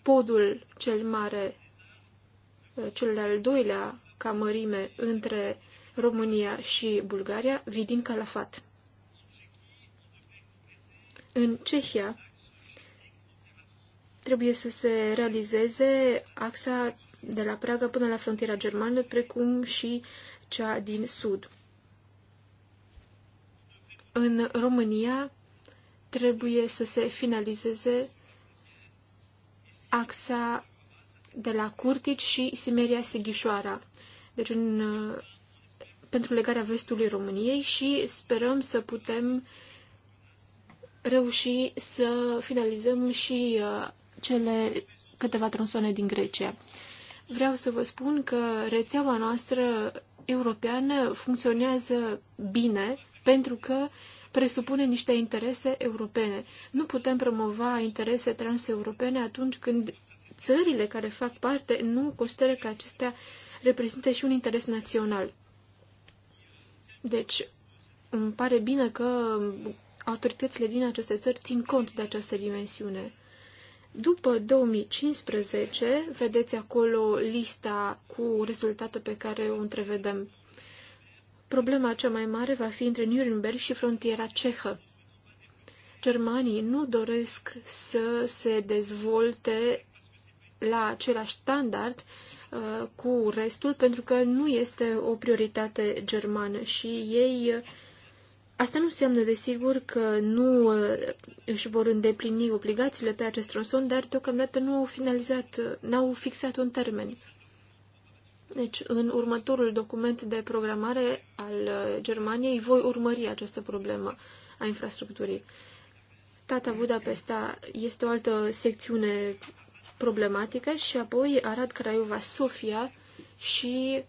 podul cel mare, uh, cel de-al doilea ca mărime între România și Bulgaria, Vidin Calafat. În Cehia trebuie să se realizeze axa de la Praga până la frontiera germană, precum și cea din sud. În România trebuie să se finalizeze axa de la Curtici și Simeria Sighișoara, deci în, pentru legarea vestului României și sperăm să putem reuși să finalizăm și uh, cele câteva tronsoane din Grecia. Vreau să vă spun că rețeaua noastră europeană funcționează bine pentru că presupune niște interese europene. Nu putem promova interese transeuropene atunci când țările care fac parte nu consideră că acestea uh, reprezintă și un interes național. Deci, îmi pare bine că autoritățile din aceste țări țin cont de această dimensiune. După 2015, vedeți acolo lista cu rezultate pe care o întrevedem. Problema cea mai mare va fi între Nuremberg și frontiera cehă. Germanii nu doresc să se dezvolte la același standard Uh, cu restul, pentru că nu este o prioritate germană și ei. Uh, asta nu înseamnă, desigur, că nu uh, își vor îndeplini obligațiile pe acest tronson, dar deocamdată nu au finalizat, n-au fixat un termen. Deci, în următorul document de programare al Germaniei, voi urmări această problemă a infrastructurii. Tata Budapesta este o altă secțiune problematică și apoi Arad, Craiova, Sofia și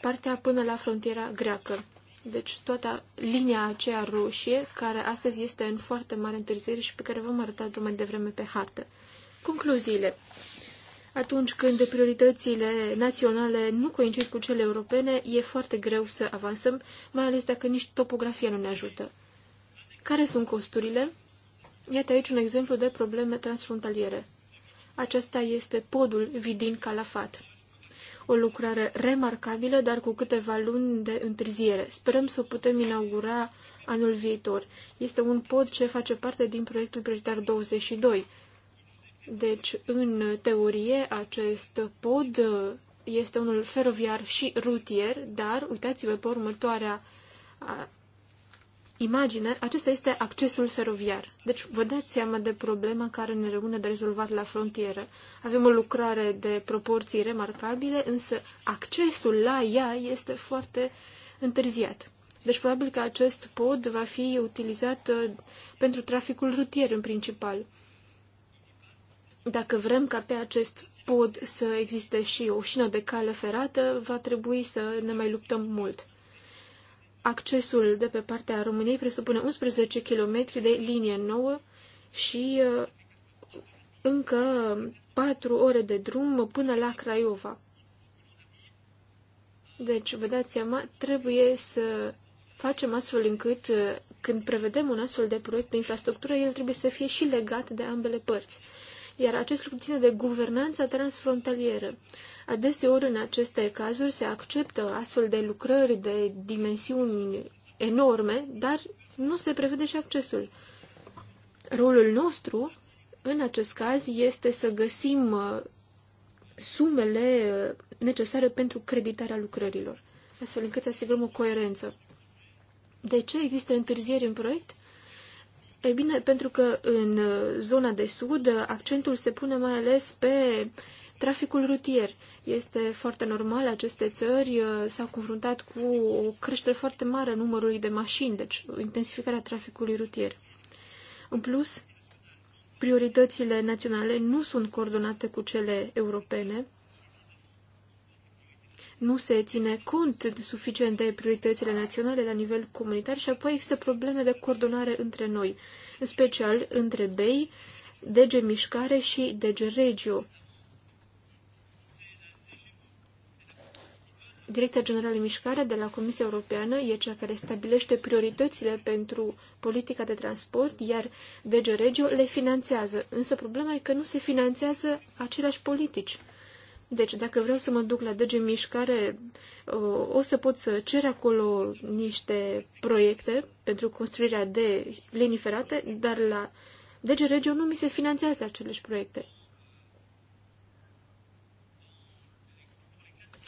partea până la frontiera greacă. Deci toată linia aceea roșie, care astăzi este în foarte mare întârziere și pe care vom arăta mai devreme pe hartă. Concluziile. Atunci când prioritățile naționale nu coincid cu cele europene, e foarte greu să avansăm, mai ales dacă nici topografia nu ne ajută. Care sunt costurile? Iată aici un exemplu de probleme transfrontaliere. Acesta este podul Vidin Calafat. O lucrare remarcabilă, dar cu câteva luni de întârziere. Sperăm să o putem inaugura anul viitor. Este un pod ce face parte din proiectul prioritar 22. Deci, în teorie, acest pod este unul feroviar și rutier, dar uitați-vă pe următoarea imagine, acesta este accesul feroviar. Deci vă dați seama de problema care ne rămâne de rezolvat la frontieră. Avem o lucrare de proporții remarcabile, însă accesul la ea este foarte întârziat. Deci probabil că acest pod va fi utilizat uh, pentru traficul rutier în principal. Dacă vrem ca pe acest pod să existe și o șină de cale ferată, va trebui să ne mai luptăm mult accesul de pe partea României presupune 11 km de linie nouă și uh, încă 4 ore de drum până la Craiova. Deci, vă dați seama, trebuie să facem astfel încât, uh, când prevedem un astfel de proiect de infrastructură, el trebuie să fie și legat de ambele părți. Iar acest lucru ține de guvernanța transfrontalieră. Adeseori, în aceste cazuri, se acceptă astfel de lucrări de dimensiuni enorme, dar nu se prevede și accesul. Rolul nostru, în acest caz, este să găsim uh, sumele uh, necesare pentru creditarea lucrărilor, astfel încât să asigurăm o coerență. De ce există întârzieri în proiect? E bine, pentru că în uh, zona de sud accentul se pune mai ales pe Traficul rutier este foarte normal. Aceste țări uh, s-au confruntat cu o creștere foarte mare a numărului de mașini, deci intensificarea traficului rutier. În plus, prioritățile naționale nu sunt coordonate cu cele europene. Nu se ține cont de suficient de prioritățile naționale la nivel comunitar și apoi există probleme de coordonare între noi, în special între BEI, DG Mișcare și DG Regio Direcția Generală de Mișcare de la Comisia Europeană e cea care stabilește prioritățile pentru politica de transport, iar DG Regio le finanțează. Însă problema e că nu se finanțează aceleași politici. Deci, dacă vreau să mă duc la DG Mișcare, o să pot să cer acolo niște proiecte pentru construirea de linii ferate, dar la DG Regio nu mi se finanțează aceleași proiecte.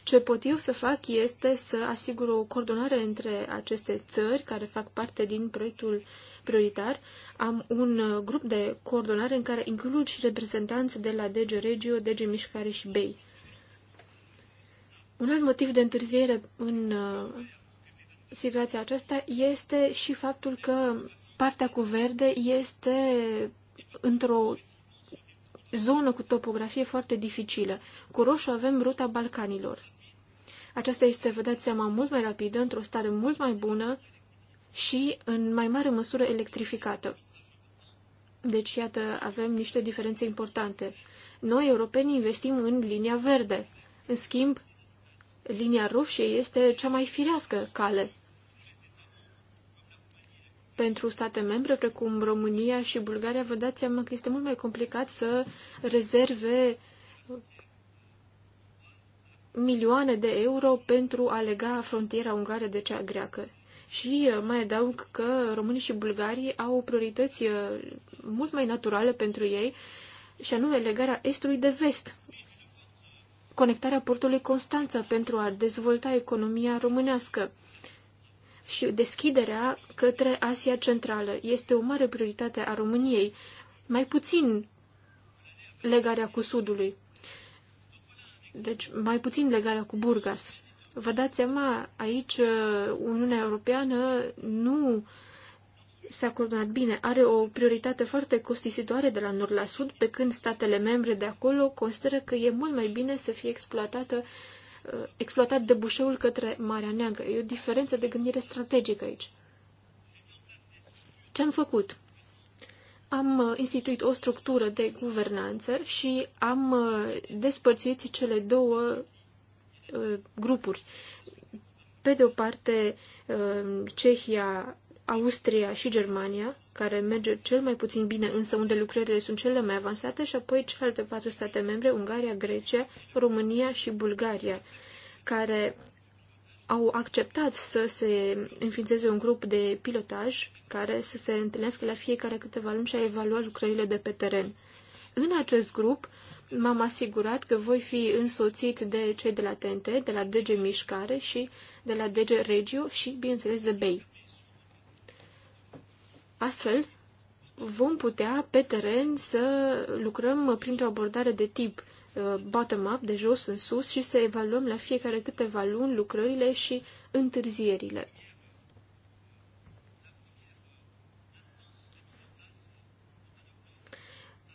Ce pot eu să fac este să asigur o coordonare între aceste țări care fac parte din proiectul prioritar. Am un uh, grup de coordonare în care includ și reprezentanți de la DG Regio, DG Mișcare și BEI. Un alt motiv de întârziere în uh, situația aceasta este și faptul că partea cu verde este într-o zonă cu topografie foarte dificilă. Cu roșu avem ruta Balcanilor. Aceasta este, vă dați seama, mult mai rapidă, într-o stare mult mai bună și în mai mare măsură electrificată. Deci, iată, avem niște diferențe importante. Noi, europenii, investim în linia verde. În schimb, linia roșie este cea mai firească cale. Pentru state membre, precum România și Bulgaria, vă dați seama că este mult mai complicat să rezerve milioane de euro pentru a lega frontiera ungară de cea greacă. Și uh, mai adaug că românii și bulgarii au priorități uh, mult mai naturale pentru ei, și anume legarea estului de vest, conectarea portului Constanța pentru a dezvolta economia românească și deschiderea către Asia Centrală. Este o mare prioritate a României, mai puțin legarea cu Sudului. Deci mai puțin legală cu Burgas. Vă dați seama, aici uh, Uniunea Europeană nu s-a coordonat bine. Are o prioritate foarte costisitoare de la nord la sud, pe când statele membre de acolo consideră că e mult mai bine să fie exploatată uh, exploatat bușeul către Marea Neagră. E o diferență de gândire strategică aici. Ce am făcut? am uh, instituit o structură de guvernanță și am uh, despărțit cele două uh, grupuri. Pe de o parte, Cehia, Austria și Germania, care merge cel mai puțin bine, însă unde lucrările sunt cele mai avansate, și apoi celelalte patru state membre, Ungaria, Grecia, România și Bulgaria, care au acceptat să se înființeze un grup de pilotaj care să se întâlnească la fiecare câteva luni și a evalua lucrările de pe teren. În acest grup m-am asigurat că voi fi însoțit de cei de la TNT, de la DG Mișcare și de la DG Regio și, bineînțeles, de BEI. Astfel, vom putea pe teren să lucrăm printr-o abordare de tip – Uh, bottom-up, de jos în sus, și să evaluăm la fiecare câteva luni lucrările și întârzierile.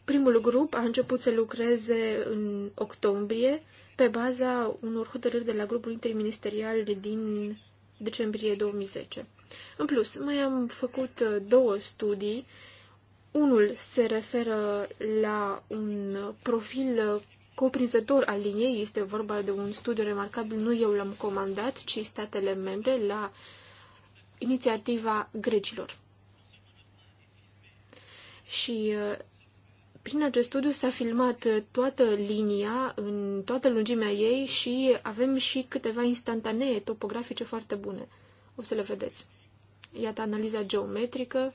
Primul grup a început să lucreze în octombrie pe baza unor hotărâri de la grupul interministerial din decembrie 2010. În plus, mai am făcut uh, două studii. Unul se referă la un profil uh, Coprinzător al liniei. Este vorba de un studiu remarcabil, nu eu l-am comandat, ci statele membre la inițiativa grecilor. Și uh, prin acest studiu s-a filmat uh, toată linia în toată lungimea ei și avem și câteva instantanee topografice foarte bune. O să le vedeți. Iată analiza geometrică,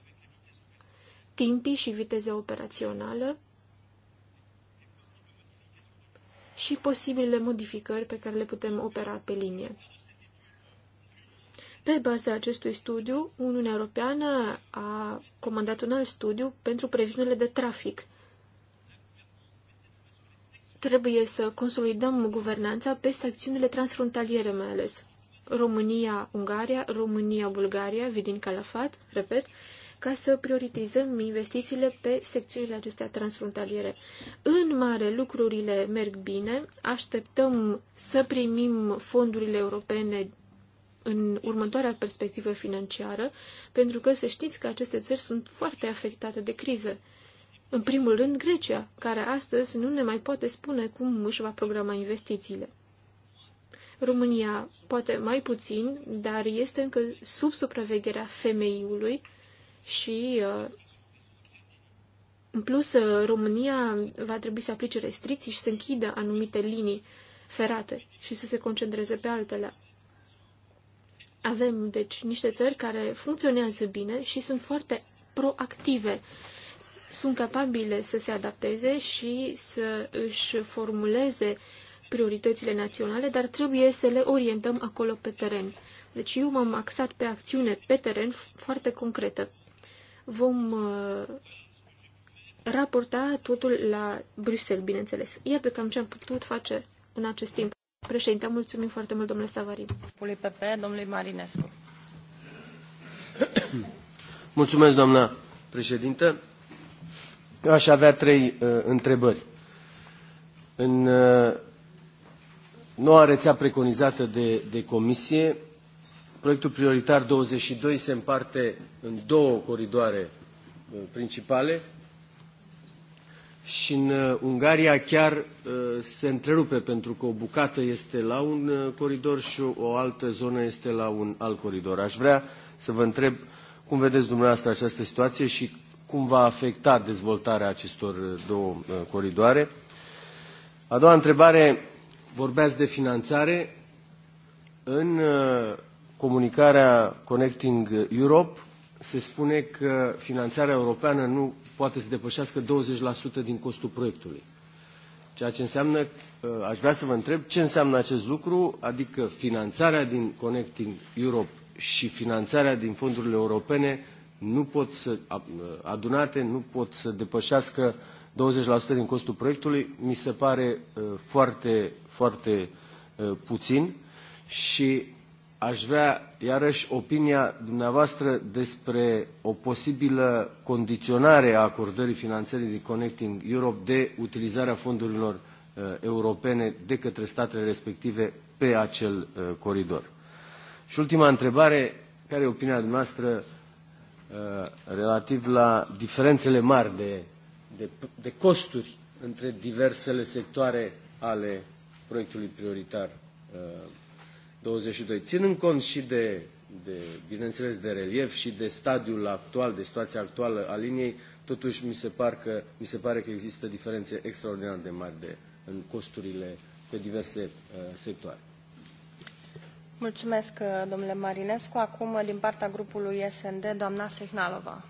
timpii și viteza operațională, și posibilele modificări pe care le putem opera pe linie. Pe baza acestui studiu, Uniunea Europeană a comandat un alt studiu pentru previziunile de trafic. Trebuie să consolidăm guvernanța pe secțiunile transfrontaliere mai ales. România-Ungaria, România-Bulgaria, Vidin Calafat, repet, ca să prioritizăm investițiile pe secțiunile acestea transfrontaliere. În mare, lucrurile merg bine, așteptăm să primim fondurile europene în următoarea perspectivă financiară, pentru că să știți că aceste țări sunt foarte afectate de criză. În primul rând, Grecia, care astăzi nu ne mai poate spune cum își va programa investițiile. România, poate mai puțin, dar este încă sub supravegherea femeiului și uh, în plus, uh, România va trebui să aplice restricții și să închidă anumite linii ferate și să se concentreze pe altele. Avem, deci, niște țări care funcționează bine și sunt foarte proactive. Sunt capabile să se adapteze și să își formuleze prioritățile naționale, dar trebuie să le orientăm acolo pe teren. Deci eu m-am axat pe acțiune pe teren foarte concretă. Vom uh, raporta totul la Bruxelles, bineînțeles. Iată cam ce am putut face în acest timp. Președinte, mulțumim foarte mult, domnule Savarin. Pule PP, domnului Marinescu. [COUGHS] Mulțumesc, doamna președintă. Eu aș avea trei uh, întrebări. În uh, noua rețea preconizată de, de comisie, Proiectul prioritar 22 se împarte în două coridoare uh, principale și în uh, Ungaria chiar uh, se întrerupe pentru că o bucată este la un coridor și o altă zonă este la un alt coridor. Aș vrea să vă întreb cum vedeți dumneavoastră această situație și cum va afecta dezvoltarea acestor două coridoare. A doua întrebare, vorbeați de finanțare. În comunicarea Connecting Europe se spune că finanțarea europeană nu poate să depășească 20% din costul proiectului. Ceea ce înseamnă, uh, aș vrea să vă întreb ce înseamnă acest lucru, adică finanțarea din Connecting Europe și finanțarea din fondurile europene nu pot să, uh, adunate, nu pot să depășească 20% din costul proiectului, mi se pare uh, foarte, foarte puțin și aș vrea iarăși opinia dumneavoastră despre o posibilă condiționare a acordării finanțării din Connecting Europe de utilizarea fondurilor uh, europene de către statele respective pe acel uh, coridor. Și ultima întrebare, care e opinia dumneavoastră uh, relativ la diferențele mari de, de, de costuri între diversele sectoare ale proiectului prioritar uh, 22. Ținând cont și de, de, bineînțeles, de relief și de stadiul actual, de situația actuală a liniei, totuși mi se, par că, mi se pare că există diferențe extraordinar de mari de, în costurile pe diverse uh, sectoare. Mulțumesc, uh, domnule Marinescu. Acum, din partea grupului SND, doamna Sehnalova.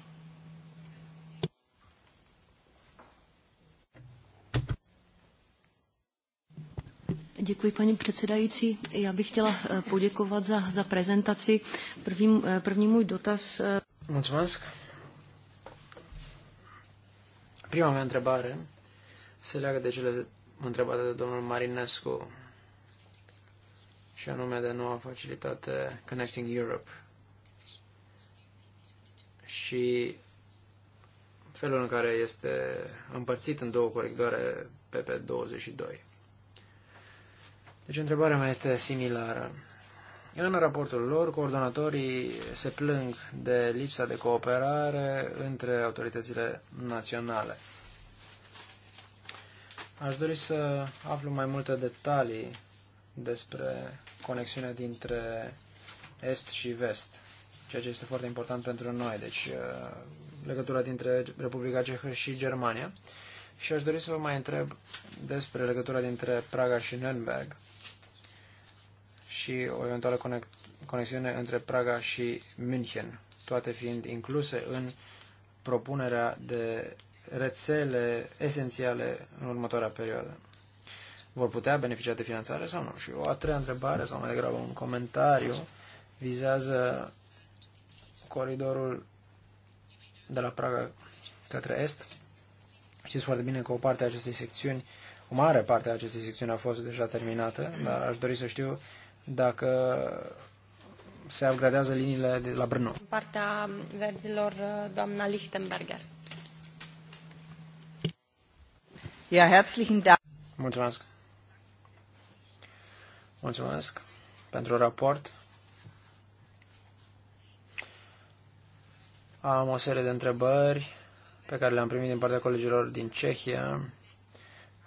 Děkuji, paní předsedající. Já bych chtěla eh, poděkovat za, za prezentaci. První, eh, první můj dotaz. Eh, Mulțumesc. Prima mea întrebare se leagă de cele întrebate de domnul Marinescu și anume de noua facilitate Connecting Europe și felul în care este împărțit în două coridoare PP22. Deci întrebarea mea este similară. În raportul lor, coordonatorii se plâng de lipsa de cooperare între autoritățile naționale. Aș dori să aflu mai multe detalii despre conexiunea dintre Est și Vest, ceea ce este foarte important pentru noi, deci uh, legătura dintre Republica Cehă și Germania. Și aș dori să vă mai întreb despre legătura dintre Praga și Nürnberg și o eventuală conexiune între Praga și München, toate fiind incluse în propunerea de rețele esențiale în următoarea perioadă. Vor putea beneficia de finanțare sau nu? Și o a treia întrebare, sau mai degrabă un comentariu, vizează coridorul de la Praga către Est. Știți foarte bine că o parte a acestei secțiuni, o mare parte a acestei secțiuni a fost deja terminată, dar aș dori să știu dacă se upgradează liniile de la Brno. În partea verzilor, uh, doamna Lichtenberger. Ja, herzlichen Dank. Mulțumesc. Mulțumesc pentru raport. Am o serie de întrebări pe care le-am primit din partea colegilor din Cehia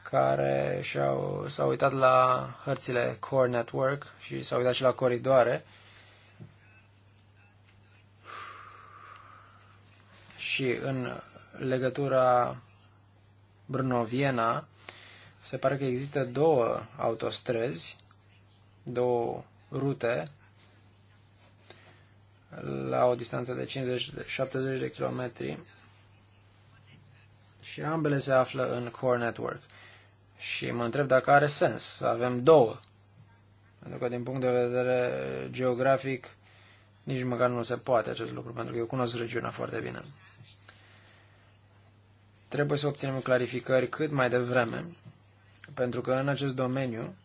care și-au, s-au uitat la hărțile Core Network și s-au uitat și la coridoare. Și în legătura Brno-Viena, se pare că există două autostrăzi, două rute, la o distanță de 50-70 de kilometri și ambele se află în Core Network. Și mă întreb dacă are sens să avem două. Pentru că din punct de vedere geografic nici măcar nu se poate acest lucru, pentru că eu cunosc regiunea foarte bine. Trebuie să obținem clarificări cât mai devreme, pentru că în acest domeniu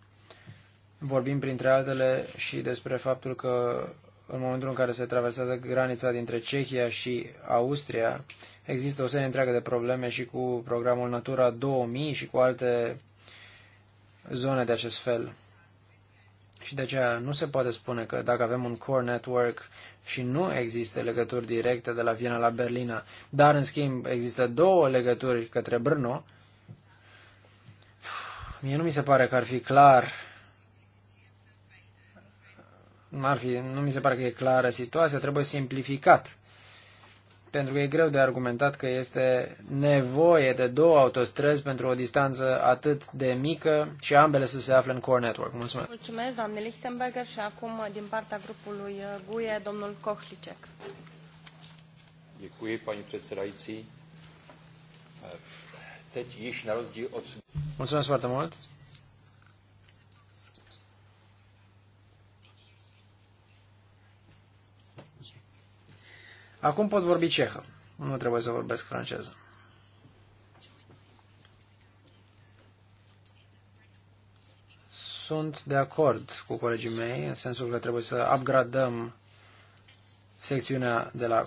vorbim printre altele și despre faptul că în momentul în care se traversează granița dintre Cehia și Austria, Există o serie întreagă de probleme și cu programul Natura 2000 și cu alte zone de acest fel. Și de aceea nu se poate spune că dacă avem un core network și nu există legături directe de la Viena la Berlina, dar în schimb există două legături către Brno, mie nu mi se pare că ar fi clar ar fi, nu mi se pare că e clară situația, trebuie simplificat pentru că e greu de argumentat că este nevoie de două autostrăzi pentru o distanță atât de mică și ambele să se afle în Core Network. Mulțumesc. Mulțumesc, doamne Lichtenberger, și acum din partea grupului uh, GUE, domnul Kohlicek. Dziękuję pani przedsedajcy. Eh, Mulțumesc foarte mult. Acum pot vorbi cehă. Nu trebuie să vorbesc franceză. Sunt de acord cu colegii mei, în sensul că trebuie să upgradăm secțiunea de la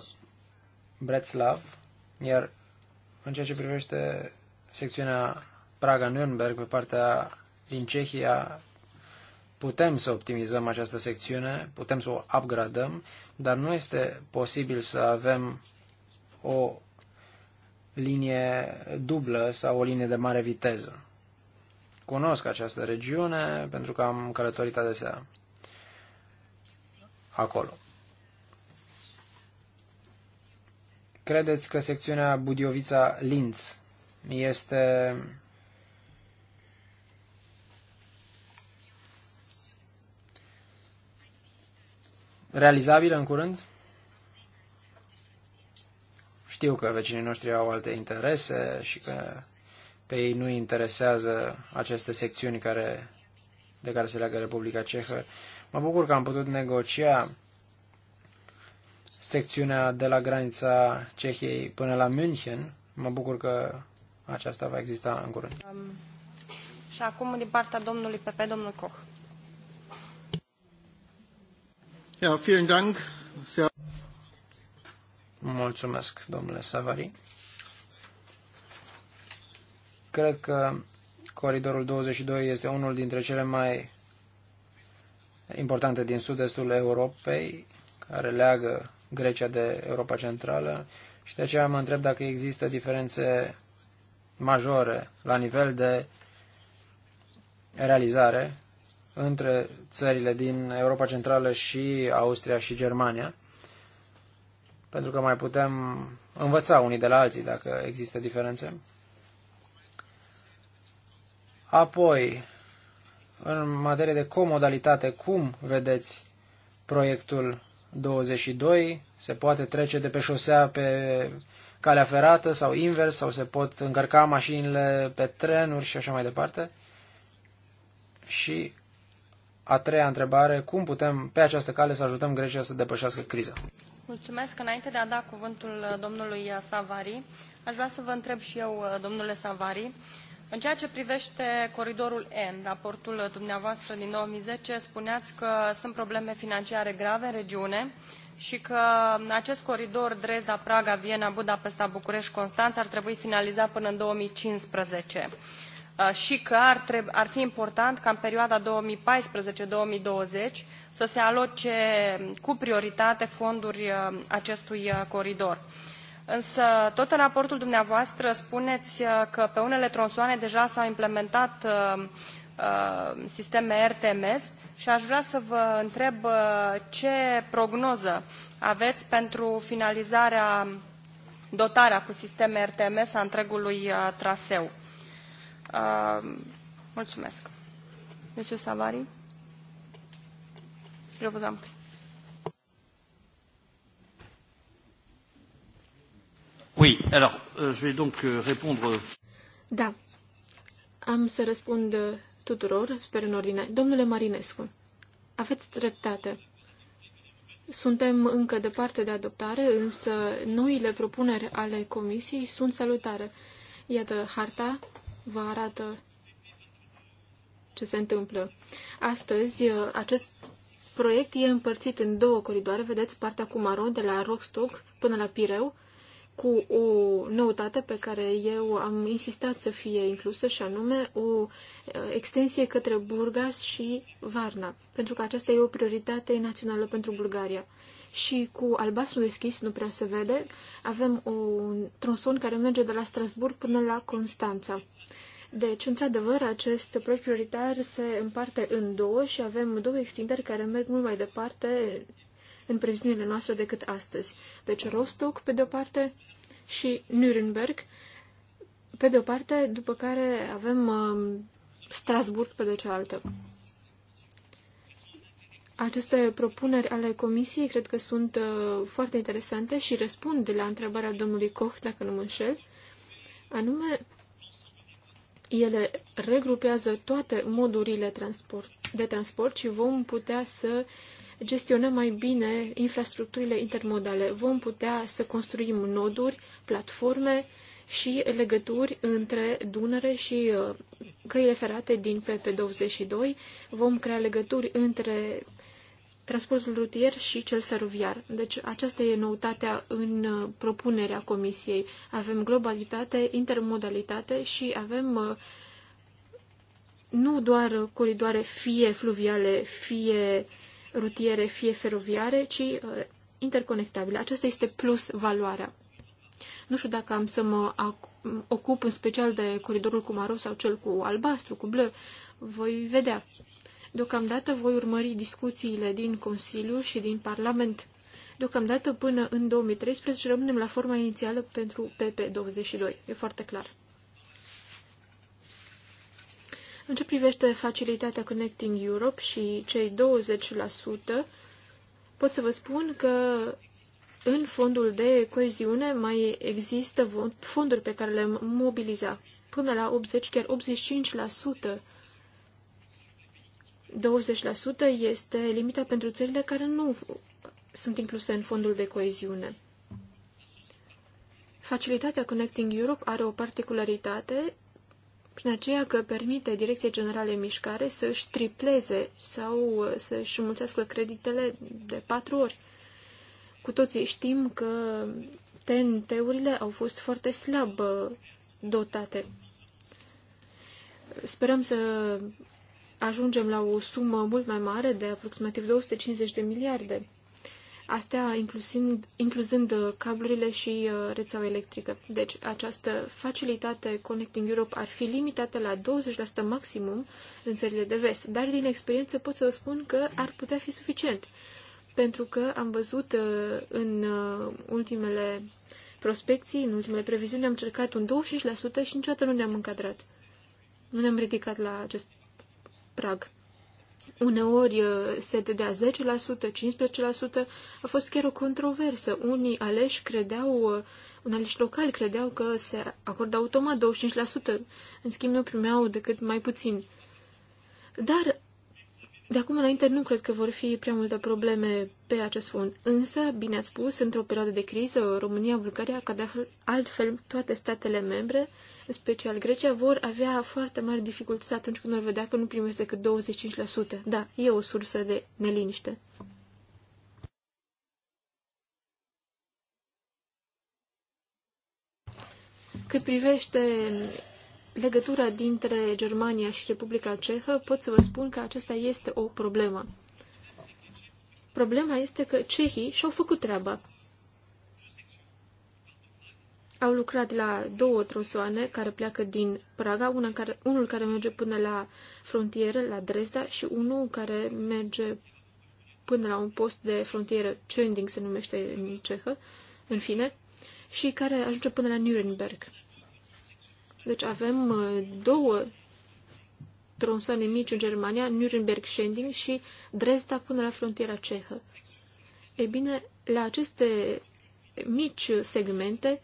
Bretslav, iar în ceea ce privește secțiunea Praga-Nürnberg, pe partea din Cehia, Putem să optimizăm această secțiune, putem să o upgradăm, dar nu este posibil să avem o linie dublă sau o linie de mare viteză. Cunosc această regiune pentru că am călătorit adesea acolo. Credeți că secțiunea Budiovița-Linz este realizabilă în curând? Știu că vecinii noștri au alte interese și că pe ei nu interesează aceste secțiuni care, de care se leagă Republica Cehă. Mă bucur că am putut negocia secțiunea de la granița Cehiei până la München. Mă bucur că aceasta va exista în curând. Um, și acum din partea domnului Pepe, domnul Koch. Ja, vielen Dank. Mulțumesc, domnule Savari. Cred că Coridorul 22 este unul dintre cele mai importante din sud-estul Europei, care leagă Grecia de Europa Centrală și de aceea mă întreb dacă există diferențe majore la nivel de realizare între țările din Europa Centrală și Austria și Germania, pentru că mai putem învăța unii de la alții dacă există diferențe. Apoi, în materie de comodalitate, cum vedeți proiectul 22? Se poate trece de pe șosea pe calea ferată sau invers, sau se pot încărca mașinile pe trenuri și așa mai departe. Și a treia întrebare, cum putem pe această cale să ajutăm Grecia să depășească criza? Mulțumesc. Înainte de a da cuvântul uh, domnului uh, Savari, aș vrea să vă întreb și eu, uh, domnule Savari, în ceea ce privește coridorul N, raportul dumneavoastră din 2010, spuneați că sunt probleme financiare grave în regiune și că um, acest coridor Dresda, Praga, Viena, Budapesta, București, Constanța ar trebui finalizat până în 2015. Uh, și că ar, trebui ar fi important ca în perioada 2014-2020 să se aloce cu prioritate fonduri uh, acestui uh, coridor. Însă, tot în raportul dumneavoastră spuneți că pe unele tronsoane deja s-au implementat sisteme RTMS și aș vrea să vă întreb ce prognoză aveți pentru finalizarea, dotarea cu sisteme RTMS a întregului traseu. Uh, mulțumesc. Deci, vă am. Oui, alors, euh, je vais donc euh, répondre. Da. Am să răspund uh, tuturor, sper în ordine. Domnule Marinescu, aveți dreptate. Suntem încă departe de adoptare, însă noile propuneri ale Comisiei sunt salutare. Iată harta vă arată ce se întâmplă. Astăzi, uh, acest proiect e împărțit în două coridoare. Vedeți partea cu maro de la Rockstock până la Pireu, cu o noutate pe care eu am insistat să fie inclusă și anume o uh, extensie către Burgas și Varna, pentru că aceasta e o prioritate națională pentru Bulgaria și cu albastru deschis nu prea se vede. Avem un tronson care merge de la Strasburg până la Constanța. Deci, într-adevăr, acest proiect prioritar se împarte în două și avem două extinderi care merg mult mai departe în previziunile noastre decât astăzi. Deci Rostock, pe de-o parte, și Nürnberg pe de-o parte, după care avem uh, Strasburg, pe de cealaltă. Aceste propuneri ale Comisiei cred că sunt uh, foarte interesante și răspund la întrebarea domnului Koch, dacă nu mă înșel, anume, ele regrupează toate modurile transport, de transport și vom putea să gestionăm mai bine infrastructurile intermodale. Vom putea să construim noduri, platforme și legături între Dunăre și uh, căile ferate din PP22. Vom crea legături între transportul rutier și cel feroviar. Deci aceasta e noutatea în uh, propunerea Comisiei. Avem globalitate, intermodalitate și avem uh, nu doar coridoare fie fluviale, fie rutiere, fie feroviare, ci uh, interconectabile. Aceasta este plus valoarea. Nu știu dacă am să mă ocup în special de coridorul cu maro sau cel cu albastru, cu bleu. Voi vedea. Deocamdată voi urmări discuțiile din Consiliu și din Parlament. Deocamdată până în 2013 rămânem la forma inițială pentru PP22. E foarte clar. În ce privește facilitatea Connecting Europe și cei 20%, pot să vă spun că în fondul de coeziune mai există fonduri pe care le mobiliza până la 80, chiar 85% 20% este limita pentru țările care nu sunt incluse în fondul de coeziune. Facilitatea Connecting Europe are o particularitate prin aceea că permite Direcției Generale Mișcare să își tripleze sau să își mulțească creditele de patru ori. Cu toții știm că TNT-urile au fost foarte slab dotate. Sperăm să ajungem la o sumă mult mai mare de aproximativ 250 de miliarde. Astea inclusind, incluzând uh, cablurile și uh, rețeaua electrică. Deci această facilitate Connecting Europe ar fi limitată la 20% maximum în țările de vest, dar din experiență pot să vă spun că ar putea fi suficient. Pentru că am văzut uh, în ultimele prospecții, în ultimele previziuni, am cercat un 25% și niciodată nu ne-am încadrat. Nu ne-am ridicat la acest prag. Uneori uh, se dădea 10%, 15%, a fost chiar o controversă. Unii aleși credeau, uh, un aleși local credeau că se acordă automat 25%, în schimb nu primeau decât mai puțin. Dar de acum înainte nu cred că vor fi prea multe probleme pe acest fond. Însă, bine ați spus, într-o perioadă de criză, România, Bulgaria, ca de altfel toate statele membre, special Grecia, vor avea foarte mari dificultăți atunci când vor vedea că nu primesc decât 25%. Da, e o sursă de neliniște. Cât privește legătura dintre Germania și Republica Cehă, pot să vă spun că acesta este o problemă. Problema este că cehii și-au făcut treaba. Au lucrat la două tronsoane care pleacă din Praga, una care, unul care merge până la frontieră, la Dresda, și unul care merge până la un post de frontieră, Chönding se numește în cehă, în fine, și care ajunge până la Nuremberg. Deci avem uh, două tronsoane mici în Germania, Nuremberg-Schending și Dresda până la frontiera cehă. Ei bine, la aceste mici segmente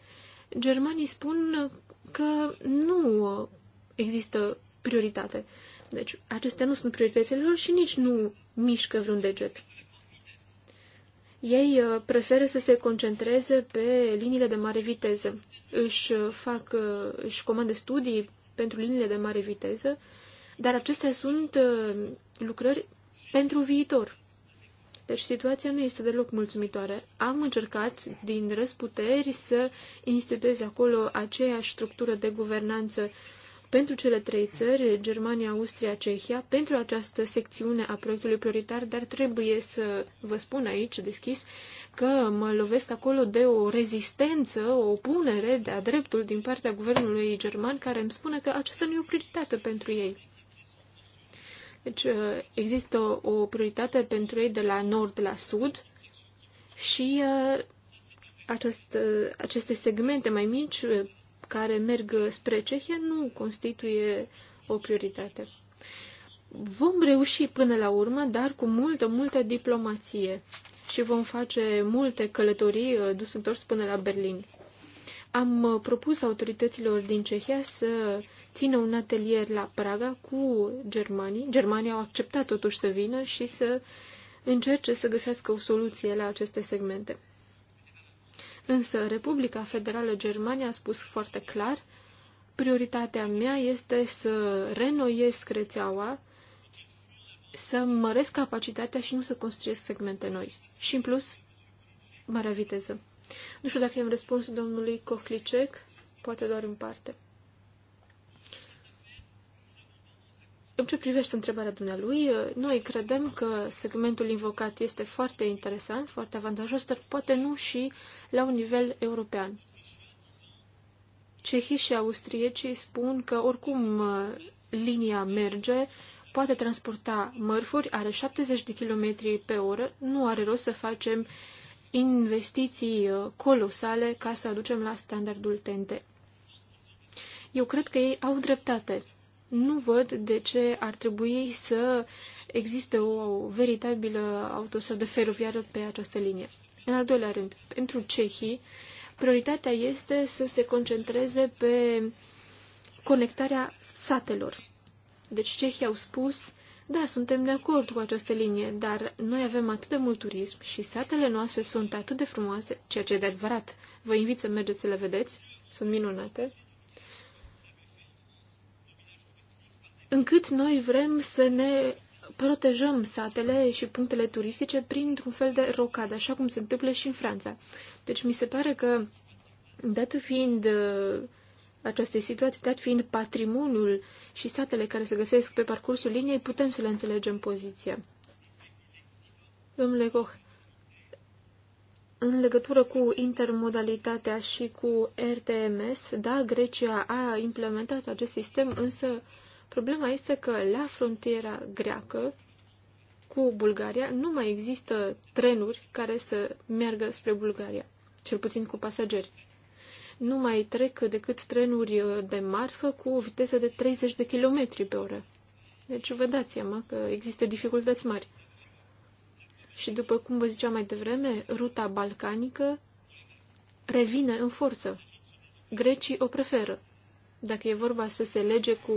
germanii spun că nu există prioritate. Deci, acestea nu sunt prioritățile lor și nici nu mișcă vreun deget. Ei uh, preferă să se concentreze pe liniile de mare viteză. Își uh, fac, uh, își comandă studii pentru liniile de mare viteză, dar acestea sunt lucrări pentru viitor. Deci situația nu este deloc mulțumitoare. Am încercat din răsputeri să instituez acolo aceeași structură de guvernanță pentru cele trei țări, Germania, Austria, Cehia, pentru această secțiune a proiectului prioritar, dar trebuie să vă spun aici deschis că mă lovesc acolo de o rezistență, o opunere de-a dreptul din partea guvernului german care îmi spune că aceasta nu e o prioritate pentru ei. Deci uh, există o prioritate pentru ei de la nord la sud și uh, acest, uh, aceste segmente mai mici care merg spre Cehia nu constituie o prioritate. Vom reuși până la urmă, dar cu multă, multă diplomație și vom face multe călătorii dus întors până la Berlin. Am uh, propus autorităților din Cehia să țină un atelier la Praga cu germanii. Germanii au acceptat totuși să vină și să încerce să găsească o soluție la aceste segmente. Însă Republica Federală Germania a spus foarte clar, prioritatea mea este să renoiesc rețeaua, să măresc capacitatea și nu să construiesc segmente noi. Și în plus, marea viteză. Nu știu dacă am răspuns domnului Kohlicek, poate doar în parte. În ce privește întrebarea dumnealui, noi credem că segmentul invocat este foarte interesant, foarte avantajos, dar poate nu și la un nivel european. Cehii și austriecii spun că oricum uh, linia merge, poate transporta mărfuri, are 70 de km pe oră, nu are rost să facem investiții uh, colosale ca să aducem la standardul TNT. Eu cred că ei au dreptate. Nu văd de ce ar trebui să existe o veritabilă autostradă feroviară pe această linie. În al doilea rând, pentru cehii, prioritatea este să se concentreze pe conectarea satelor. Deci cehii au spus da, suntem de acord cu această linie, dar noi avem atât de mult turism și satele noastre sunt atât de frumoase, ceea ce e de adevărat. Vă invit să mergeți să le vedeți, sunt minunate. Încât noi vrem să ne protejăm satele și punctele turistice printr-un fel de rocadă, așa cum se întâmplă și în Franța. Deci mi se pare că, dată fiind uh, acestei situații, dat fiind patrimoniul și satele care se găsesc pe parcursul liniei, putem să le înțelegem poziția. Domnule Koch, în legătură cu intermodalitatea și cu RTMS, da, Grecia a implementat acest sistem, însă problema este că la frontiera greacă cu Bulgaria nu mai există trenuri care să meargă spre Bulgaria, cel puțin cu pasageri nu mai trec decât trenuri uh, de marfă cu o viteză de 30 de km pe oră. Deci vă dați seama că există dificultăți mari. Și după cum vă ziceam mai devreme, ruta balcanică revine în forță. Grecii o preferă. Dacă e vorba să se lege cu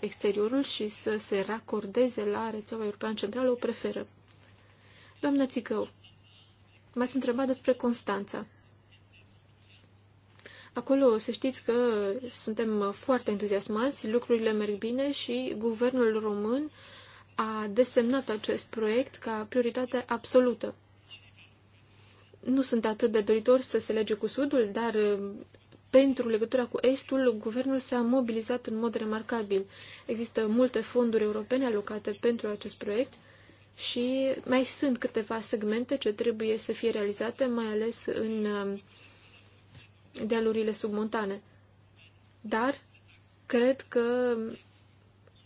exteriorul și să se racordeze la rețeaua europeană centrală, o preferă. Doamna Țicău, m-ați întrebat despre Constanța. Acolo să știți că suntem foarte entuziasmați, lucrurile merg bine și guvernul român a desemnat acest proiect ca prioritate absolută. Nu sunt atât de doritor să se lege cu Sudul, dar uh, pentru legătura cu Estul, guvernul s-a mobilizat în mod remarcabil. Există multe fonduri europene alocate pentru acest proiect și mai sunt câteva segmente ce trebuie să fie realizate, mai ales în uh, dealurile submontane. Dar cred că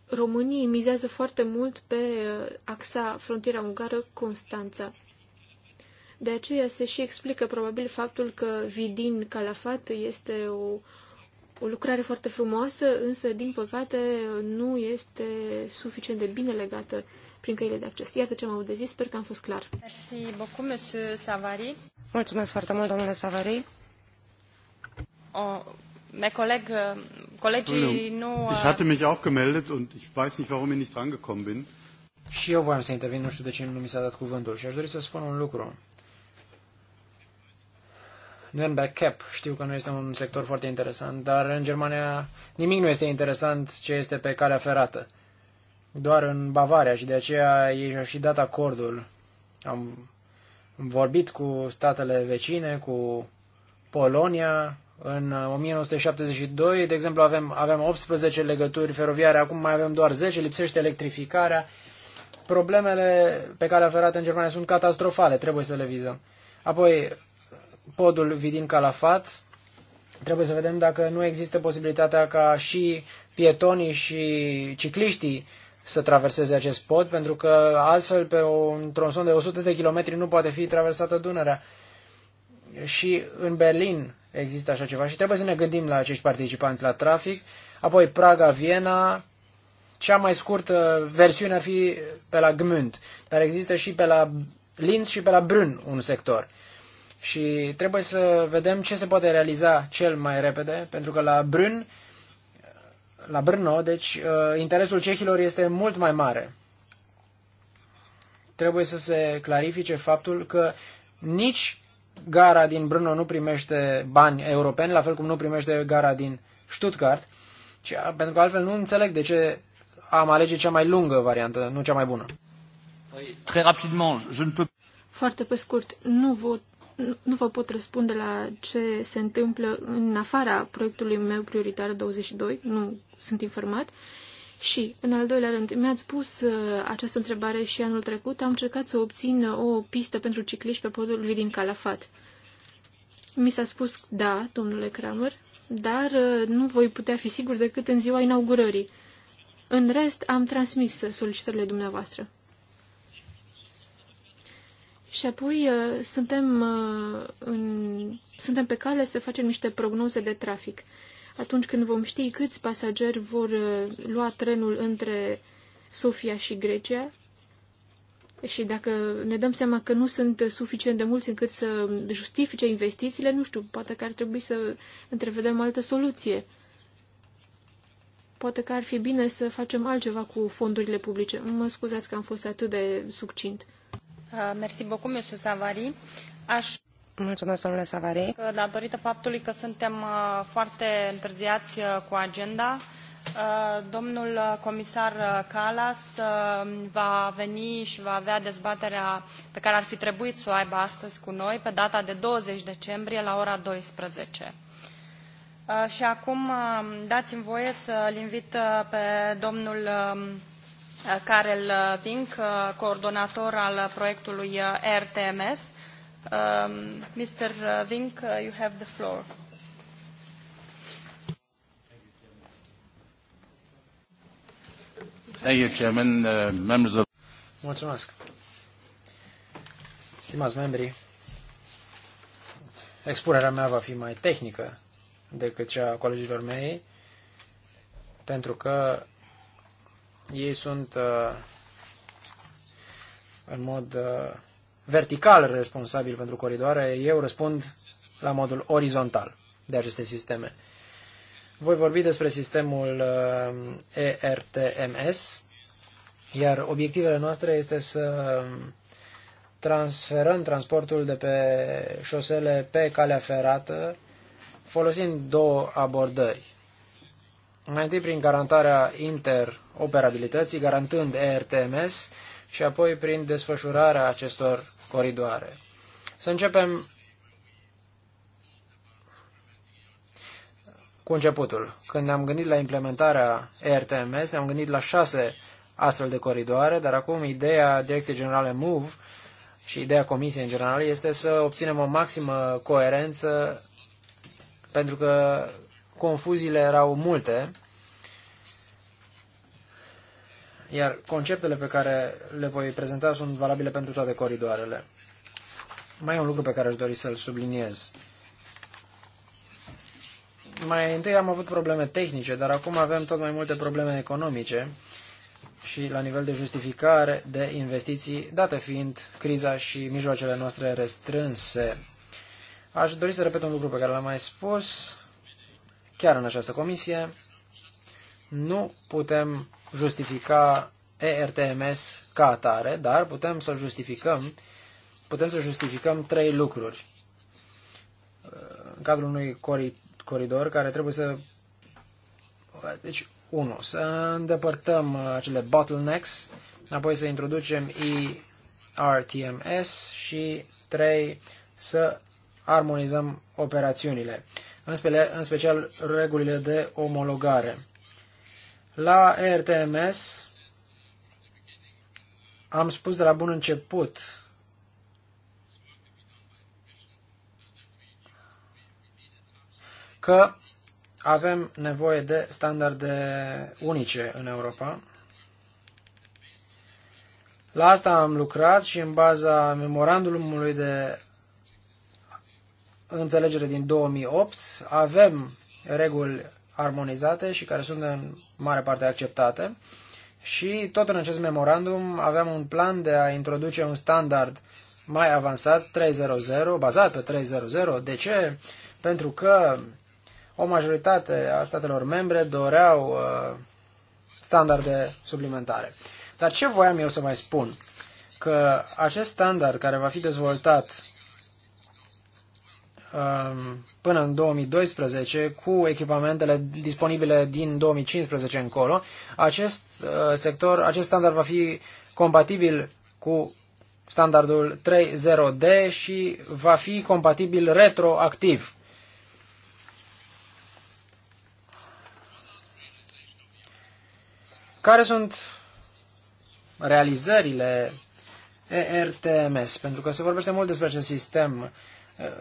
românii mizează foarte mult pe uh, axa frontiera ungară Constanța. De aceea se și explică probabil faptul că Vidin Calafat este o, o lucrare foarte frumoasă, însă, din păcate, nu este suficient de bine legată prin căile de acces. Iată ce am avut de zis, sper că am fost clar. Savary. Mulțumesc foarte mult, domnule Savary. Oh, mein Kollege, äh, nu... Ich hatte mich auch gemeldet und ich weiß nicht, warum ich nicht drangekommen bin. Și eu voiam să intervin, nu știu de ce nu mi s-a dat cuvântul și aș dori să spun un lucru. Nürnberg Cap, știu că nu este un sector foarte interesant, dar în Germania nimic nu este interesant ce este pe calea ferată. Doar în Bavaria și de aceea ei au și dat acordul. Am vorbit cu statele vecine, cu Polonia, în 1972, uh, de exemplu, avem, avem 18 legături feroviare, acum mai avem doar 10, lipsește electrificarea. Problemele pe care le ferată în Germania sunt catastrofale, trebuie să le vizăm. Apoi, podul Vidin Calafat, trebuie să vedem dacă nu există posibilitatea ca și pietonii și cicliștii să traverseze acest pod, pentru că altfel pe un tronson de 100 de kilometri nu poate fi traversată Dunărea. Și în Berlin există așa ceva și trebuie să ne gândim la acești participanți la trafic. Apoi Praga-Viena, cea mai scurtă versiune ar fi pe la Gmünd, dar există și pe la Linz și pe la Brun un sector. Și trebuie să vedem ce se poate realiza cel mai repede, pentru că la Brun, la Brno, deci uh, interesul cehilor este mult mai mare. Trebuie să se clarifice faptul că nici gara din Brno nu primește bani europeni, la fel cum nu primește gara din Stuttgart, ci, pentru că altfel nu înțeleg de ce am alege cea mai lungă variantă, nu cea mai bună. Păi, très rapidement, je ne peux... Foarte pe scurt, nu vă, nu vă pot răspunde la ce se întâmplă în afara proiectului meu prioritar 22, nu sunt informat. Uh, și, în al doilea rând, mi-ați pus uh, această întrebare și anul trecut. Am încercat să obțin o pistă pentru cicliști pe podul lui din Calafat. Mi s-a spus da, domnule Kramer, dar uh, nu voi putea fi sigur decât în ziua inaugurării. În rest, am transmis uh, solicitările dumneavoastră. Și apoi suntem, în, suntem pe cale să facem niște prognoze de trafic atunci când vom ști câți pasageri vor uh, lua trenul între Sofia și Grecia și dacă ne dăm seama că nu sunt suficient de mulți încât să justifice investițiile, nu știu, poate că ar trebui să întrevedem altă soluție. Poate că ar fi bine să facem altceva cu fondurile publice. Mă scuzați că am fost atât de succint. Uh, Mersi beaucoup, Savary. Aș Mulțumesc, domnule Savary. Datorită faptului că suntem uh, foarte întârziați uh, cu agenda, uh, Domnul comisar Kallas va veni și va avea dezbaterea pe care ar fi trebuit să o aibă astăzi cu noi, pe data de 20 decembrie, la ora 12. Și acum dați-mi voie să-l invit pe domnul um, Karel Vink, coordonator al proiectului RTMS, Um, Mr. Vink, uh, you have the floor. Thank you, Chairman, uh, members of... Mulțumesc. Stimați membri, expunerea mea va fi mai tehnică decât cea a colegilor mei, pentru că ei sunt uh, în mod uh, vertical responsabil pentru coridoare, eu răspund la modul orizontal de aceste sisteme. Voi vorbi despre sistemul uh, ERTMS, iar obiectivele noastre este să transferăm transportul de pe șosele pe calea ferată, folosind două abordări. Mai întâi prin garantarea interoperabilității, garantând ERTMS, și apoi prin desfășurarea acestor coridoare. Să începem cu începutul. Când ne-am gândit la implementarea ERTMS, ne-am gândit la șase astfel de coridoare, dar acum ideea Direcției Generale MOVE și ideea Comisiei în general este să obținem o maximă coerență pentru că confuziile erau multe iar conceptele pe care le voi prezenta sunt valabile pentru toate coridoarele. Mai e un lucru pe care aș dori să-l subliniez. Mai întâi am avut probleme tehnice, dar acum avem tot mai multe probleme economice și la nivel de justificare de investiții, dată fiind criza și mijloacele noastre restrânse. Aș dori să repet un lucru pe care l-am mai spus, chiar în această comisie. Nu putem justifica ERTMS ca atare, dar putem să justificăm, putem să justificăm trei lucruri în cadrul unui coridor care trebuie să... Deci, unu, să îndepărtăm acele bottlenecks, apoi să introducem ERTMS și trei, să armonizăm operațiunile, în special regulile de omologare. La RTMS am spus de la bun început că avem nevoie de standarde unice în Europa. La asta am lucrat și în baza memorandumului de înțelegere din 2008 avem reguli armonizate și care sunt în mare parte acceptate. Și tot în acest memorandum aveam un plan de a introduce un standard mai avansat 3.0.0, bazat pe 3.0.0. De ce? Pentru că o majoritate a statelor membre doreau uh, standarde suplimentare. Dar ce voiam eu să mai spun? Că acest standard care va fi dezvoltat Um, până în 2012 cu echipamentele disponibile din 2015 încolo. Acest uh, sector, acest standard va fi compatibil cu standardul 3.0D și va fi compatibil retroactiv. Care sunt realizările ERTMS? Pentru că se vorbește mult despre acest sistem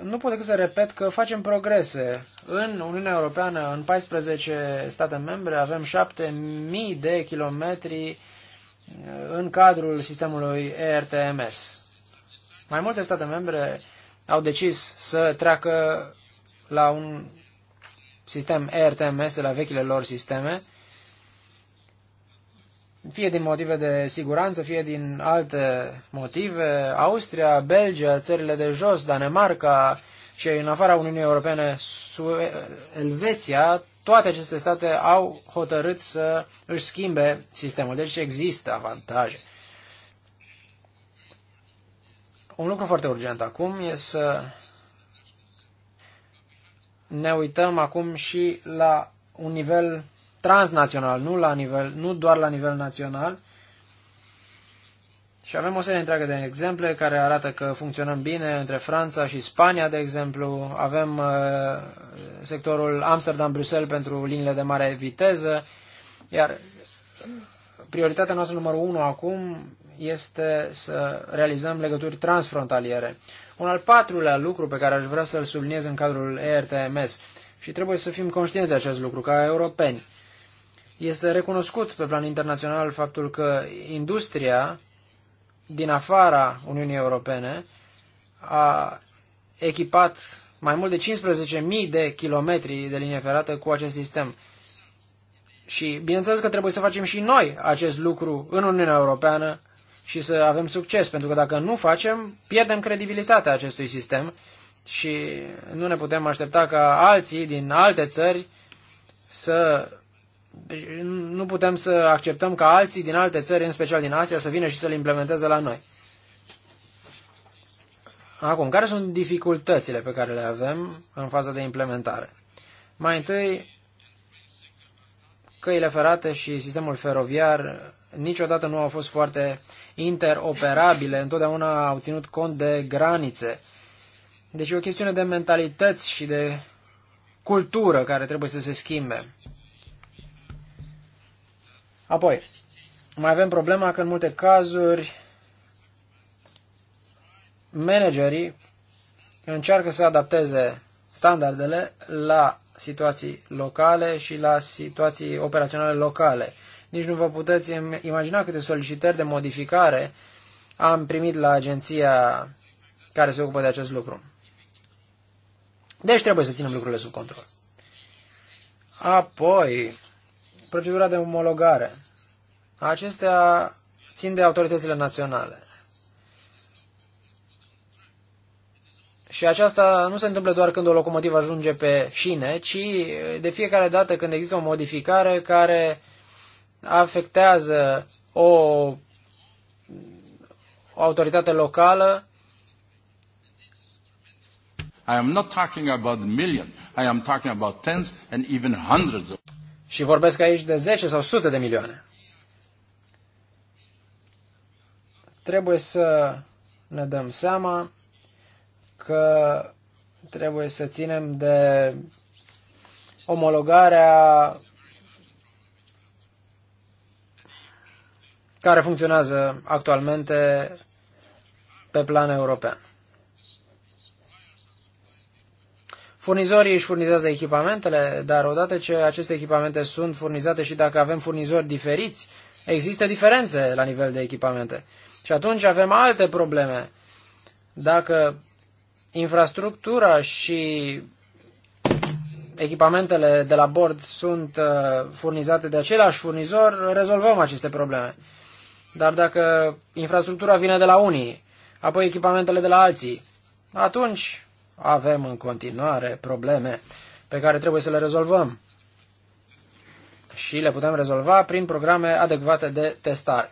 nu pot decât să repet că facem progrese. În Uniunea Europeană, în 14 state membre, avem 7000 de kilometri uh, în cadrul sistemului ERTMS. Mai multe state membre au decis să treacă la un sistem ERTMS de la vechile lor sisteme fie din motive de siguranță, fie din alte motive, Austria, Belgia, țările de jos, Danemarca și în afara Uniunii Europene, Elveția, toate aceste state au hotărât să își schimbe sistemul. Deci există avantaje. Un lucru foarte urgent acum e să ne uităm acum și la un nivel transnațional, nu, la nivel, nu doar la nivel național. Și avem o serie întreagă de exemple care arată că funcționăm bine între Franța și Spania, de exemplu. Avem uh, sectorul Amsterdam-Bruxelles pentru liniile de mare viteză, iar prioritatea noastră numărul unu acum este să realizăm legături transfrontaliere. Un al patrulea lucru pe care aș vrea să-l subliniez în cadrul ERTMS și trebuie să fim conștienți de acest lucru ca europeni. Este recunoscut pe plan internațional faptul că industria din afara Uniunii Europene a echipat mai mult de 15.000 de kilometri de linie ferată cu acest sistem. Și bineînțeles că trebuie să facem și noi acest lucru în Uniunea Europeană și să avem succes, pentru că dacă nu facem, pierdem credibilitatea acestui sistem și nu ne putem aștepta ca alții din alte țări să nu putem să acceptăm ca alții din alte țări, în special din Asia, să vină și să-l implementeze la noi. Acum, care sunt dificultățile pe care le avem în faza de implementare? Mai întâi, căile ferate și sistemul feroviar niciodată nu au fost foarte interoperabile, întotdeauna au ținut cont de granițe. Deci e o chestiune de mentalități și de cultură care trebuie să se schimbe. Apoi, mai avem problema că în multe cazuri managerii încearcă să adapteze standardele la situații locale și la situații operaționale locale. Nici nu vă puteți imagina câte solicitări de modificare am primit la agenția care se ocupă de acest lucru. Deci trebuie să ținem lucrurile sub control. Apoi, procedura de omologare. Acestea țin de autoritățile naționale. Și aceasta nu se întâmplă doar când o locomotivă ajunge pe șine, ci de fiecare dată când există o modificare care afectează o, o autoritate locală. I am not talking about million. I am talking about tens and even hundreds of și vorbesc aici de 10 sau sute de milioane. Trebuie să ne dăm seama că trebuie să ținem de omologarea care funcționează actualmente pe plan european. Furnizorii își furnizează echipamentele, dar odată ce aceste echipamente sunt furnizate și dacă avem furnizori diferiți, există diferențe la nivel de echipamente. Și atunci avem alte probleme. Dacă infrastructura și echipamentele de la bord sunt uh, furnizate de același furnizor, rezolvăm aceste probleme. Dar dacă infrastructura vine de la unii, apoi echipamentele de la alții, atunci avem în continuare probleme pe care trebuie să le rezolvăm și le putem rezolva prin programe adecvate de testare.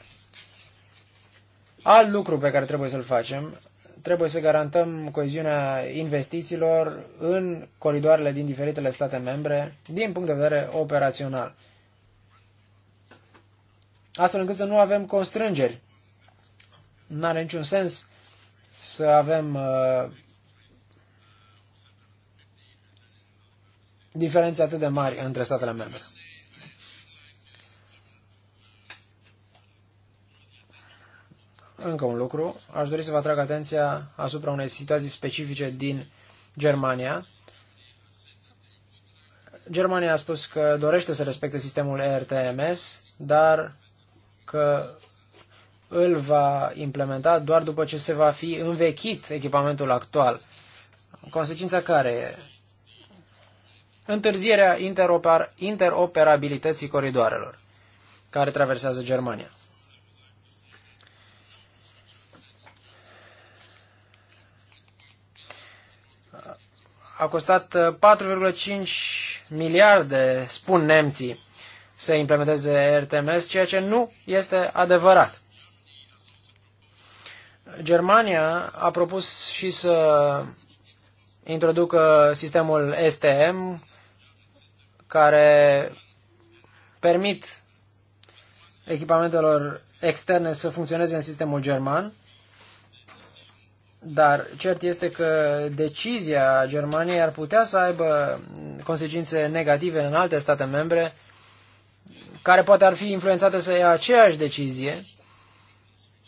Alt lucru pe care trebuie să-l facem, trebuie să garantăm coeziunea investițiilor în coridoarele din diferitele state membre din punct de vedere operațional. Astfel încât să nu avem constrângeri. n are niciun sens să avem uh, diferențe atât de mari între statele membre. Încă un lucru, aș dori să vă atrag atenția asupra unei situații specifice din Germania. Germania a spus că dorește să respecte sistemul ERTMS, dar că îl va implementa doar după ce se va fi învechit echipamentul actual. Consecința care e? întârzierea interoper- interoperabilității coridoarelor care traversează Germania. A costat 4,5 uh, miliarde, spun nemții, să implementeze RTMS, ceea ce nu este adevărat. Germania a propus și să introducă sistemul STM, care permit echipamentelor externe să funcționeze în sistemul german, dar cert este că decizia Germaniei ar putea să aibă consecințe negative în alte state membre, care poate ar fi influențate să ia aceeași decizie.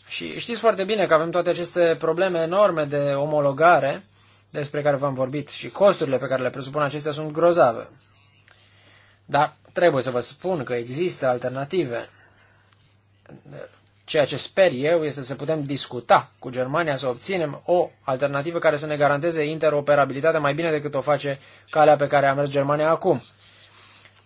Și știți foarte bine că avem toate aceste probleme enorme de omologare despre care v-am vorbit și costurile pe care le presupun acestea sunt grozave. Dar trebuie să vă spun că există alternative. Ceea ce sper eu este să putem discuta cu Germania să obținem o alternativă care să ne garanteze interoperabilitatea mai bine decât o face calea pe care a mers Germania acum.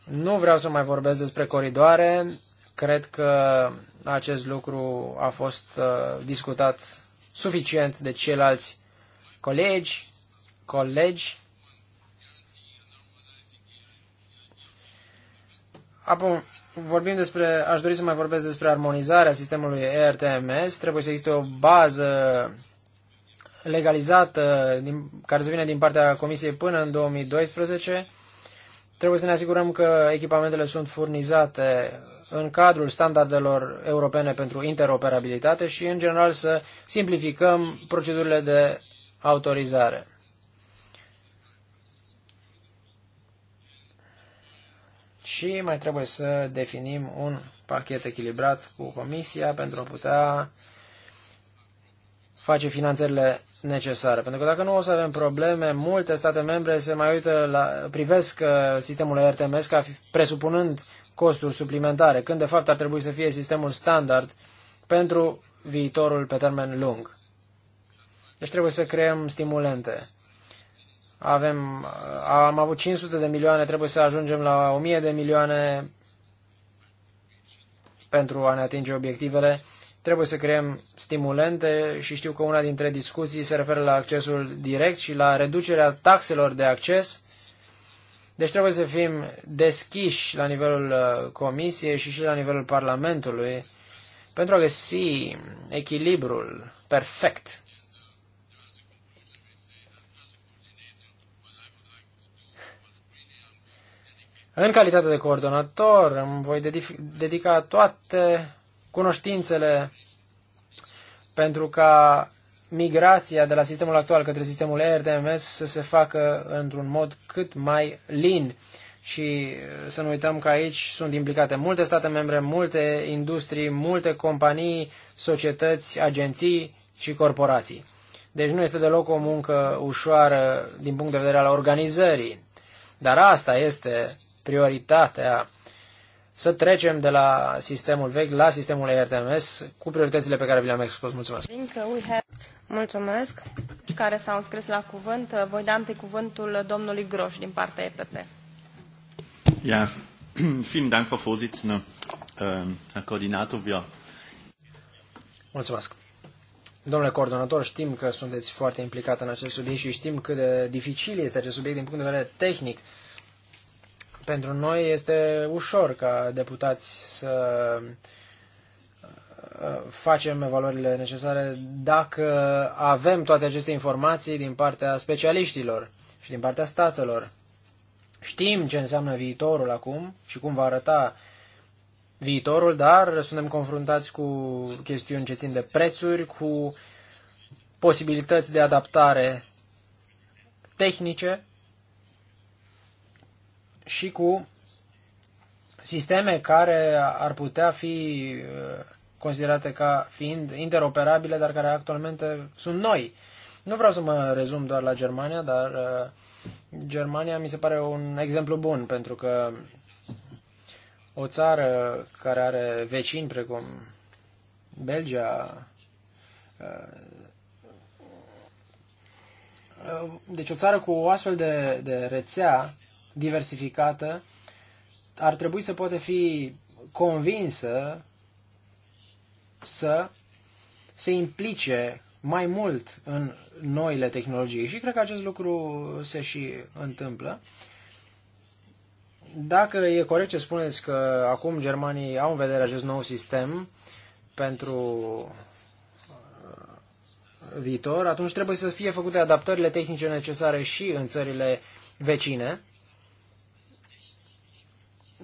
Nu vreau să mai vorbesc despre coridoare. Cred că acest lucru a fost uh, discutat suficient de ceilalți colegi, colegi Apoi, vorbim despre, aș dori să mai vorbesc despre armonizarea sistemului ERTMS. Trebuie să existe o bază legalizată din, care să vină din partea Comisiei până în 2012. Trebuie să ne asigurăm că echipamentele sunt furnizate în cadrul standardelor europene pentru interoperabilitate și, în general, să simplificăm procedurile de autorizare. și mai trebuie să definim un pachet echilibrat cu Comisia pentru a putea face finanțările necesare. Pentru că dacă nu o să avem probleme, multe state membre se mai uită la, privesc uh, sistemul RTMS ca presupunând costuri suplimentare, când de fapt ar trebui să fie sistemul standard pentru viitorul pe termen lung. Deci trebuie să creăm stimulente. Avem, am avut 500 de milioane, trebuie să ajungem la 1000 de milioane pentru a ne atinge obiectivele. Trebuie să creăm stimulente și știu că una dintre discuții se referă la accesul direct și la reducerea taxelor de acces. Deci trebuie să fim deschiși la nivelul uh, Comisiei și și la nivelul Parlamentului pentru a găsi echilibrul perfect În calitate de coordonator îmi voi dedica toate cunoștințele pentru ca migrația de la sistemul actual către sistemul RDMS să se facă într-un mod cât mai lin. Și uh, să nu uităm că aici sunt implicate multe state membre, multe industrii, multe companii, societăți, agenții și corporații. Deci nu este deloc o muncă ușoară din punct de vedere al organizării. Dar asta este prioritatea să trecem de la sistemul vechi la sistemul ERTMS cu prioritățile pe care vi le-am expus. Mulțumesc! Mulțumesc! Care s-au înscris la cuvânt, voi da pe cuvântul domnului Groș din partea EPP. Ja, [CLEARS THROAT] vielen Dank, Frau Vorsitzende, ähm, Herr Koordinator. wir... Mulțumesc! Domnule coordonator, știm că sunteți foarte implicat în acest subiect și știm cât de dificil este acest subiect din punct de vedere tehnic. Pentru noi este ușor ca deputați să uh, facem evaluările necesare dacă avem toate aceste informații din partea specialiștilor și din partea statelor. Știm ce înseamnă viitorul acum și cum va arăta viitorul, dar suntem confruntați cu chestiuni ce țin de prețuri, cu posibilități de adaptare tehnice și cu sisteme care ar putea fi uh, considerate ca fiind interoperabile, dar care actualmente sunt noi. Nu vreau să mă rezum doar la Germania, dar uh, Germania mi se pare un exemplu bun, pentru că o țară care are vecini precum Belgia, uh, deci o țară cu o astfel de, de rețea diversificată ar trebui să poate fi convinsă să se implice mai mult în noile tehnologii și cred că acest lucru se și întâmplă. Dacă e corect ce spuneți că acum germanii au în vedere acest nou sistem pentru uh, viitor, atunci trebuie să fie făcute adaptările tehnice necesare și în țările vecine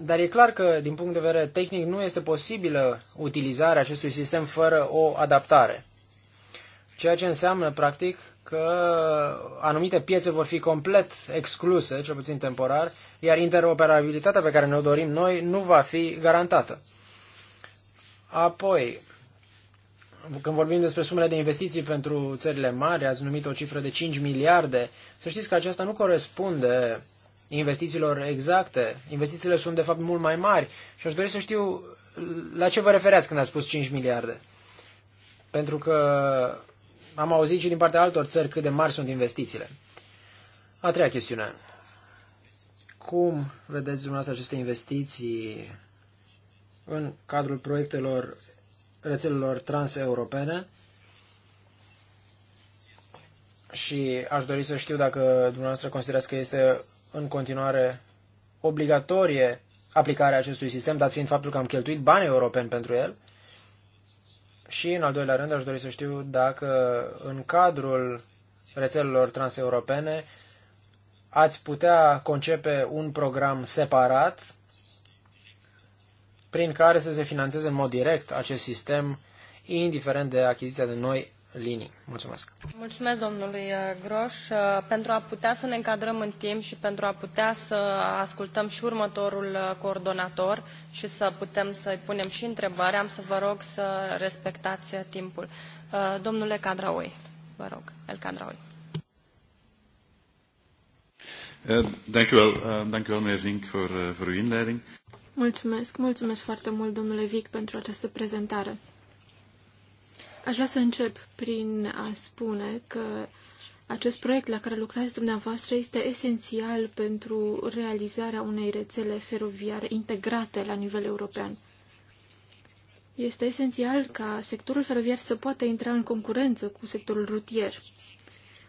dar e clar că, din punct de vedere tehnic, nu este posibilă utilizarea acestui sistem fără o adaptare. Ceea ce înseamnă, practic, că anumite piețe vor fi complet excluse, cel puțin temporar, iar interoperabilitatea pe care ne-o dorim noi nu va fi garantată. Apoi, când vorbim despre sumele de investiții pentru țările mari, ați numit o cifră de 5 miliarde, să știți că aceasta nu corespunde investițiilor exacte. Investițiile sunt de fapt mult mai mari și aș dori să știu la ce vă refereați când ați spus 5 miliarde. Pentru că am auzit și din partea altor țări cât de mari sunt investițiile. A treia chestiune. Cum vedeți dumneavoastră aceste investiții în cadrul proiectelor rețelelor transeuropene? Și aș dori să știu dacă dumneavoastră considerați că este în continuare obligatorie aplicarea acestui sistem, dat fiind faptul că am cheltuit bani europeni pentru el. Și, în al doilea rând, aș dori să știu dacă în cadrul rețelelor transeuropene ați putea concepe un program separat prin care să se financeze în mod direct acest sistem, indiferent de achiziția de noi linii. Mulțumesc! Mulțumesc domnului uh, Groș. Uh, pentru a putea să ne încadrăm în timp și pentru a putea să ascultăm și următorul uh, coordonator și să putem să-i punem și întrebări, am să vă rog să respectați timpul. Domnule Cadraoi, vă rog, El Cadraoi. Vink inleiding. Mulțumesc, mulțumesc foarte mult domnule Vic pentru această prezentare. Aș vrea să încep prin a spune că acest proiect la care lucrați dumneavoastră este esențial pentru realizarea unei rețele feroviare integrate la nivel european. Este esențial ca sectorul feroviar să poată intra în concurență cu sectorul rutier.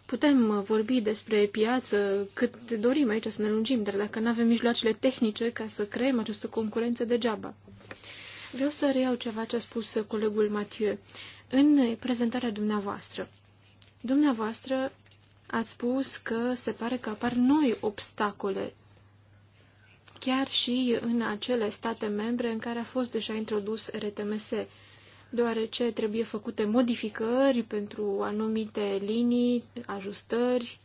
Putem vorbi despre piață cât dorim aici să ne lungim, dar dacă nu avem mijloacele tehnice ca să creăm această concurență degeaba. Vreau să reiau ceva ce a spus colegul Mathieu. În prezentarea dumneavoastră, dumneavoastră ați spus că se pare că apar noi obstacole chiar și în acele state membre în care a fost deja introdus RTMS, deoarece trebuie făcute modificări pentru anumite linii, ajustări,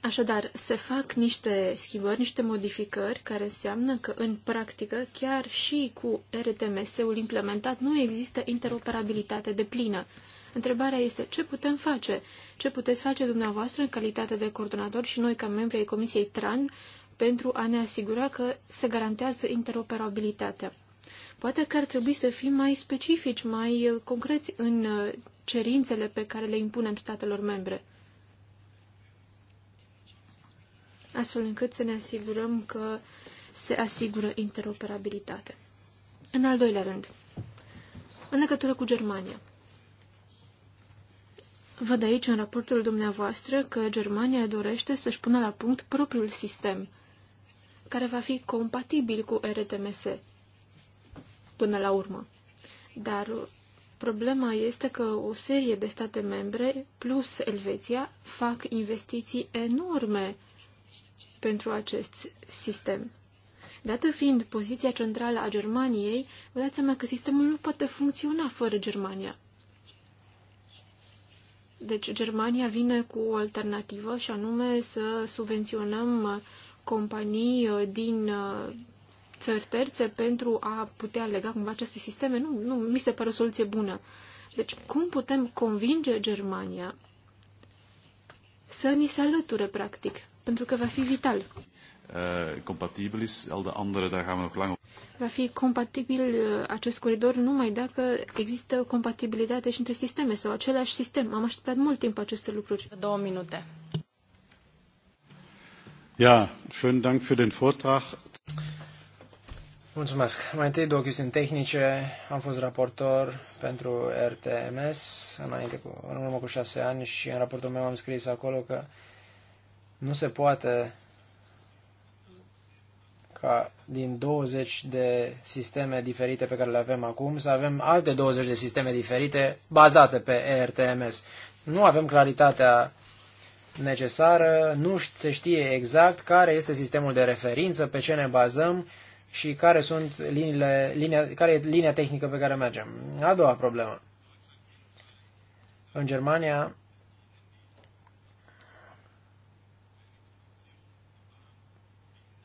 Așadar, se fac niște schimbări, niște modificări care înseamnă că, în practică, chiar și cu RTMS-ul implementat, nu există interoperabilitate de plină. Întrebarea este ce putem face? Ce puteți face dumneavoastră în calitate de coordonator și noi ca membri ai Comisiei TRAN pentru a ne asigura că se garantează interoperabilitatea? Poate că ar trebui să fim mai specifici, mai concreți în uh, cerințele pe care le impunem statelor membre. astfel încât să ne asigurăm că se asigură interoperabilitate. În al doilea rând, în legătură cu Germania. Văd aici în raportul dumneavoastră că Germania dorește să-și pună la punct propriul sistem, care va fi compatibil cu RTMS până la urmă. Dar problema este că o serie de state membre, plus Elveția, fac investiții enorme pentru acest sistem. Dată fiind poziția centrală a Germaniei, vă dați seama că sistemul nu poate funcționa fără Germania. Deci Germania vine cu o alternativă și anume să subvenționăm companii uh, din uh, țări terțe pentru a putea lega cumva aceste sisteme. Nu, nu mi se pare o soluție bună. Deci cum putem convinge Germania să ni se alăture, practic? pentru că va fi vital. Uh, compatibil al de andere, daar gaan we nog lang op. Va fi compatibil eh, acest coridor numai dacă există compatibilitate și între sisteme sau același sistem. Am așteptat mult timp aceste lucruri. Două minute. Ja, schönen Dank für den Vortrag. Mulțumesc. Mai întâi două chestiuni tehnice. Am fost raportor pentru RTMS înainte cu, în urmă cu șase ani și în raportul meu am scris acolo că nu se poate ca din 20 de sisteme diferite pe care le avem acum să avem alte 20 de sisteme diferite bazate pe ERTMS. Nu avem claritatea necesară, nu se știe exact care este sistemul de referință, pe ce ne bazăm și care sunt liniile, linia, care e linia tehnică pe care mergem. A doua problemă. În Germania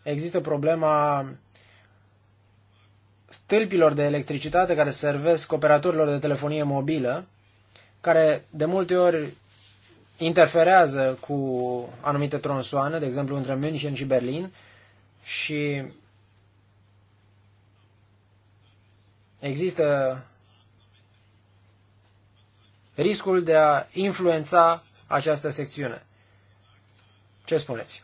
Există problema stâlpilor de electricitate care servesc operatorilor de telefonie mobilă, care de multe ori interferează cu anumite tronsoane, de exemplu între München și Berlin, și există riscul de a influența această secțiune. Ce spuneți?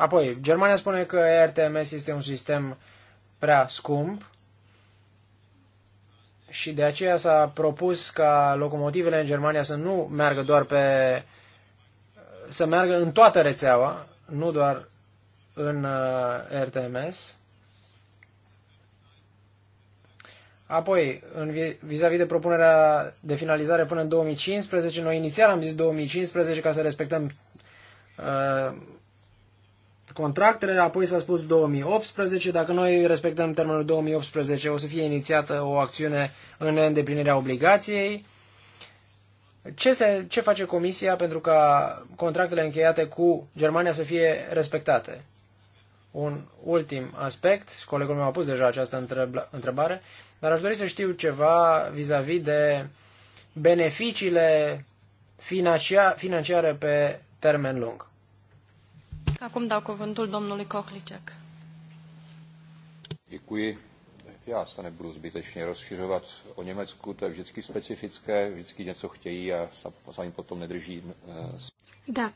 Apoi, Germania spune că ERTMS este un sistem prea scump și de aceea s-a propus ca locomotivele în Germania să nu meargă doar pe... să meargă în toată rețeaua, nu doar în uh, RTMS. Apoi, în vis-a-vis -vis de propunerea de finalizare până în 2015, noi inițial am zis 2015 ca să respectăm uh, contractele, apoi s-a spus 2018. Dacă noi respectăm termenul 2018, o să fie inițiată o acțiune în îndeplinirea obligației. Ce, se, ce face Comisia pentru ca contractele încheiate cu Germania să fie respectate? Un ultim aspect, colegul meu a pus deja această întrebare, dar aș dori să știu ceva vis-a-vis -vis de beneficiile financiare pe termen lung. Acum dau cuvântul domnului Kohlicek. Děkuji. Já se nebudu zbytečně rozšiřovat o Německu, to je vždycky specifické, vždycky něco chtějí a sami potom nedrží. Eh, da.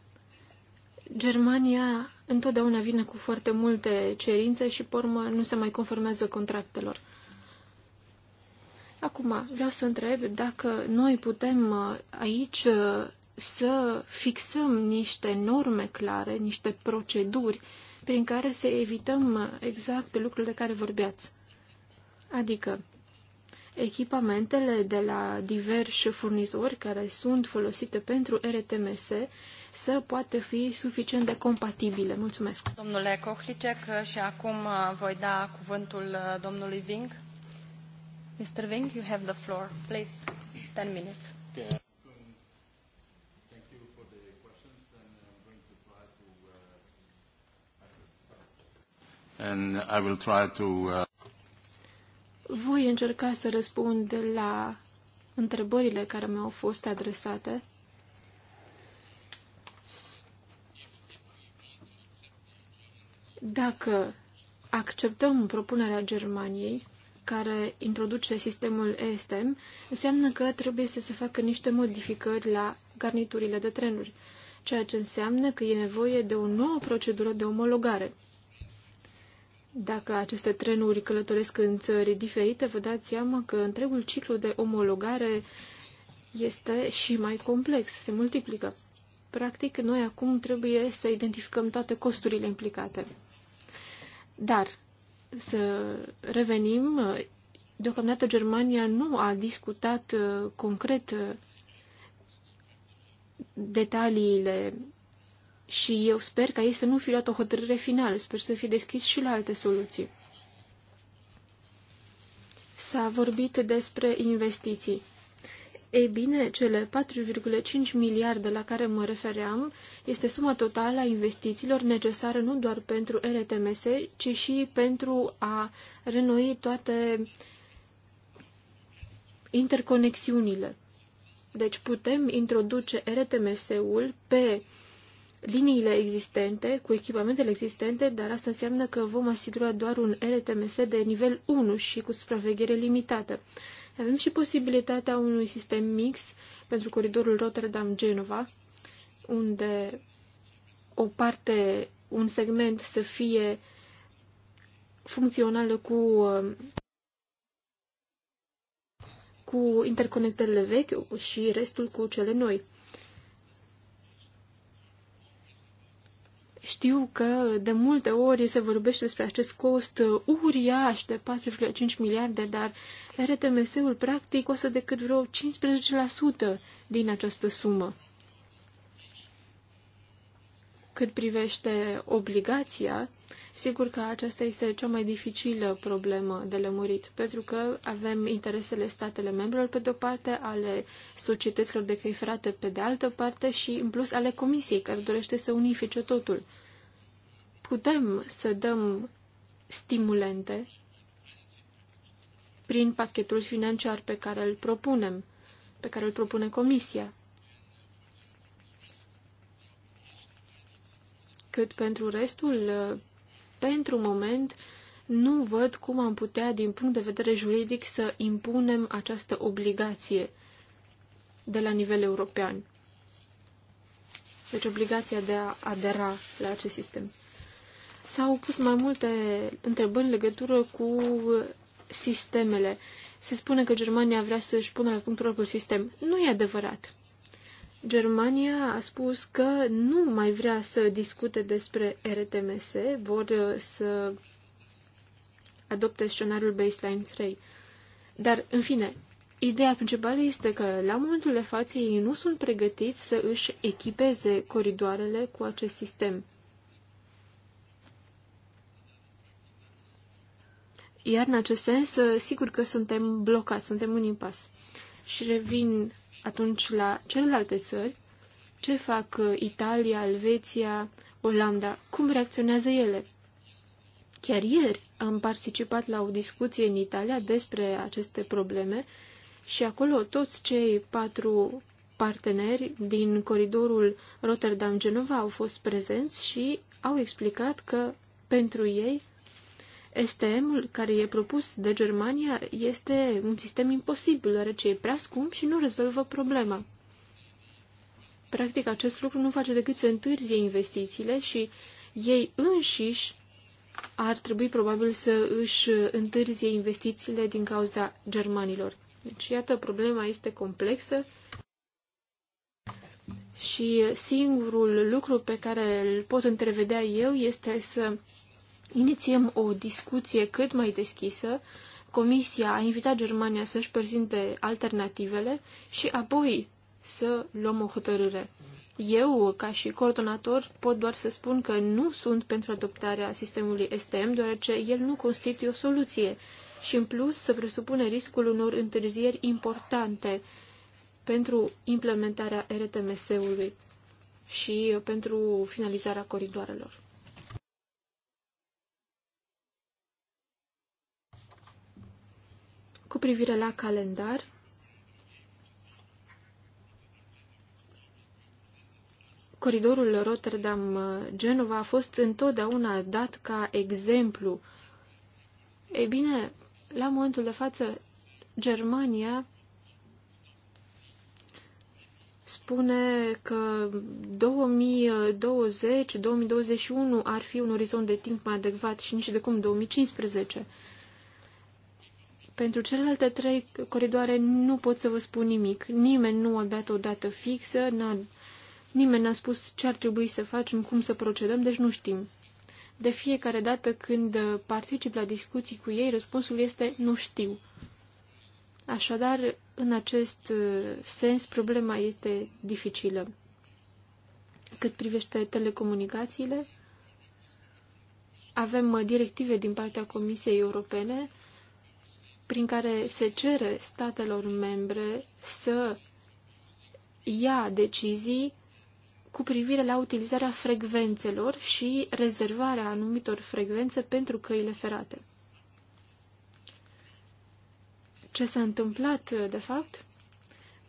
Germania întotdeauna vine cu foarte multe cerințe și, pormă, nu se mai conformează contractelor. Acum, vreau să întreb dacă noi putem eh, aici eh, să fixăm niște norme clare, niște proceduri prin care să evităm exact lucrurile de care vorbeați. Adică, echipamentele de la diversi furnizori care sunt folosite pentru RTMS să poată fi suficient de compatibile. Mulțumesc. Domnule Kohlicek, și acum uh, voi da cuvântul uh, domnului Ving. Mr. Ving, you have the floor. Please, 10 minutes. and I will try to uh... Voi încerca să răspund la întrebările care mi-au fost adresate. Dacă acceptăm propunerea Germaniei, care introduce sistemul ESTEM, înseamnă că trebuie să se facă niște modificări la garniturile de trenuri, ceea ce înseamnă că e nevoie de o nouă procedură de omologare. Dacă aceste trenuri călătoresc în țări diferite, vă dați seama că întregul ciclu de omologare este și mai complex, se multiplică. Practic, noi acum trebuie să identificăm toate costurile implicate. Dar, să revenim, deocamdată Germania nu a discutat uh, concret uh, detaliile și eu sper ca ei să nu fi luat o hotărâre finală, sper să fi deschis și la alte soluții. S-a vorbit despre investiții. Ei bine, cele 4,5 miliarde la care mă refeream este suma totală a investițiilor necesară nu doar pentru LTMS, ci și pentru a renoi toate interconexiunile. Deci putem introduce RTMS-ul pe uh, liniile existente, cu echipamentele existente, dar asta înseamnă că vom asigura doar un LTMS de nivel 1 și cu supraveghere limitată. Avem și posibilitatea unui sistem mix pentru coridorul Rotterdam-Genova, unde o parte, un segment să fie funcțională cu cu interconectările vechi și restul cu cele noi. Știu că de multe ori se vorbește despre acest cost uriaș de 4,5 miliarde, dar RTMS-ul practic costă decât vreo 15% din această sumă. Cât privește obligația, sigur că aceasta este cea mai dificilă problemă de lămurit, pentru că avem interesele statele membrilor pe de-o parte, ale societăților de căi ferate pe de altă parte și, în plus, ale comisiei, care dorește să unifice totul. Putem să dăm stimulente prin pachetul financiar pe care îl propunem, pe care îl propune comisia cât pentru restul, pentru moment, nu văd cum am putea, din punct de vedere juridic, să impunem această obligație de la nivel european. Deci obligația de a adera la acest sistem. S-au pus mai multe întrebări în legătură cu sistemele. Se spune că Germania vrea să-și pună la punct propriul sistem. Nu e adevărat. Germania a spus că nu mai vrea să discute despre RTMS, vor uh, să adopte scenariul baseline 3. Dar, în fine, ideea principală este că, la momentul de față, ei nu sunt pregătiți să își echipeze coridoarele cu acest sistem. Iar, în acest sens, uh, sigur că suntem blocați, suntem în impas. Și revin atunci, la celelalte țări, ce fac uh, Italia, Elveția, Olanda? Cum reacționează ele? Chiar ieri am participat la o discuție în Italia despre aceste probleme și acolo toți cei patru parteneri din coridorul Rotterdam-Genova au fost prezenți și au explicat că pentru ei STM-ul care e propus de Germania este un sistem imposibil, deoarece e prea scump și nu rezolvă problema. Practic, acest lucru nu face decât să întârzie investițiile și ei înșiși ar trebui probabil să își întârzie investițiile din cauza germanilor. Deci, iată, problema este complexă și singurul lucru pe care îl pot întrevedea eu este să inițiem o discuție cât mai deschisă. Comisia a invitat Germania să-și prezinte alternativele și apoi să luăm o hotărâre. Eu, ca și coordonator, pot doar să spun că nu sunt pentru adoptarea sistemului STM, deoarece el nu constituie o soluție și, în plus, să presupune riscul unor întârzieri importante pentru implementarea RTMS-ului și pentru finalizarea coridoarelor. Cu privire la calendar, coridorul Rotterdam-Genova a fost întotdeauna dat ca exemplu. Ei bine, la momentul de față, Germania spune că 2020-2021 ar fi un orizont de timp mai adecvat și nici de cum 2015. Pentru celelalte trei coridoare nu pot să vă spun nimic. Nimeni nu a dat o dată fixă, n-a, nimeni n-a spus ce ar trebui să facem, cum să procedăm, deci nu știm. De fiecare dată când particip la discuții cu ei, răspunsul este nu știu. Așadar, în acest uh, sens, problema este dificilă. Cât privește telecomunicațiile, avem uh, directive din partea Comisiei Europene prin care se cere statelor membre să ia decizii cu privire la utilizarea frecvențelor și rezervarea anumitor frecvențe pentru căile ferate. Ce s-a întâmplat, de fapt?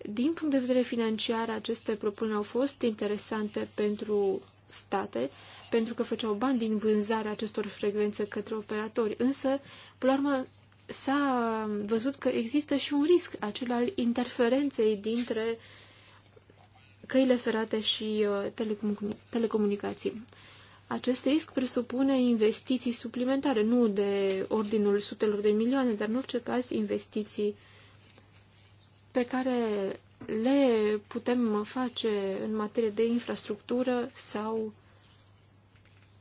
Din punct de vedere financiar, aceste propuneri au fost interesante pentru state, pentru că făceau bani din vânzarea acestor frecvențe către operatori, însă, până la urmă, s-a văzut că există și un risc acela al interferenței dintre căile ferate și uh, telecomunicații. Acest risc presupune investiții suplimentare, nu de ordinul sutelor de milioane, dar în orice caz investiții pe care le putem face în materie de infrastructură sau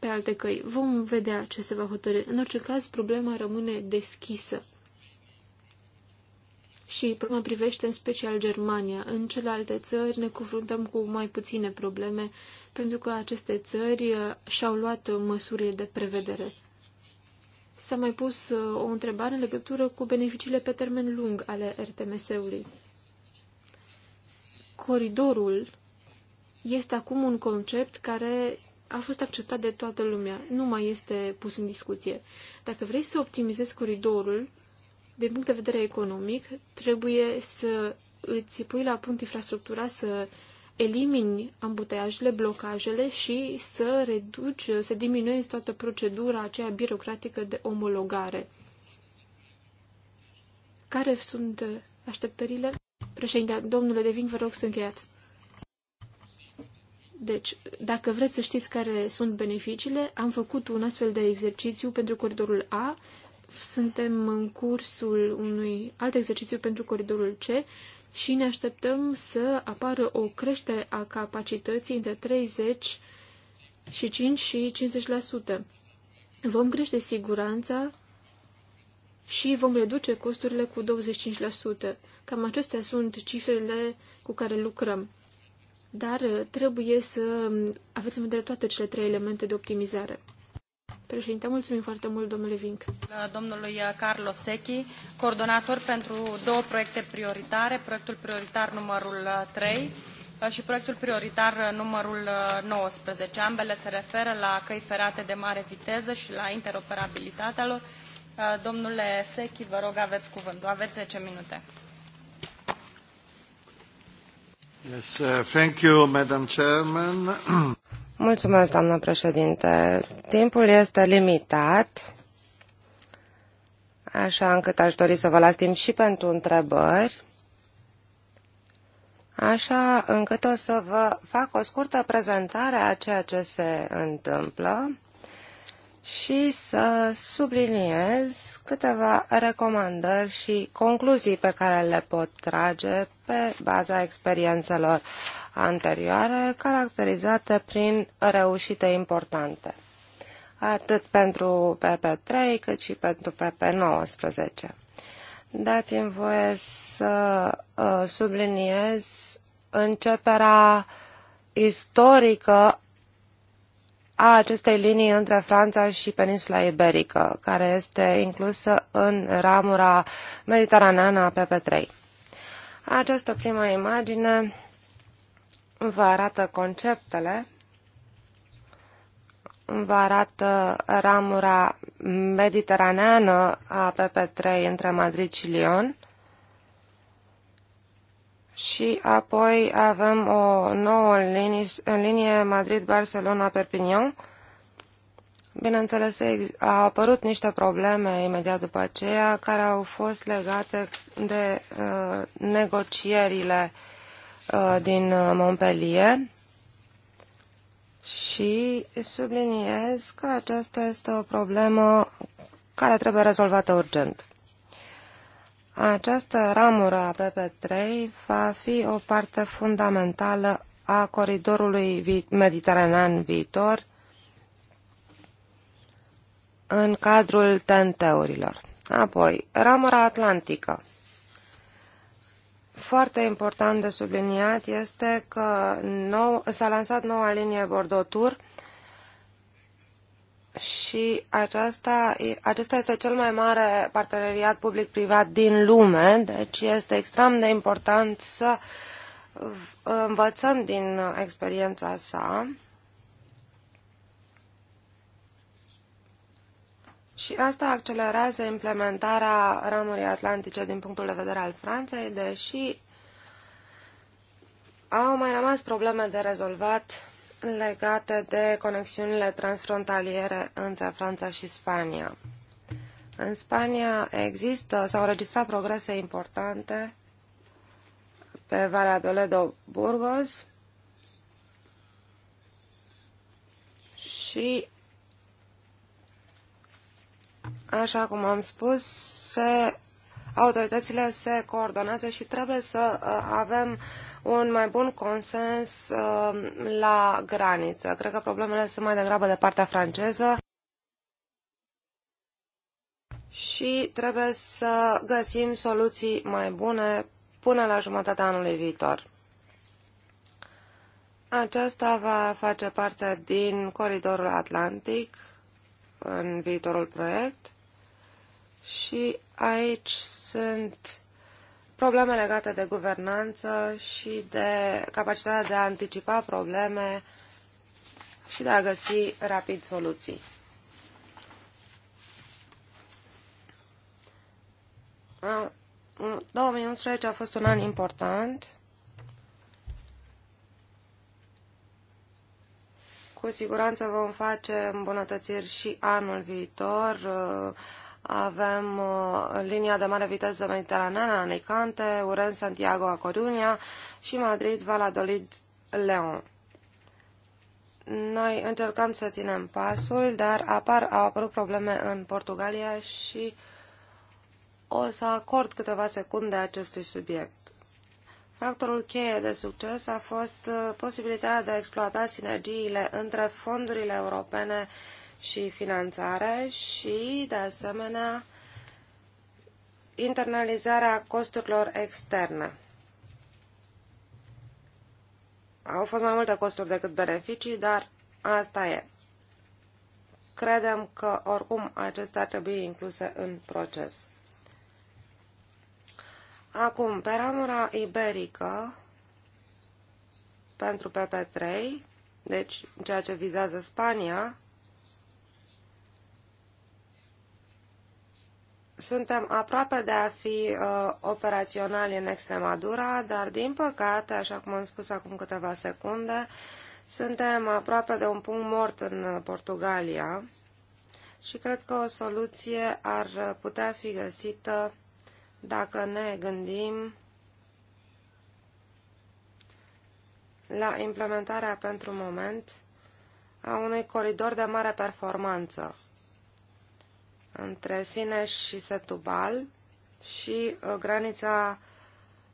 pe alte căi. Vom vedea ce se va hotărâ. În orice caz, problema rămâne deschisă. Și problema privește în special Germania. În celelalte țări ne confruntăm cu mai puține probleme, pentru că aceste țări uh, și-au luat măsurile de prevedere. S-a mai pus uh, o întrebare în legătură cu beneficiile pe termen lung ale RTMS-ului. Coridorul este acum un concept care a fost acceptat de toată lumea, nu mai este pus în discuție. Dacă vrei să optimizezi coridorul, din punct de vedere economic, trebuie să îți pui la punct infrastructura, să elimini ambuteajele, blocajele și să reduci, să diminuezi toată procedura aceea birocratică de omologare. Care sunt așteptările? Președinte, domnule Devin, vă rog să încheiați. Deci, dacă vreți să știți care sunt beneficiile, am făcut un astfel de exercițiu pentru coridorul A, suntem în cursul unui alt exercițiu pentru coridorul C și ne așteptăm să apară o creștere a capacității între 30 și 5 și 50%. Vom crește siguranța și vom reduce costurile cu 25%. Cam acestea sunt cifrele cu care lucrăm dar uh, trebuie să um, aveți în vedere toate cele trei elemente de optimizare. Președinte, mulțumim foarte mult, domnule Vinc. Domnului Carlos Sechi, coordonator pentru două proiecte prioritare, proiectul prioritar numărul 3 uh, uh, și proiectul prioritar numărul 19. Ambele se referă la căi ferate de mare viteză și la interoperabilitatea lor. Domnule Sechi, vă rog, aveți cuvântul. Aveți 10 minute. Uh, [CLEARS THROAT] Mulțumesc, doamnă președinte. Timpul este limitat, așa încât aș dori să vă las timp și pentru întrebări, așa încât o să vă fac o scurtă prezentare a ceea ce se întâmplă și să subliniez câteva recomandări și concluzii pe care le pot trage pe baza experiențelor anterioare, caracterizate prin reușite importante, atât pentru PP3 cât și pentru PP19. Dați-mi voie să uh, subliniez începerea istorică a acestei linii între Franța și peninsula iberică, care este inclusă în ramura mediteraneană a PP3. Această primă imagine vă arată conceptele, vă arată ramura mediteraneană a PP3 între Madrid și Lyon, și apoi avem o nouă linie, în linie Madrid-Barcelona-Perpignan. Bineînțeles, au apărut niște probleme imediat după aceea care au fost legate de uh, negocierile uh, din uh, Montpellier și subliniez că aceasta este o problemă care trebuie rezolvată urgent. Această ramură a PP3 va fi o parte fundamentală a coridorului mediteranean viitor în cadrul tenteurilor. Apoi, ramura atlantică. Foarte important de subliniat este că s-a lansat noua linie Bordeaux-Tour și aceasta, acesta este cel mai mare parteneriat public-privat din lume, deci este extrem de important să învățăm din experiența sa. Și asta accelerează implementarea ramurii atlantice din punctul de vedere al Franței, deși au mai rămas probleme de rezolvat legate de conexiunile transfrontaliere între Franța și Spania. În Spania există, s-au înregistrat progrese importante pe Valea Doledo-Burgos și, așa cum am spus, se, autoritățile se coordonează și trebuie să uh, avem uh, un mai bun consens uh, la graniță. Cred că problemele sunt mai degrabă de partea franceză și trebuie să găsim soluții mai bune până la jumătatea anului viitor. Aceasta va face parte din coridorul atlantic în viitorul proiect și aici sunt probleme legate de guvernanță și de capacitatea de a anticipa probleme și de a găsi rapid soluții. A, 2011 a fost un an important. Cu siguranță vom face îmbunătățiri și anul viitor. Uh, avem uh, linia de mare viteză mediteraneană Alicante, Uren, Santiago, A Coruña și Madrid, Valladolid, Leon. Noi încercăm să ținem pasul, dar apar, au apărut probleme în Portugalia și o să acord câteva secunde acestui subiect. Factorul cheie de succes a fost uh, posibilitatea de a exploata sinergiile între fondurile europene și finanțare și, de asemenea, internalizarea costurilor externe. Au fost mai multe costuri decât beneficii, dar asta e. Credem că, oricum, acestea ar trebui incluse în proces. Acum, pe ramura iberică, pentru PP3, deci ceea ce vizează Spania, suntem aproape de a fi uh, operaționali în Extremadura, dar din păcate, așa cum am spus acum câteva secunde, suntem aproape de un punct mort în uh, Portugalia și cred că o soluție ar putea fi găsită dacă ne gândim la implementarea pentru moment a unui coridor de mare performanță între Sineș și Setubal și uh, granița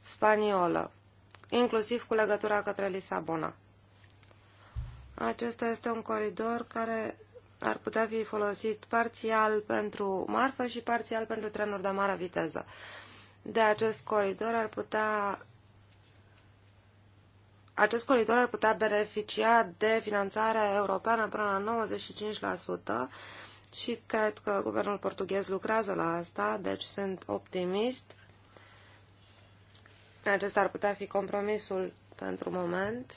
spaniolă, inclusiv cu legătura către Lisabona. Acesta este un coridor care ar putea fi folosit parțial pentru marfă și parțial pentru trenuri de mare viteză. De acest coridor ar putea acest coridor ar putea beneficia de finanțare europeană până la 95%, și cred că guvernul portughez lucrează la asta, deci sunt optimist. Acesta ar putea fi compromisul pentru moment.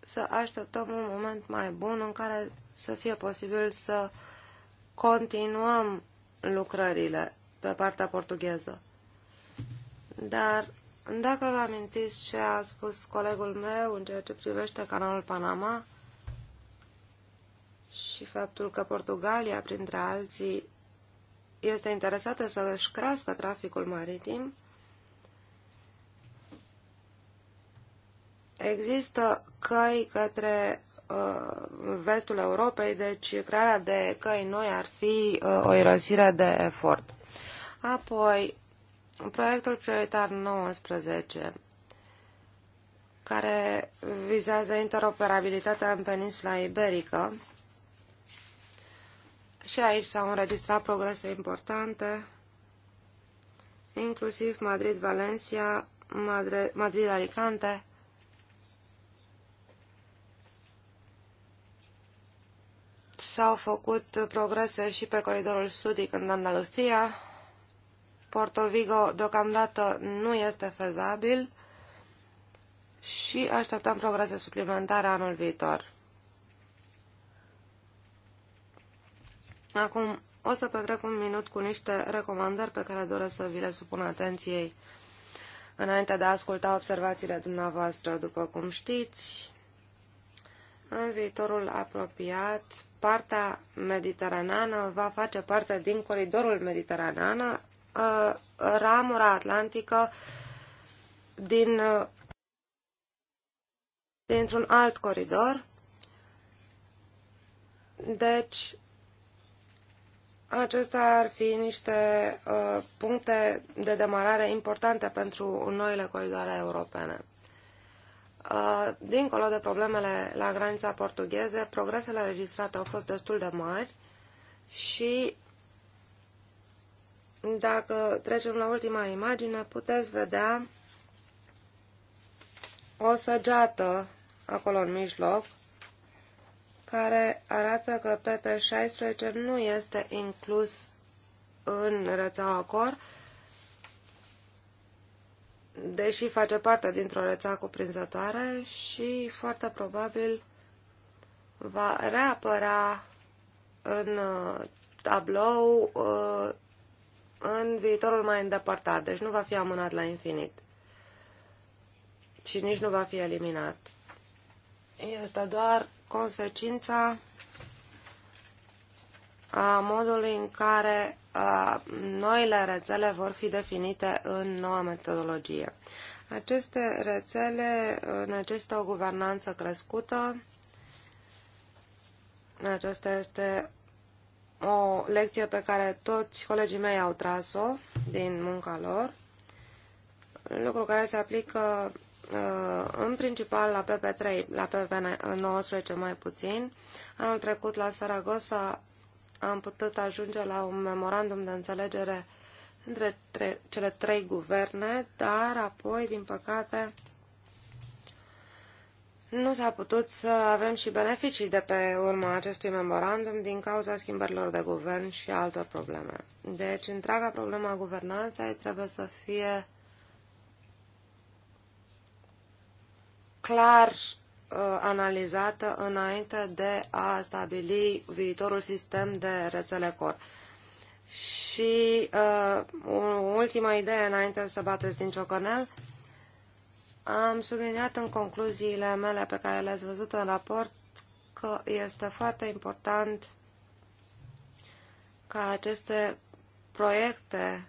Să așteptăm un moment mai bun în care să fie posibil să continuăm lucrările pe partea portugheză. Dar dacă vă amintiți ce a spus colegul meu în ceea ce privește canalul Panama, și faptul că Portugalia, printre alții, este interesată să își crească traficul maritim, există căi către uh, vestul Europei, deci crearea de căi noi ar fi uh, o irosire de efort. Apoi, proiectul prioritar 19, care vizează interoperabilitatea în peninsula iberică, și aici s-au înregistrat progrese importante, inclusiv Madrid-Valencia, Madrid-Alicante, S-au făcut progrese și pe coridorul sudic în Andalusia. Porto Vigo deocamdată nu este fezabil și așteptăm progrese suplimentare anul viitor. Acum o să petrec un minut cu niște recomandări pe care doresc să vi le supun atenției înainte de a asculta observațiile dumneavoastră. După cum știți, în viitorul apropiat, partea mediteraneană va face parte din coridorul mediteraneană, ramura atlantică din, ă, dintr-un alt coridor. Deci, Acestea ar fi niște uh, puncte de demarare importante pentru noile coridoare europene. Uh, dincolo de problemele la granița portugheze, progresele registrate au fost destul de mari și dacă trecem la ultima imagine, puteți vedea o săgeată acolo în mijloc care arată că PP16 nu este inclus în rețeaua COR, deși face parte dintr-o rețea cuprinzătoare și foarte probabil va reapărea în uh, tablou uh, în viitorul mai îndepărtat, deci nu va fi amânat la infinit și nici nu va fi eliminat. Este doar consecința a modului în care a, noile rețele vor fi definite în noua metodologie. Aceste rețele necesită o guvernanță crescută. Aceasta este o lecție pe care toți colegii mei au tras-o din munca lor, lucru care se aplică Uh, în principal la PP3, la PP19 mai puțin. Anul trecut la Saragossa am putut ajunge la un memorandum de înțelegere între tre- cele trei guverne, dar apoi, din păcate, nu s-a putut să avem și beneficii de pe urma acestui memorandum din cauza schimbărilor de guvern și altor probleme. Deci, întreaga problema guvernanței trebuie să fie clar uh, analizată înainte de a stabili viitorul sistem de rețele COR. Și uh, o ultimă idee înainte să bateți din ciocănel, Am subliniat în concluziile mele pe care le-ați văzut în raport că este foarte important ca aceste proiecte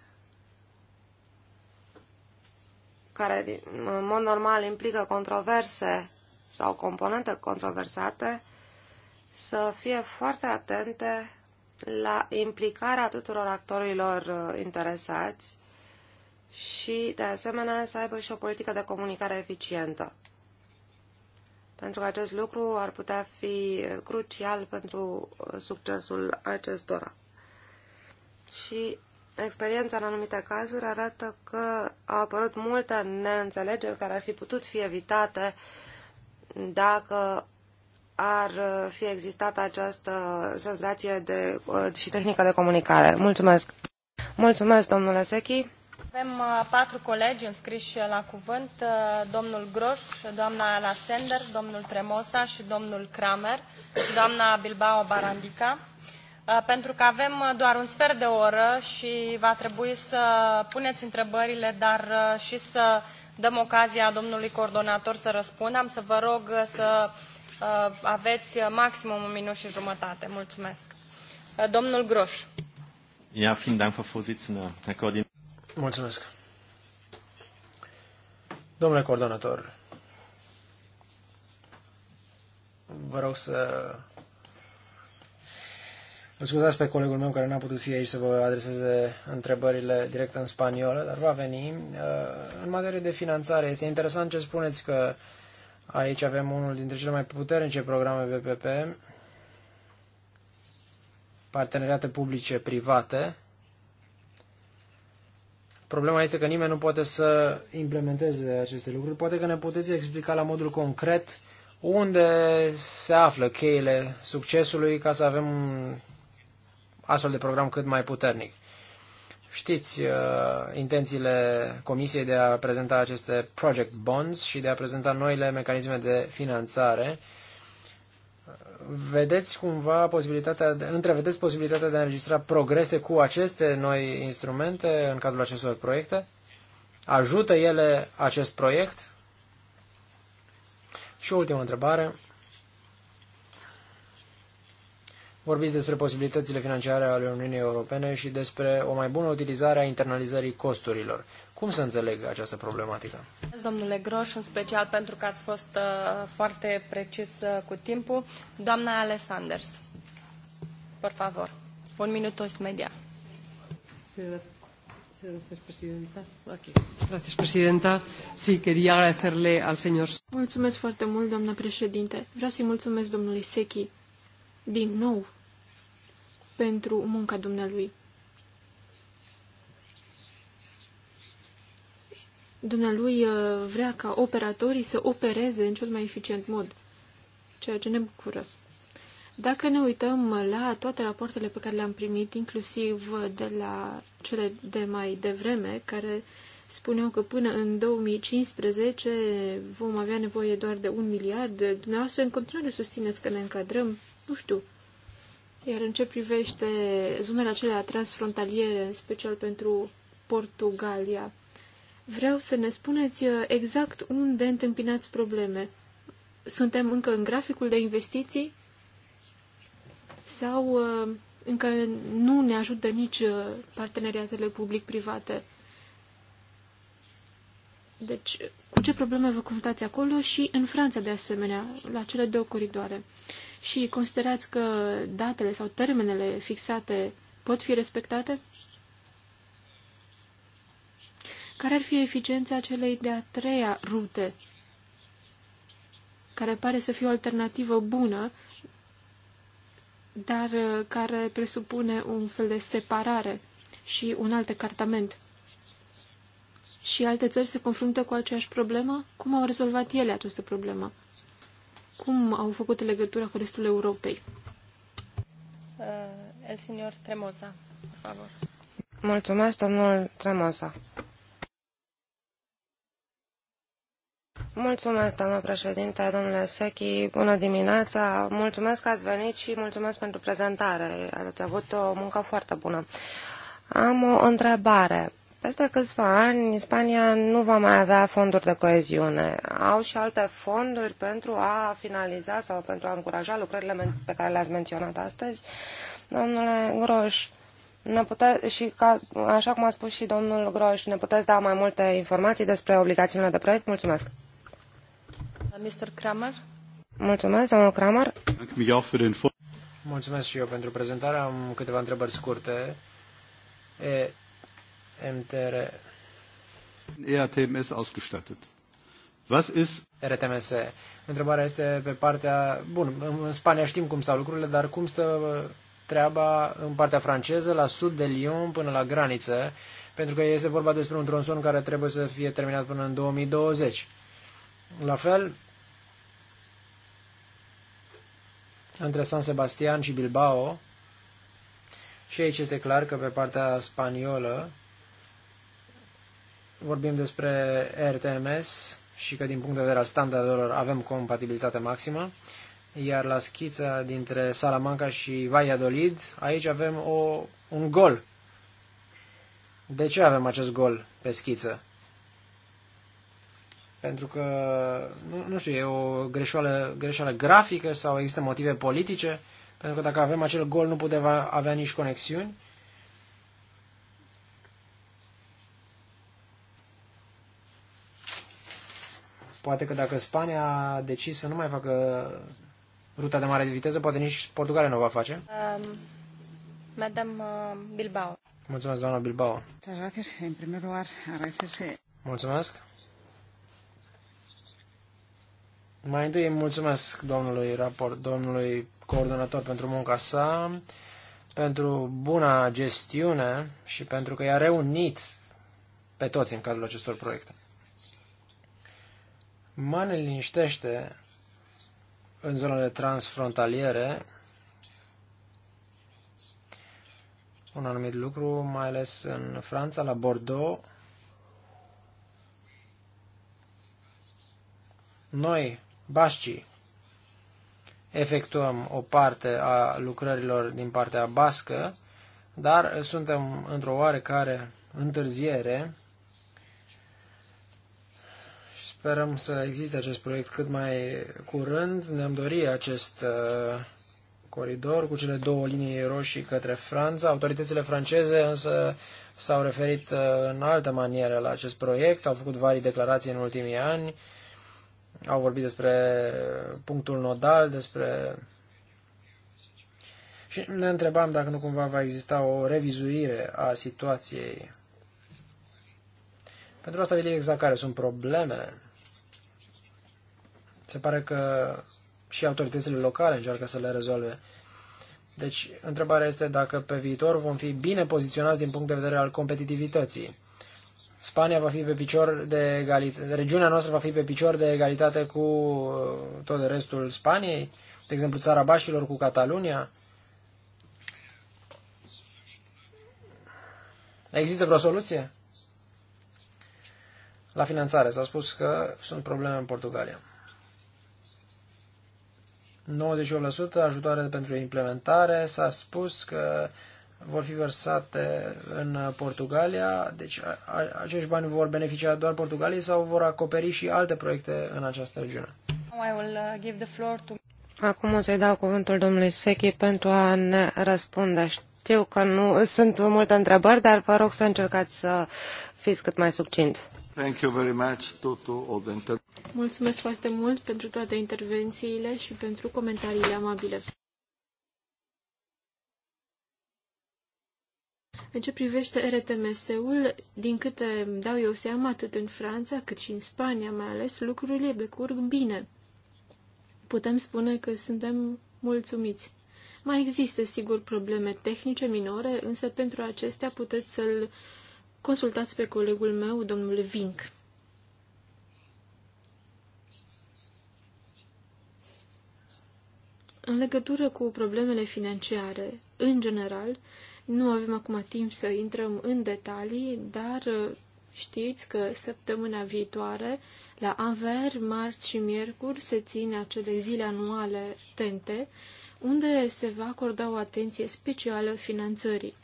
care în mod normal implică controverse sau componente controversate, să fie foarte atente la implicarea tuturor actorilor uh, interesați și, de asemenea, să aibă și o politică de comunicare eficientă. Pentru că acest lucru ar putea fi crucial pentru uh, succesul acestora. Și experiența în anumite cazuri arată că au apărut multe neînțelegeri care ar fi putut fi evitate dacă ar fi existat această senzație de, uh, și tehnică de comunicare. Mulțumesc! Mulțumesc, domnule Sechi! Avem uh, patru colegi înscriși la cuvânt, uh, domnul Groș, doamna Ala Sender, domnul Tremosa și domnul Kramer, doamna Bilbao Barandica. Uh, pentru că avem uh, doar un sfert de oră și va trebui să puneți întrebările, dar uh, și să dăm ocazia domnului coordonator să răspundă. Am să vă rog să aveți maximum un minut și jumătate. Mulțumesc. Domnul Groș. Ja, vielen Dank, Frau Vorsitzende. Herr Koordinator. Mulțumesc. Domnule coordonator, vă rog să îl scuzați pe colegul meu care n-a putut fi aici să vă adreseze întrebările direct în spaniolă, dar va veni. Uh, în materie de finanțare, este interesant ce spuneți că aici avem unul dintre cele mai puternice programe BPP, parteneriate publice-private. Problema este că nimeni nu poate să implementeze aceste lucruri. Poate că ne puteți explica la modul concret unde se află cheile succesului ca să avem un astfel de program cât mai puternic. Știți uh, intențiile Comisiei de a prezenta aceste project bonds și de a prezenta noile mecanisme de finanțare. Vedeți cumva posibilitatea, de, întrevedeți posibilitatea de a înregistra progrese cu aceste noi instrumente în cadrul acestor proiecte? Ajută ele acest proiect? Și ultima întrebare. Vorbiți despre posibilitățile financiare ale Uniunii Europene și despre o mai bună utilizare a internalizării costurilor. Cum să înțeleg această problematică? Domnule Groș, în special pentru că ați fost uh, foarte precis uh, cu timpul. Doamna Alessanders, por favor, un minut o media. Mulțumesc foarte mult, doamna președinte. Vreau să-i mulțumesc domnului Sechi din nou pentru munca dumnealui. Dumnealui uh, vrea ca operatorii să opereze în cel mai eficient mod, ceea ce ne bucură. Dacă ne uităm la toate rapoartele pe care le-am primit, inclusiv de la cele de mai devreme, care spuneau că până în 2015 vom avea nevoie doar de un miliard, dumneavoastră în continuare susțineți că ne încadrăm nu știu. Iar în ce privește zonele acelea transfrontaliere, în special pentru Portugalia, vreau să ne spuneți uh, exact unde întâmpinați probleme. Suntem încă în graficul de investiții sau uh, încă nu ne ajută nici uh, parteneriatele public-private? Deci, cu ce probleme vă confruntați acolo și în Franța, de asemenea, la cele două coridoare? Și considerați că datele sau termenele fixate pot fi respectate? Care ar fi eficiența celei de-a treia rute, care pare să fie o alternativă bună, dar uh, care presupune un fel de separare și un alt cartament? și alte țări se confruntă cu aceeași problemă? Cum au rezolvat ele această problemă? Cum au făcut legătura cu restul Europei? Uh, el senior Tremosa, favor. Mulțumesc, domnul Tremosa. Mulțumesc, doamnă președinte, domnule Sechi, bună dimineața, mulțumesc că ați venit și mulțumesc pentru prezentare. Ați avut o muncă foarte bună. Am o întrebare. Peste câțiva ani, Spania nu va mai avea fonduri de coeziune. Au și alte fonduri pentru a finaliza sau pentru a încuraja lucrările pe care le-ați menționat astăzi. Domnule Groș, ne pute- și ca, așa cum a spus și domnul Groș, ne puteți da mai multe informații despre obligațiunile de proiect? Mulțumesc. Mr. Kramer. Mulțumesc, domnul Kramer. Mulțumesc și eu pentru prezentare. Am câteva întrebări scurte. MTR. ERTMS ausgestattet. Was ist? RTMS. Întrebarea este pe partea... Bun, în Spania știm cum stau lucrurile, dar cum stă uh, treaba în partea franceză, la sud de Lyon până la graniță, pentru că este vorba despre un tronson care trebuie să fie terminat până în 2020. La fel, între San Sebastian și Bilbao, și aici este clar că pe partea spaniolă vorbim despre RTMS și că din punct de vedere al standardelor avem compatibilitate maximă, iar la schița dintre Salamanca și Valladolid, aici avem o, un gol. De ce avem acest gol pe schiță? Pentru că, nu, nu știu, e o greșeală, greșeală grafică sau există motive politice, pentru că dacă avem acel gol nu putem avea nici conexiuni Poate că dacă Spania a decis să nu mai facă ruta de mare de viteză, poate nici Portugalia nu o va face. Um, Madame uh, Bilbao. Mulțumesc, doamna Bilbao. Mulțumesc. Mai întâi mulțumesc domnului raport, domnului coordonator pentru munca sa, pentru buna gestiune și pentru că i-a reunit pe toți în cadrul acestor proiecte. Mă liniștește în zonele transfrontaliere un anumit lucru, mai ales în Franța, la Bordeaux. Noi, bascii, efectuăm o parte a lucrărilor din partea bască, dar suntem într-o oarecare întârziere Sperăm să existe acest proiect cât mai curând. Ne-am dorit acest uh, coridor cu cele două linii roșii către Franța. Autoritățile franceze însă s-au referit uh, în altă manieră la acest proiect, au făcut vari declarații în ultimii ani, au vorbit despre punctul nodal, despre... Și ne întrebam dacă nu cumva va exista o revizuire a situației pentru a stabili exact care sunt problemele se pare că și autoritățile locale încearcă să le rezolve. Deci, întrebarea este dacă pe viitor vom fi bine poziționați din punct de vedere al competitivității. Spania va fi pe picior de egalitate, regiunea noastră va fi pe picior de egalitate cu uh, tot restul Spaniei, de exemplu țara Bașilor cu Catalunia. Există vreo soluție? La finanțare s-a spus că sunt probleme în Portugalia. 98% ajutoare pentru implementare. S-a spus că vor fi versate în Portugalia, deci acești bani vor beneficia doar Portugalii sau vor acoperi și alte proiecte în această regiune? Uh, Acum o să-i dau cuvântul domnului Sechi pentru a ne răspunde. Știu că nu sunt multe întrebări, dar vă rog să încercați să fiți cât mai succint. Thank you very much all the Mulțumesc foarte mult pentru toate intervențiile și pentru comentariile amabile. În ce privește RTMS-ul, din câte dau eu seama, atât în Franța cât și în Spania mai ales, lucrurile decurg bine. Putem spune că suntem mulțumiți. Mai există, sigur, probleme tehnice minore, însă pentru acestea puteți să-l consultați pe colegul meu, domnul Vink. În legătură cu problemele financiare, în general, nu avem acum timp să intrăm în detalii, dar uh, știți că săptămâna viitoare, la Anver, marți și miercuri, se ține acele zile anuale tente, unde se va acorda o atenție specială finanțării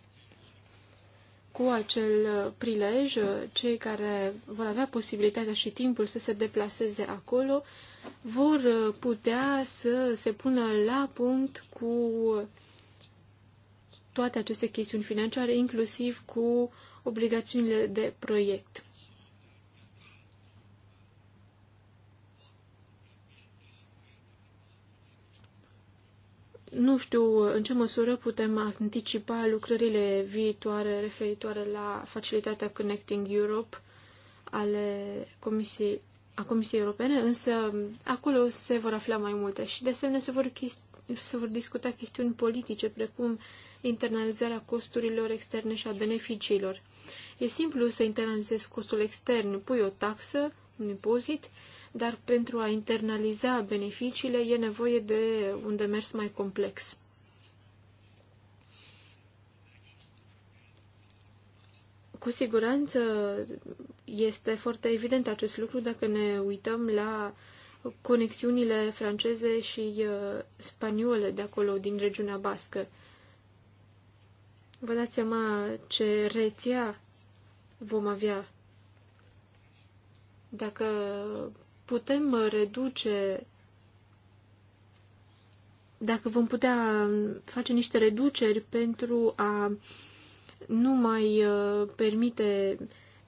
cu acel uh, prilej, uh, cei care vor avea posibilitatea și timpul să se deplaseze acolo, vor uh, putea să se pună la punct cu toate aceste chestiuni financiare, inclusiv cu obligațiunile de proiect. Nu știu în ce măsură putem anticipa lucrările viitoare referitoare la facilitatea Connecting Europe ale Comisiei, a Comisiei Europene, însă acolo se vor afla mai multe și de asemenea se vor, se vor discuta chestiuni politice precum internalizarea costurilor externe și a beneficiilor. E simplu să internalizezi costul extern, pui o taxă, un impozit, dar pentru a internaliza beneficiile e nevoie de un demers mai complex. Cu siguranță este foarte evident acest lucru dacă ne uităm la conexiunile franceze și uh, spaniole de acolo, din regiunea bască. Vă dați seama ce rețea vom avea dacă putem reduce, dacă vom putea face niște reduceri pentru a nu mai uh, permite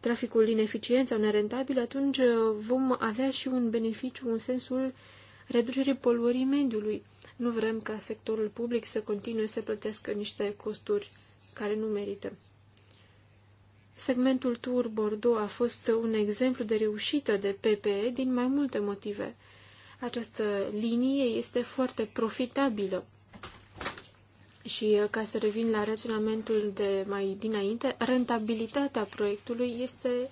traficul ineficient sau nerentabil, atunci uh, vom avea și un beneficiu în sensul reducerii poluării mediului. Nu vrem ca sectorul public să continue să plătească niște costuri care nu merită. Segmentul Tour Bordeaux a fost un exemplu de reușită de PPE din mai multe motive. Această linie este foarte profitabilă. Și uh, ca să revin la raționamentul de mai dinainte, rentabilitatea proiectului este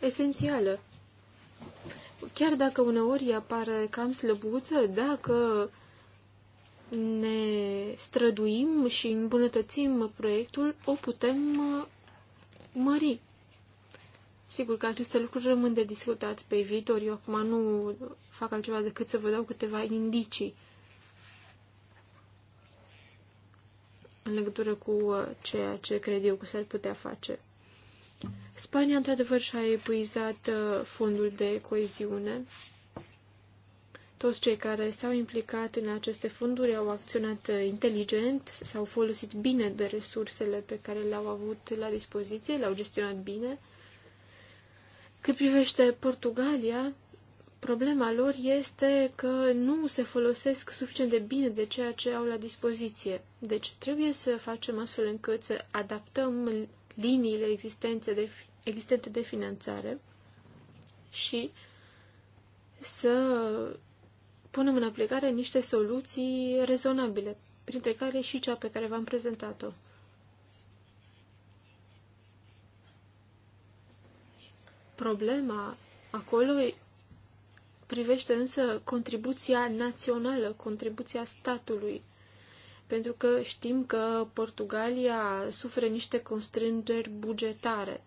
esențială. Chiar dacă uneori apare cam slăbuță, dacă ne străduim și îmbunătățim proiectul, o putem uh, mări. Sigur că aceste lucruri rămân de discutat pe viitor. Eu acum nu fac altceva decât să vă dau câteva indicii în legătură cu uh, ceea ce cred eu că s-ar putea face. Spania, într-adevăr, și-a epuizat uh, fondul de coeziune toți cei care s-au implicat în aceste fonduri au acționat inteligent, s-au folosit bine de resursele pe care le-au avut la dispoziție, le-au gestionat bine. Cât privește Portugalia, problema lor este că nu se folosesc suficient de bine de ceea ce au la dispoziție. Deci trebuie să facem astfel încât să adaptăm liniile existențe de, existente de finanțare și să punem în aplicare niște soluții rezonabile, printre care și cea pe care v-am prezentat-o. Problema acolo privește însă contribuția națională, contribuția statului, pentru că știm că Portugalia suferă niște constrângeri bugetare.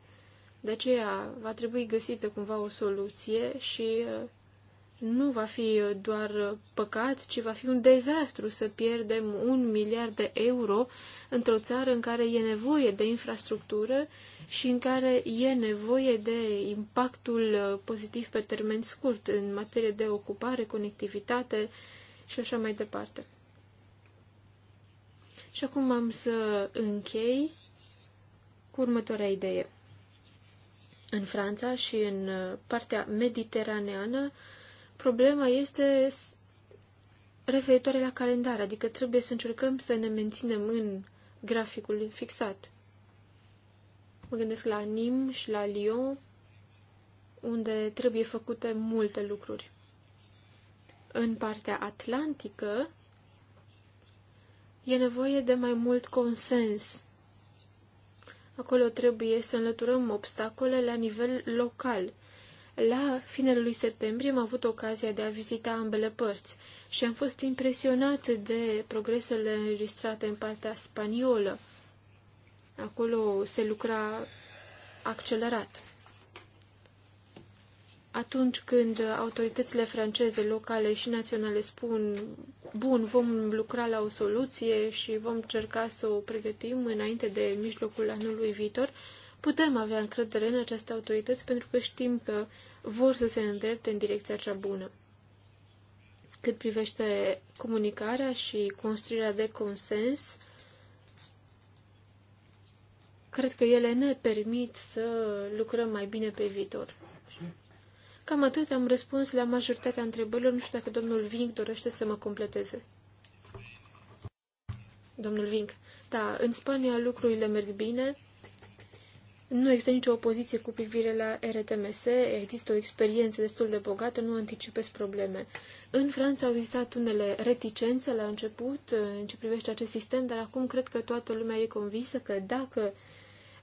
De aceea va trebui găsită cumva o soluție și uh, nu va fi doar păcat, ci va fi un dezastru să pierdem un miliard de euro într-o țară în care e nevoie de infrastructură și în care e nevoie de impactul pozitiv pe termen scurt în materie de ocupare, conectivitate și așa mai departe. Și acum am să închei cu următoarea idee. În Franța și în partea mediteraneană, Problema este referitoare la calendar, adică trebuie să încercăm să ne menținem în graficul fixat. Mă gândesc la Nim și la Lyon, unde trebuie făcute multe lucruri. În partea atlantică e nevoie de mai mult consens. Acolo trebuie să înlăturăm obstacole la nivel local – la finele lui septembrie am avut ocazia de a vizita ambele părți și am fost impresionat de progresele înregistrate în partea spaniolă. Acolo se lucra accelerat. Atunci când autoritățile franceze, locale și naționale spun bun, vom lucra la o soluție și vom cerca să o pregătim înainte de mijlocul anului viitor, putem avea încredere în aceste autorități pentru că știm că vor să se îndrepte în direcția cea bună. Cât privește comunicarea și construirea de consens, cred că ele ne permit să lucrăm mai bine pe viitor. Cam atât am răspuns la majoritatea întrebărilor. Nu știu dacă domnul Vink dorește să mă completeze. Domnul Vink, da, în Spania lucrurile merg bine. Nu există nicio opoziție cu privire la RTMS, există o experiență destul de bogată, nu anticipez probleme. În Franța au existat unele reticențe la început uh, în ce privește acest sistem, dar acum cred că toată lumea e convinsă că dacă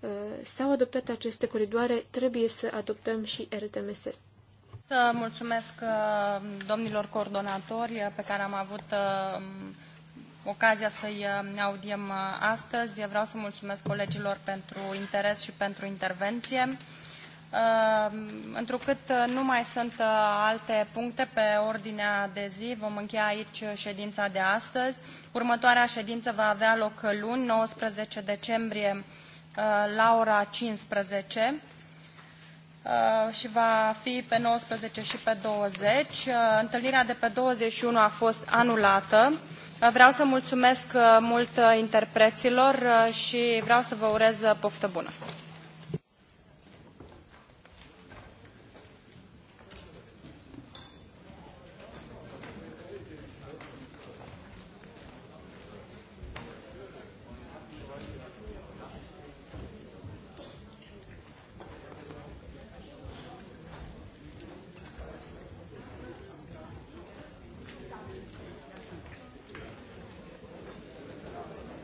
uh, s-au adoptat aceste coridoare, trebuie să adoptăm și RTMS. Să mulțumesc uh, domnilor coordonatori uh, pe care am avut uh, ocazia să-i uh, audiem uh, astăzi. Eu vreau să mulțumesc colegilor pentru interes și pentru intervenție. Uh, întrucât nu mai sunt alte puncte pe ordinea de zi, vom încheia aici ședința de astăzi. Următoarea ședință va avea loc luni, 19 decembrie, la ora 15 și va fi pe 19 și pe 20. Întâlnirea de pe 21 a fost anulată. Vreau să mulțumesc uh, mult uh, interpreților uh, și vreau să vă urez poftă bună.